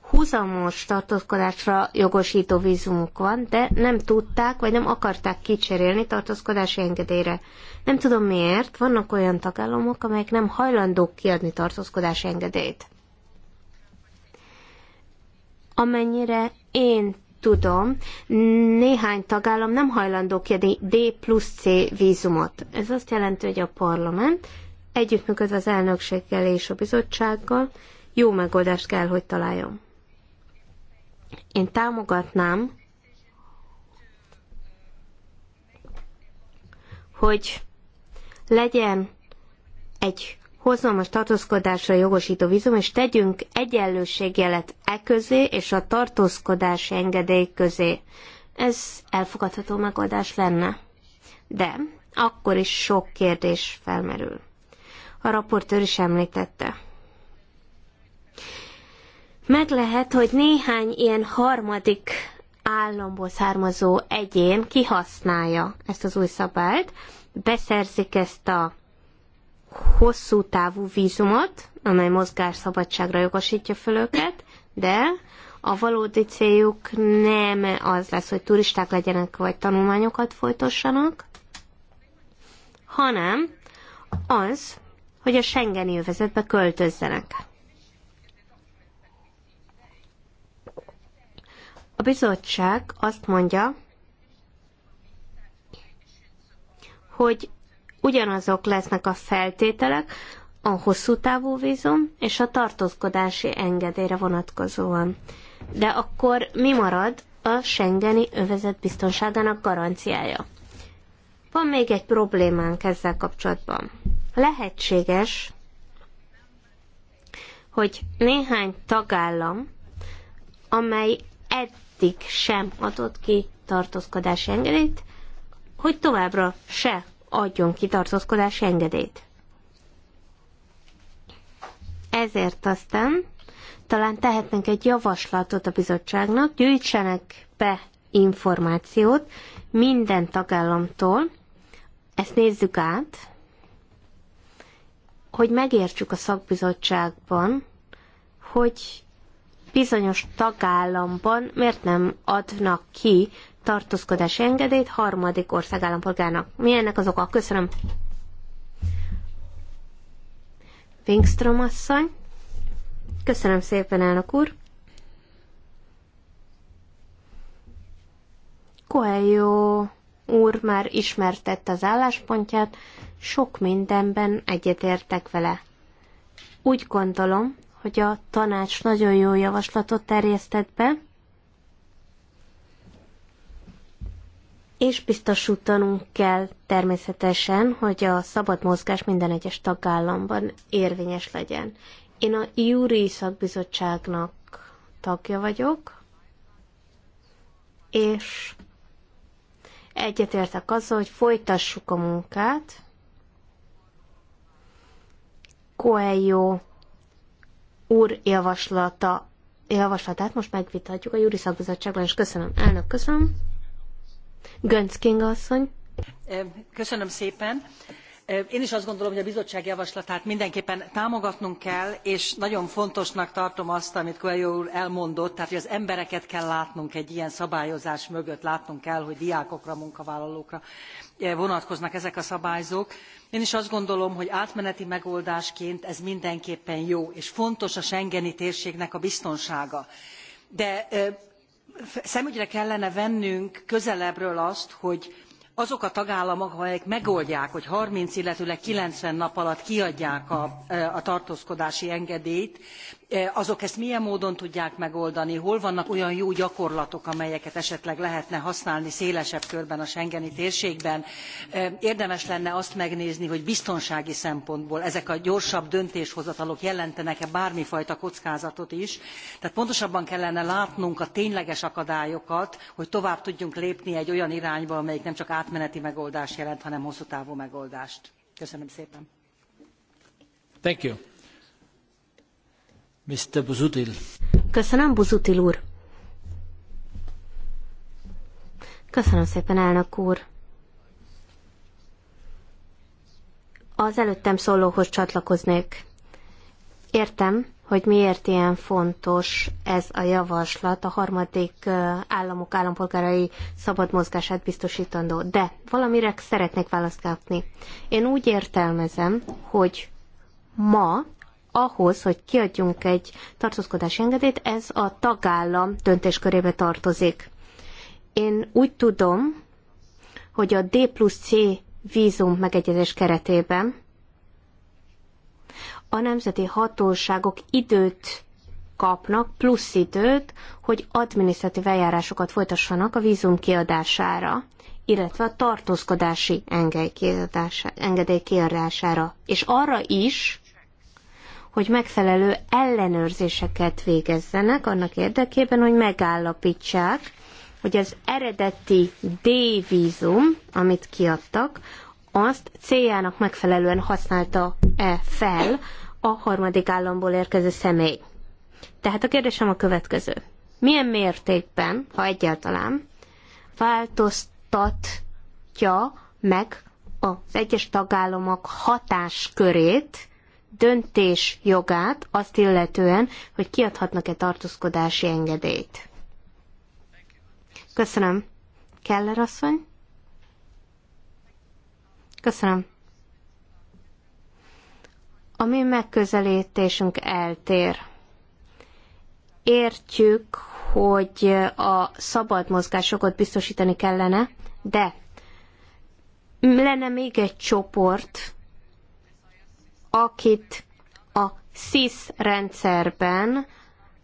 húzamos tartózkodásra jogosító vízumuk van, de nem tudták, vagy nem akarták kicserélni tartózkodási engedélyre. Nem tudom miért, vannak olyan tagállamok, amelyek nem hajlandók kiadni tartózkodási engedélyt. Amennyire én tudom, néhány tagállam nem hajlandó kérni D plusz C vízumot. Ez azt jelenti, hogy a parlament együttműködve az elnökséggel és a bizottsággal jó megoldást kell, hogy találjon. Én támogatnám, hogy legyen egy hozzámos tartózkodásra jogosító vízum, és tegyünk egyenlőségjelet e közé és a tartózkodási engedély közé. Ez elfogadható megoldás lenne. De akkor is sok kérdés felmerül. A raportőr is említette. Meg lehet, hogy néhány ilyen harmadik államból származó egyén kihasználja ezt az új szabályt, beszerzik ezt a hosszú távú vízumot, amely mozgásszabadságra jogosítja föl őket, de a valódi céljuk nem az lesz, hogy turisták legyenek, vagy tanulmányokat folytassanak, hanem az, hogy a Schengeni övezetbe költözzenek. A bizottság azt mondja, hogy ugyanazok lesznek a feltételek a hosszú távú vízum és a tartózkodási engedélyre vonatkozóan. De akkor mi marad a Schengeni övezet biztonságának garanciája? Van még egy problémánk ezzel kapcsolatban. Lehetséges, hogy néhány tagállam, amely eddig sem adott ki tartózkodási engedélyt, hogy továbbra se adjon kitartózkodási engedélyt. Ezért aztán talán tehetnénk egy javaslatot a bizottságnak, gyűjtsenek be információt minden tagállamtól, ezt nézzük át, hogy megértsük a szakbizottságban, hogy bizonyos tagállamban miért nem adnak ki tartózkodási engedélyt harmadik ország állampolgárnak. Mi ennek az oka? Köszönöm. Wingström asszony. Köszönöm szépen, elnök úr. Coelho úr már ismertette az álláspontját, sok mindenben egyetértek vele. Úgy gondolom, hogy a tanács nagyon jó javaslatot terjesztett be, és biztosítanunk kell természetesen, hogy a szabad mozgás minden egyes tagállamban érvényes legyen. Én a Júri Szakbizottságnak tagja vagyok, és egyetértek azzal, hogy folytassuk a munkát. Coelho úr javaslata, javaslatát most megvitatjuk a Júri Szakbizottságban, és köszönöm, elnök, köszönöm asszony. Köszönöm szépen. Én is azt gondolom, hogy a bizottság javaslatát mindenképpen támogatnunk kell, és nagyon fontosnak tartom azt, amit Coelho úr elmondott, tehát hogy az embereket kell látnunk egy ilyen szabályozás mögött, látnunk kell, hogy diákokra, munkavállalókra vonatkoznak ezek a szabályzók. Én is azt gondolom, hogy átmeneti megoldásként ez mindenképpen jó, és fontos a Schengeni térségnek a biztonsága. De szemügyre kellene vennünk közelebbről azt, hogy azok a tagállamok, amelyek megoldják, hogy 30, illetőleg 90 nap alatt kiadják a, a tartózkodási engedélyt, E, azok ezt milyen módon tudják megoldani, hol vannak olyan jó gyakorlatok, amelyeket esetleg lehetne használni szélesebb körben a Schengeni térségben. E, érdemes lenne azt megnézni, hogy biztonsági szempontból ezek a gyorsabb döntéshozatalok jelentenek-e bármifajta kockázatot is. Tehát pontosabban kellene látnunk a tényleges akadályokat, hogy tovább tudjunk lépni egy olyan irányba, amelyik nem csak átmeneti megoldást jelent, hanem hosszú távú megoldást. Köszönöm szépen. Thank you. Mr. Buzutil. Köszönöm, Buzutil úr. Köszönöm szépen, elnök úr. Az előttem szólóhoz csatlakoznék. Értem, hogy miért ilyen fontos ez a javaslat, a harmadik államok állampolgárai szabad mozgását biztosítandó. De valamire szeretnék választ kapni. Én úgy értelmezem, hogy ma ahhoz, hogy kiadjunk egy tartózkodási engedélyt, ez a tagállam döntéskörébe tartozik. Én úgy tudom, hogy a D plusz C vízum megegyezés keretében a nemzeti hatóságok időt kapnak, plusz időt, hogy adminisztratív eljárásokat folytassanak a vízum kiadására, illetve a tartózkodási engedély kiadására, és arra is, hogy megfelelő ellenőrzéseket végezzenek annak érdekében, hogy megállapítsák, hogy az eredeti D-vízum, amit kiadtak, azt céljának megfelelően használta-e fel a harmadik államból érkező személy. Tehát a kérdésem a következő. Milyen mértékben, ha egyáltalán, változtatja meg az egyes tagállamok hatáskörét döntés jogát azt illetően, hogy kiadhatnak-e tartózkodási engedélyt. Köszönöm. Keller asszony? Köszönöm. A mi megközelítésünk eltér. Értjük, hogy a szabad mozgásokat biztosítani kellene, de lenne még egy csoport, akit a SIS rendszerben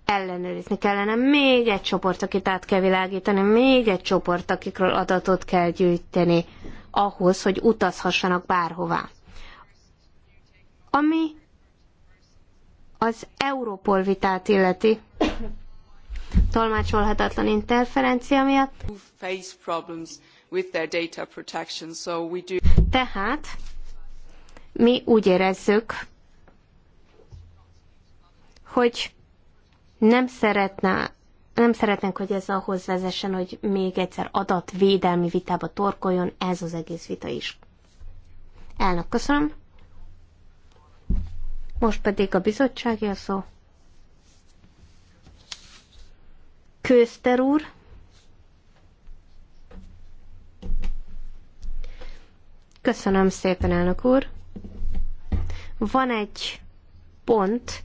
ellenőrizni kellene. Még egy csoport, akit át kell világítani, még egy csoport, akikről adatot kell gyűjteni ahhoz, hogy utazhassanak bárhová. Ami az Európol vitát illeti, tolmácsolhatatlan interferencia miatt. Tehát mi úgy érezzük, hogy nem szeretne nem szeretnénk, hogy ez ahhoz vezessen, hogy még egyszer adatvédelmi vitába torkoljon ez az egész vita is. Elnök, köszönöm. Most pedig a bizottsági a szó. Kőszter úr. Köszönöm szépen, elnök úr. Van egy pont,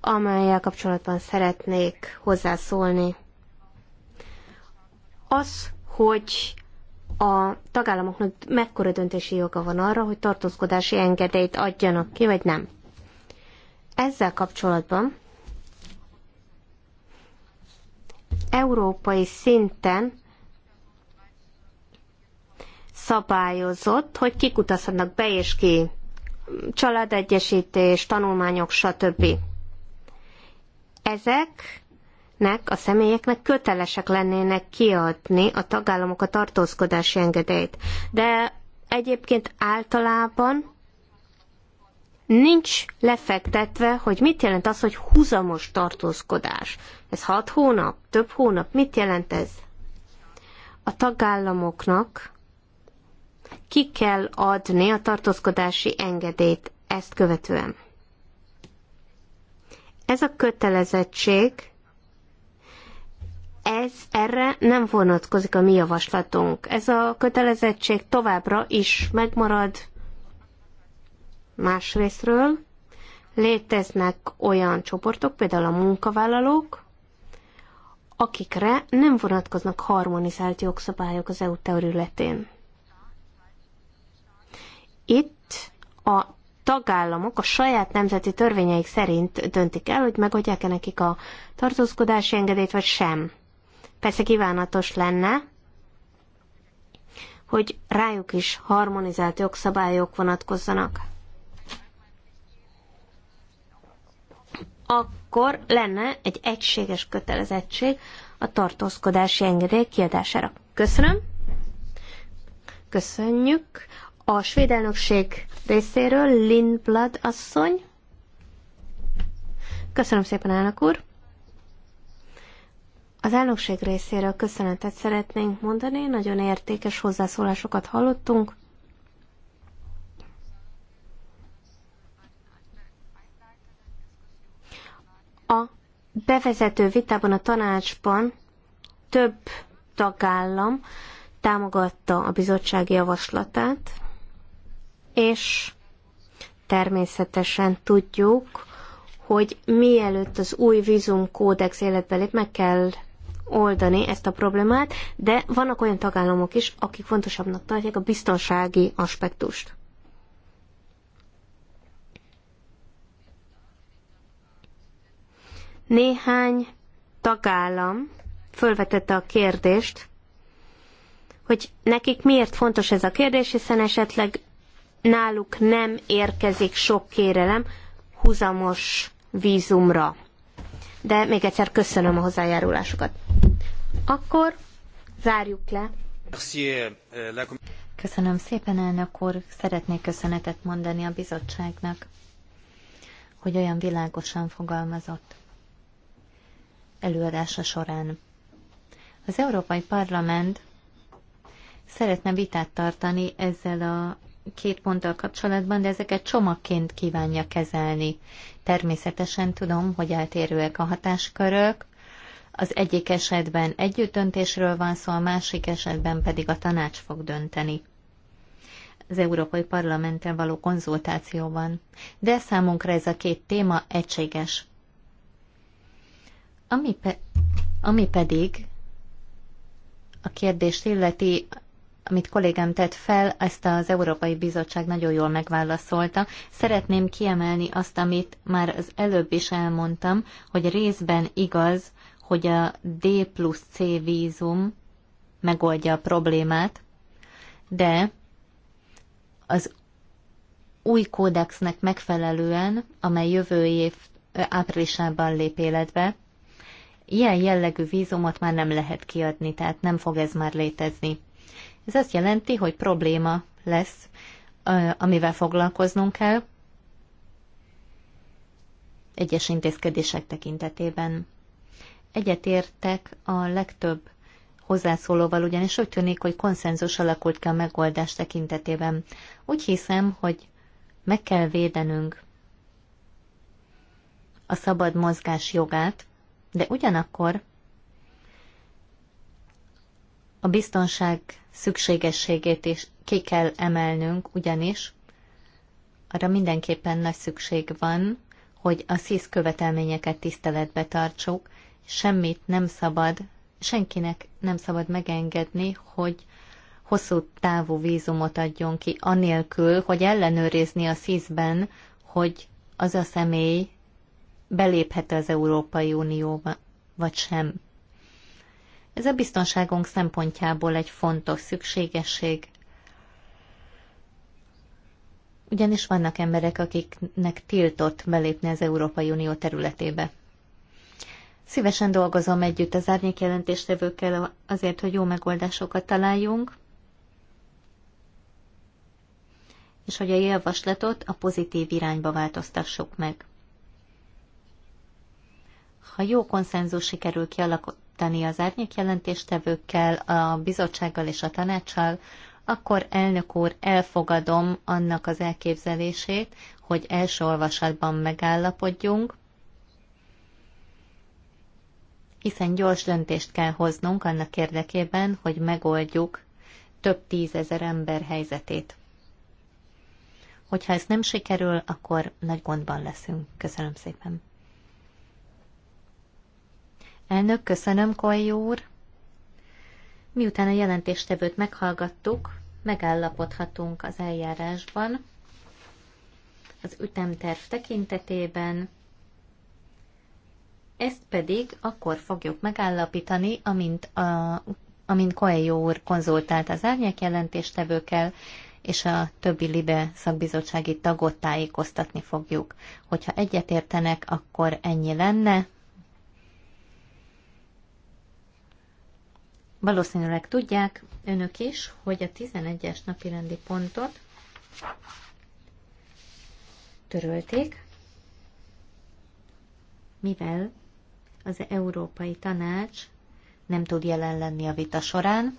amelyel kapcsolatban szeretnék hozzászólni. Az, hogy a tagállamoknak mekkora döntési joga van arra, hogy tartózkodási engedélyt adjanak ki, vagy nem. Ezzel kapcsolatban európai szinten szabályozott, hogy kik utazhatnak be és ki családegyesítés, tanulmányok, stb. Ezeknek a személyeknek kötelesek lennének kiadni a tagállamok a tartózkodási engedélyt. De egyébként általában nincs lefektetve, hogy mit jelent az, hogy húzamos tartózkodás. Ez hat hónap, több hónap, mit jelent ez? A tagállamoknak ki kell adni a tartózkodási engedélyt ezt követően. Ez a kötelezettség, ez erre nem vonatkozik a mi javaslatunk. Ez a kötelezettség továbbra is megmarad másrésztről. Léteznek olyan csoportok, például a munkavállalók, akikre nem vonatkoznak harmonizált jogszabályok az EU területén. Itt a tagállamok a saját nemzeti törvényeik szerint döntik el, hogy megadják-e nekik a tartózkodási engedélyt, vagy sem. Persze kívánatos lenne, hogy rájuk is harmonizált jogszabályok vonatkozzanak. Akkor lenne egy egységes kötelezettség a tartózkodási engedély kiadására. Köszönöm! Köszönjük! A svéd elnökség részéről Blood, asszony. Köszönöm szépen, elnök úr. Az elnökség részéről köszönetet szeretnénk mondani, nagyon értékes hozzászólásokat hallottunk. A bevezető vitában a tanácsban több tagállam támogatta a bizottság javaslatát, és természetesen tudjuk, hogy mielőtt az új vízumkódex életbe lép, meg kell oldani ezt a problémát, de vannak olyan tagállamok is, akik fontosabbnak tartják a biztonsági aspektust. Néhány tagállam fölvetette a kérdést, hogy nekik miért fontos ez a kérdés, hiszen esetleg náluk nem érkezik sok kérelem húzamos vízumra. De még egyszer köszönöm a hozzájárulásokat. Akkor zárjuk le. Köszönöm szépen, elnök úr. Szeretnék köszönetet mondani a bizottságnak, hogy olyan világosan fogalmazott előadása során. Az Európai Parlament szeretne vitát tartani ezzel a két ponttal kapcsolatban, de ezeket csomagként kívánja kezelni. Természetesen tudom, hogy eltérőek a hatáskörök, az egyik esetben együttdöntésről van szó, a másik esetben pedig a tanács fog dönteni az Európai Parlamenten való konzultációban, de számunkra ez a két téma egységes. Ami, pe- ami pedig a kérdést illeti, amit kollégám tett fel, ezt az Európai Bizottság nagyon jól megválaszolta. Szeretném kiemelni azt, amit már az előbb is elmondtam, hogy részben igaz, hogy a D plusz C vízum megoldja a problémát, de az új kódexnek megfelelően, amely jövő év áprilisában lép életbe, ilyen jellegű vízumot már nem lehet kiadni, tehát nem fog ez már létezni. Ez azt jelenti, hogy probléma lesz, amivel foglalkoznunk kell egyes intézkedések tekintetében. Egyetértek a legtöbb hozzászólóval, ugyanis úgy tűnik, hogy konszenzus alakult ki a megoldás tekintetében. Úgy hiszem, hogy meg kell védenünk a szabad mozgás jogát, de ugyanakkor a biztonság szükségességét is ki kell emelnünk, ugyanis arra mindenképpen nagy szükség van, hogy a SZISZ követelményeket tiszteletbe tartsuk, semmit nem szabad, senkinek nem szabad megengedni, hogy hosszú távú vízumot adjon ki, anélkül, hogy ellenőrizni a SZISZ-ben, hogy az a személy beléphet az Európai Unióba, vagy sem. Ez a biztonságunk szempontjából egy fontos szükségesség. Ugyanis vannak emberek, akiknek tiltott belépni az Európai Unió területébe. Szívesen dolgozom együtt az árnyékjelentéstevőkkel azért, hogy jó megoldásokat találjunk, és hogy a javaslatot a pozitív irányba változtassuk meg. Ha jó konszenzus sikerül kialakítani, megvitatni az árnyékjelentéstevőkkel, a bizottsággal és a tanácssal, akkor elnök úr elfogadom annak az elképzelését, hogy első olvasatban megállapodjunk, hiszen gyors döntést kell hoznunk annak érdekében, hogy megoldjuk több tízezer ember helyzetét. Hogyha ez nem sikerül, akkor nagy gondban leszünk. Köszönöm szépen. Elnök, köszönöm, Koljó úr. Miután a jelentéstevőt meghallgattuk, megállapodhatunk az eljárásban, az ütemterv tekintetében, ezt pedig akkor fogjuk megállapítani, amint, a, amint Koeljó úr konzultált az árnyék jelentéstevőkkel, és a többi LIBE szakbizottsági tagot tájékoztatni fogjuk. Hogyha egyetértenek, akkor ennyi lenne. Valószínűleg tudják önök is, hogy a 11-es napi rendi pontot törölték, mivel az Európai Tanács nem tud jelen lenni a vita során.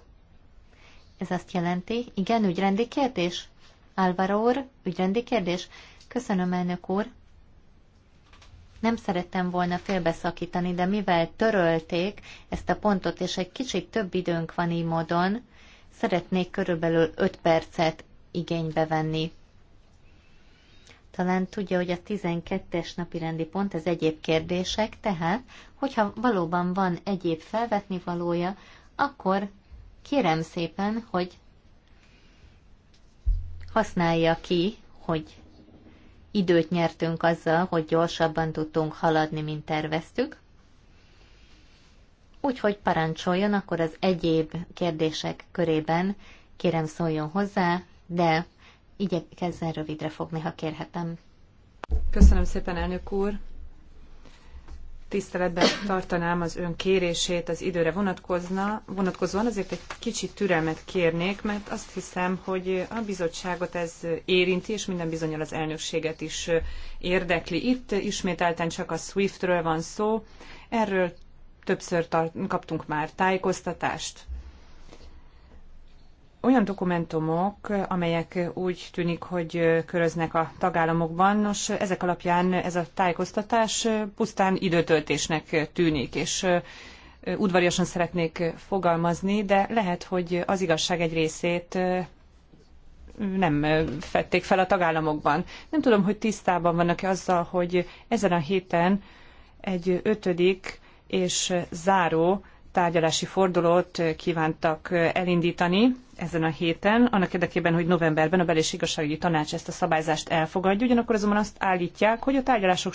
Ez azt jelenti, igen, ügyrendi kérdés? Álvaro úr, ügyrendi kérdés? Köszönöm, elnök úr nem szerettem volna félbeszakítani, de mivel törölték ezt a pontot, és egy kicsit több időnk van így módon, szeretnék körülbelül 5 percet igénybe venni. Talán tudja, hogy a 12-es napi rendi pont, ez egyéb kérdések, tehát, hogyha valóban van egyéb felvetni valója, akkor kérem szépen, hogy használja ki, hogy időt nyertünk azzal, hogy gyorsabban tudtunk haladni, mint terveztük. Úgyhogy parancsoljon, akkor az egyéb kérdések körében kérem szóljon hozzá, de igyekezzen rövidre fogni, ha kérhetem. Köszönöm szépen, elnök úr! tiszteletben tartanám az ön kérését az időre vonatkozna, vonatkozóan, azért egy kicsit türelmet kérnék, mert azt hiszem, hogy a bizottságot ez érinti, és minden bizonyal az elnökséget is érdekli. Itt ismételten csak a SWIFT-ről van szó, erről többször kaptunk már tájékoztatást olyan dokumentumok, amelyek úgy tűnik, hogy köröznek a tagállamokban, nos, ezek alapján ez a tájékoztatás pusztán időtöltésnek tűnik, és udvariasan szeretnék fogalmazni, de lehet, hogy az igazság egy részét nem fették fel a tagállamokban. Nem tudom, hogy tisztában vannak-e azzal, hogy ezen a héten egy ötödik és záró tárgyalási fordulót kívántak elindítani ezen a héten, annak érdekében, hogy novemberben a belés igazságügyi tanács ezt a szabályzást elfogadja, ugyanakkor azonban azt állítják, hogy a tárgyalások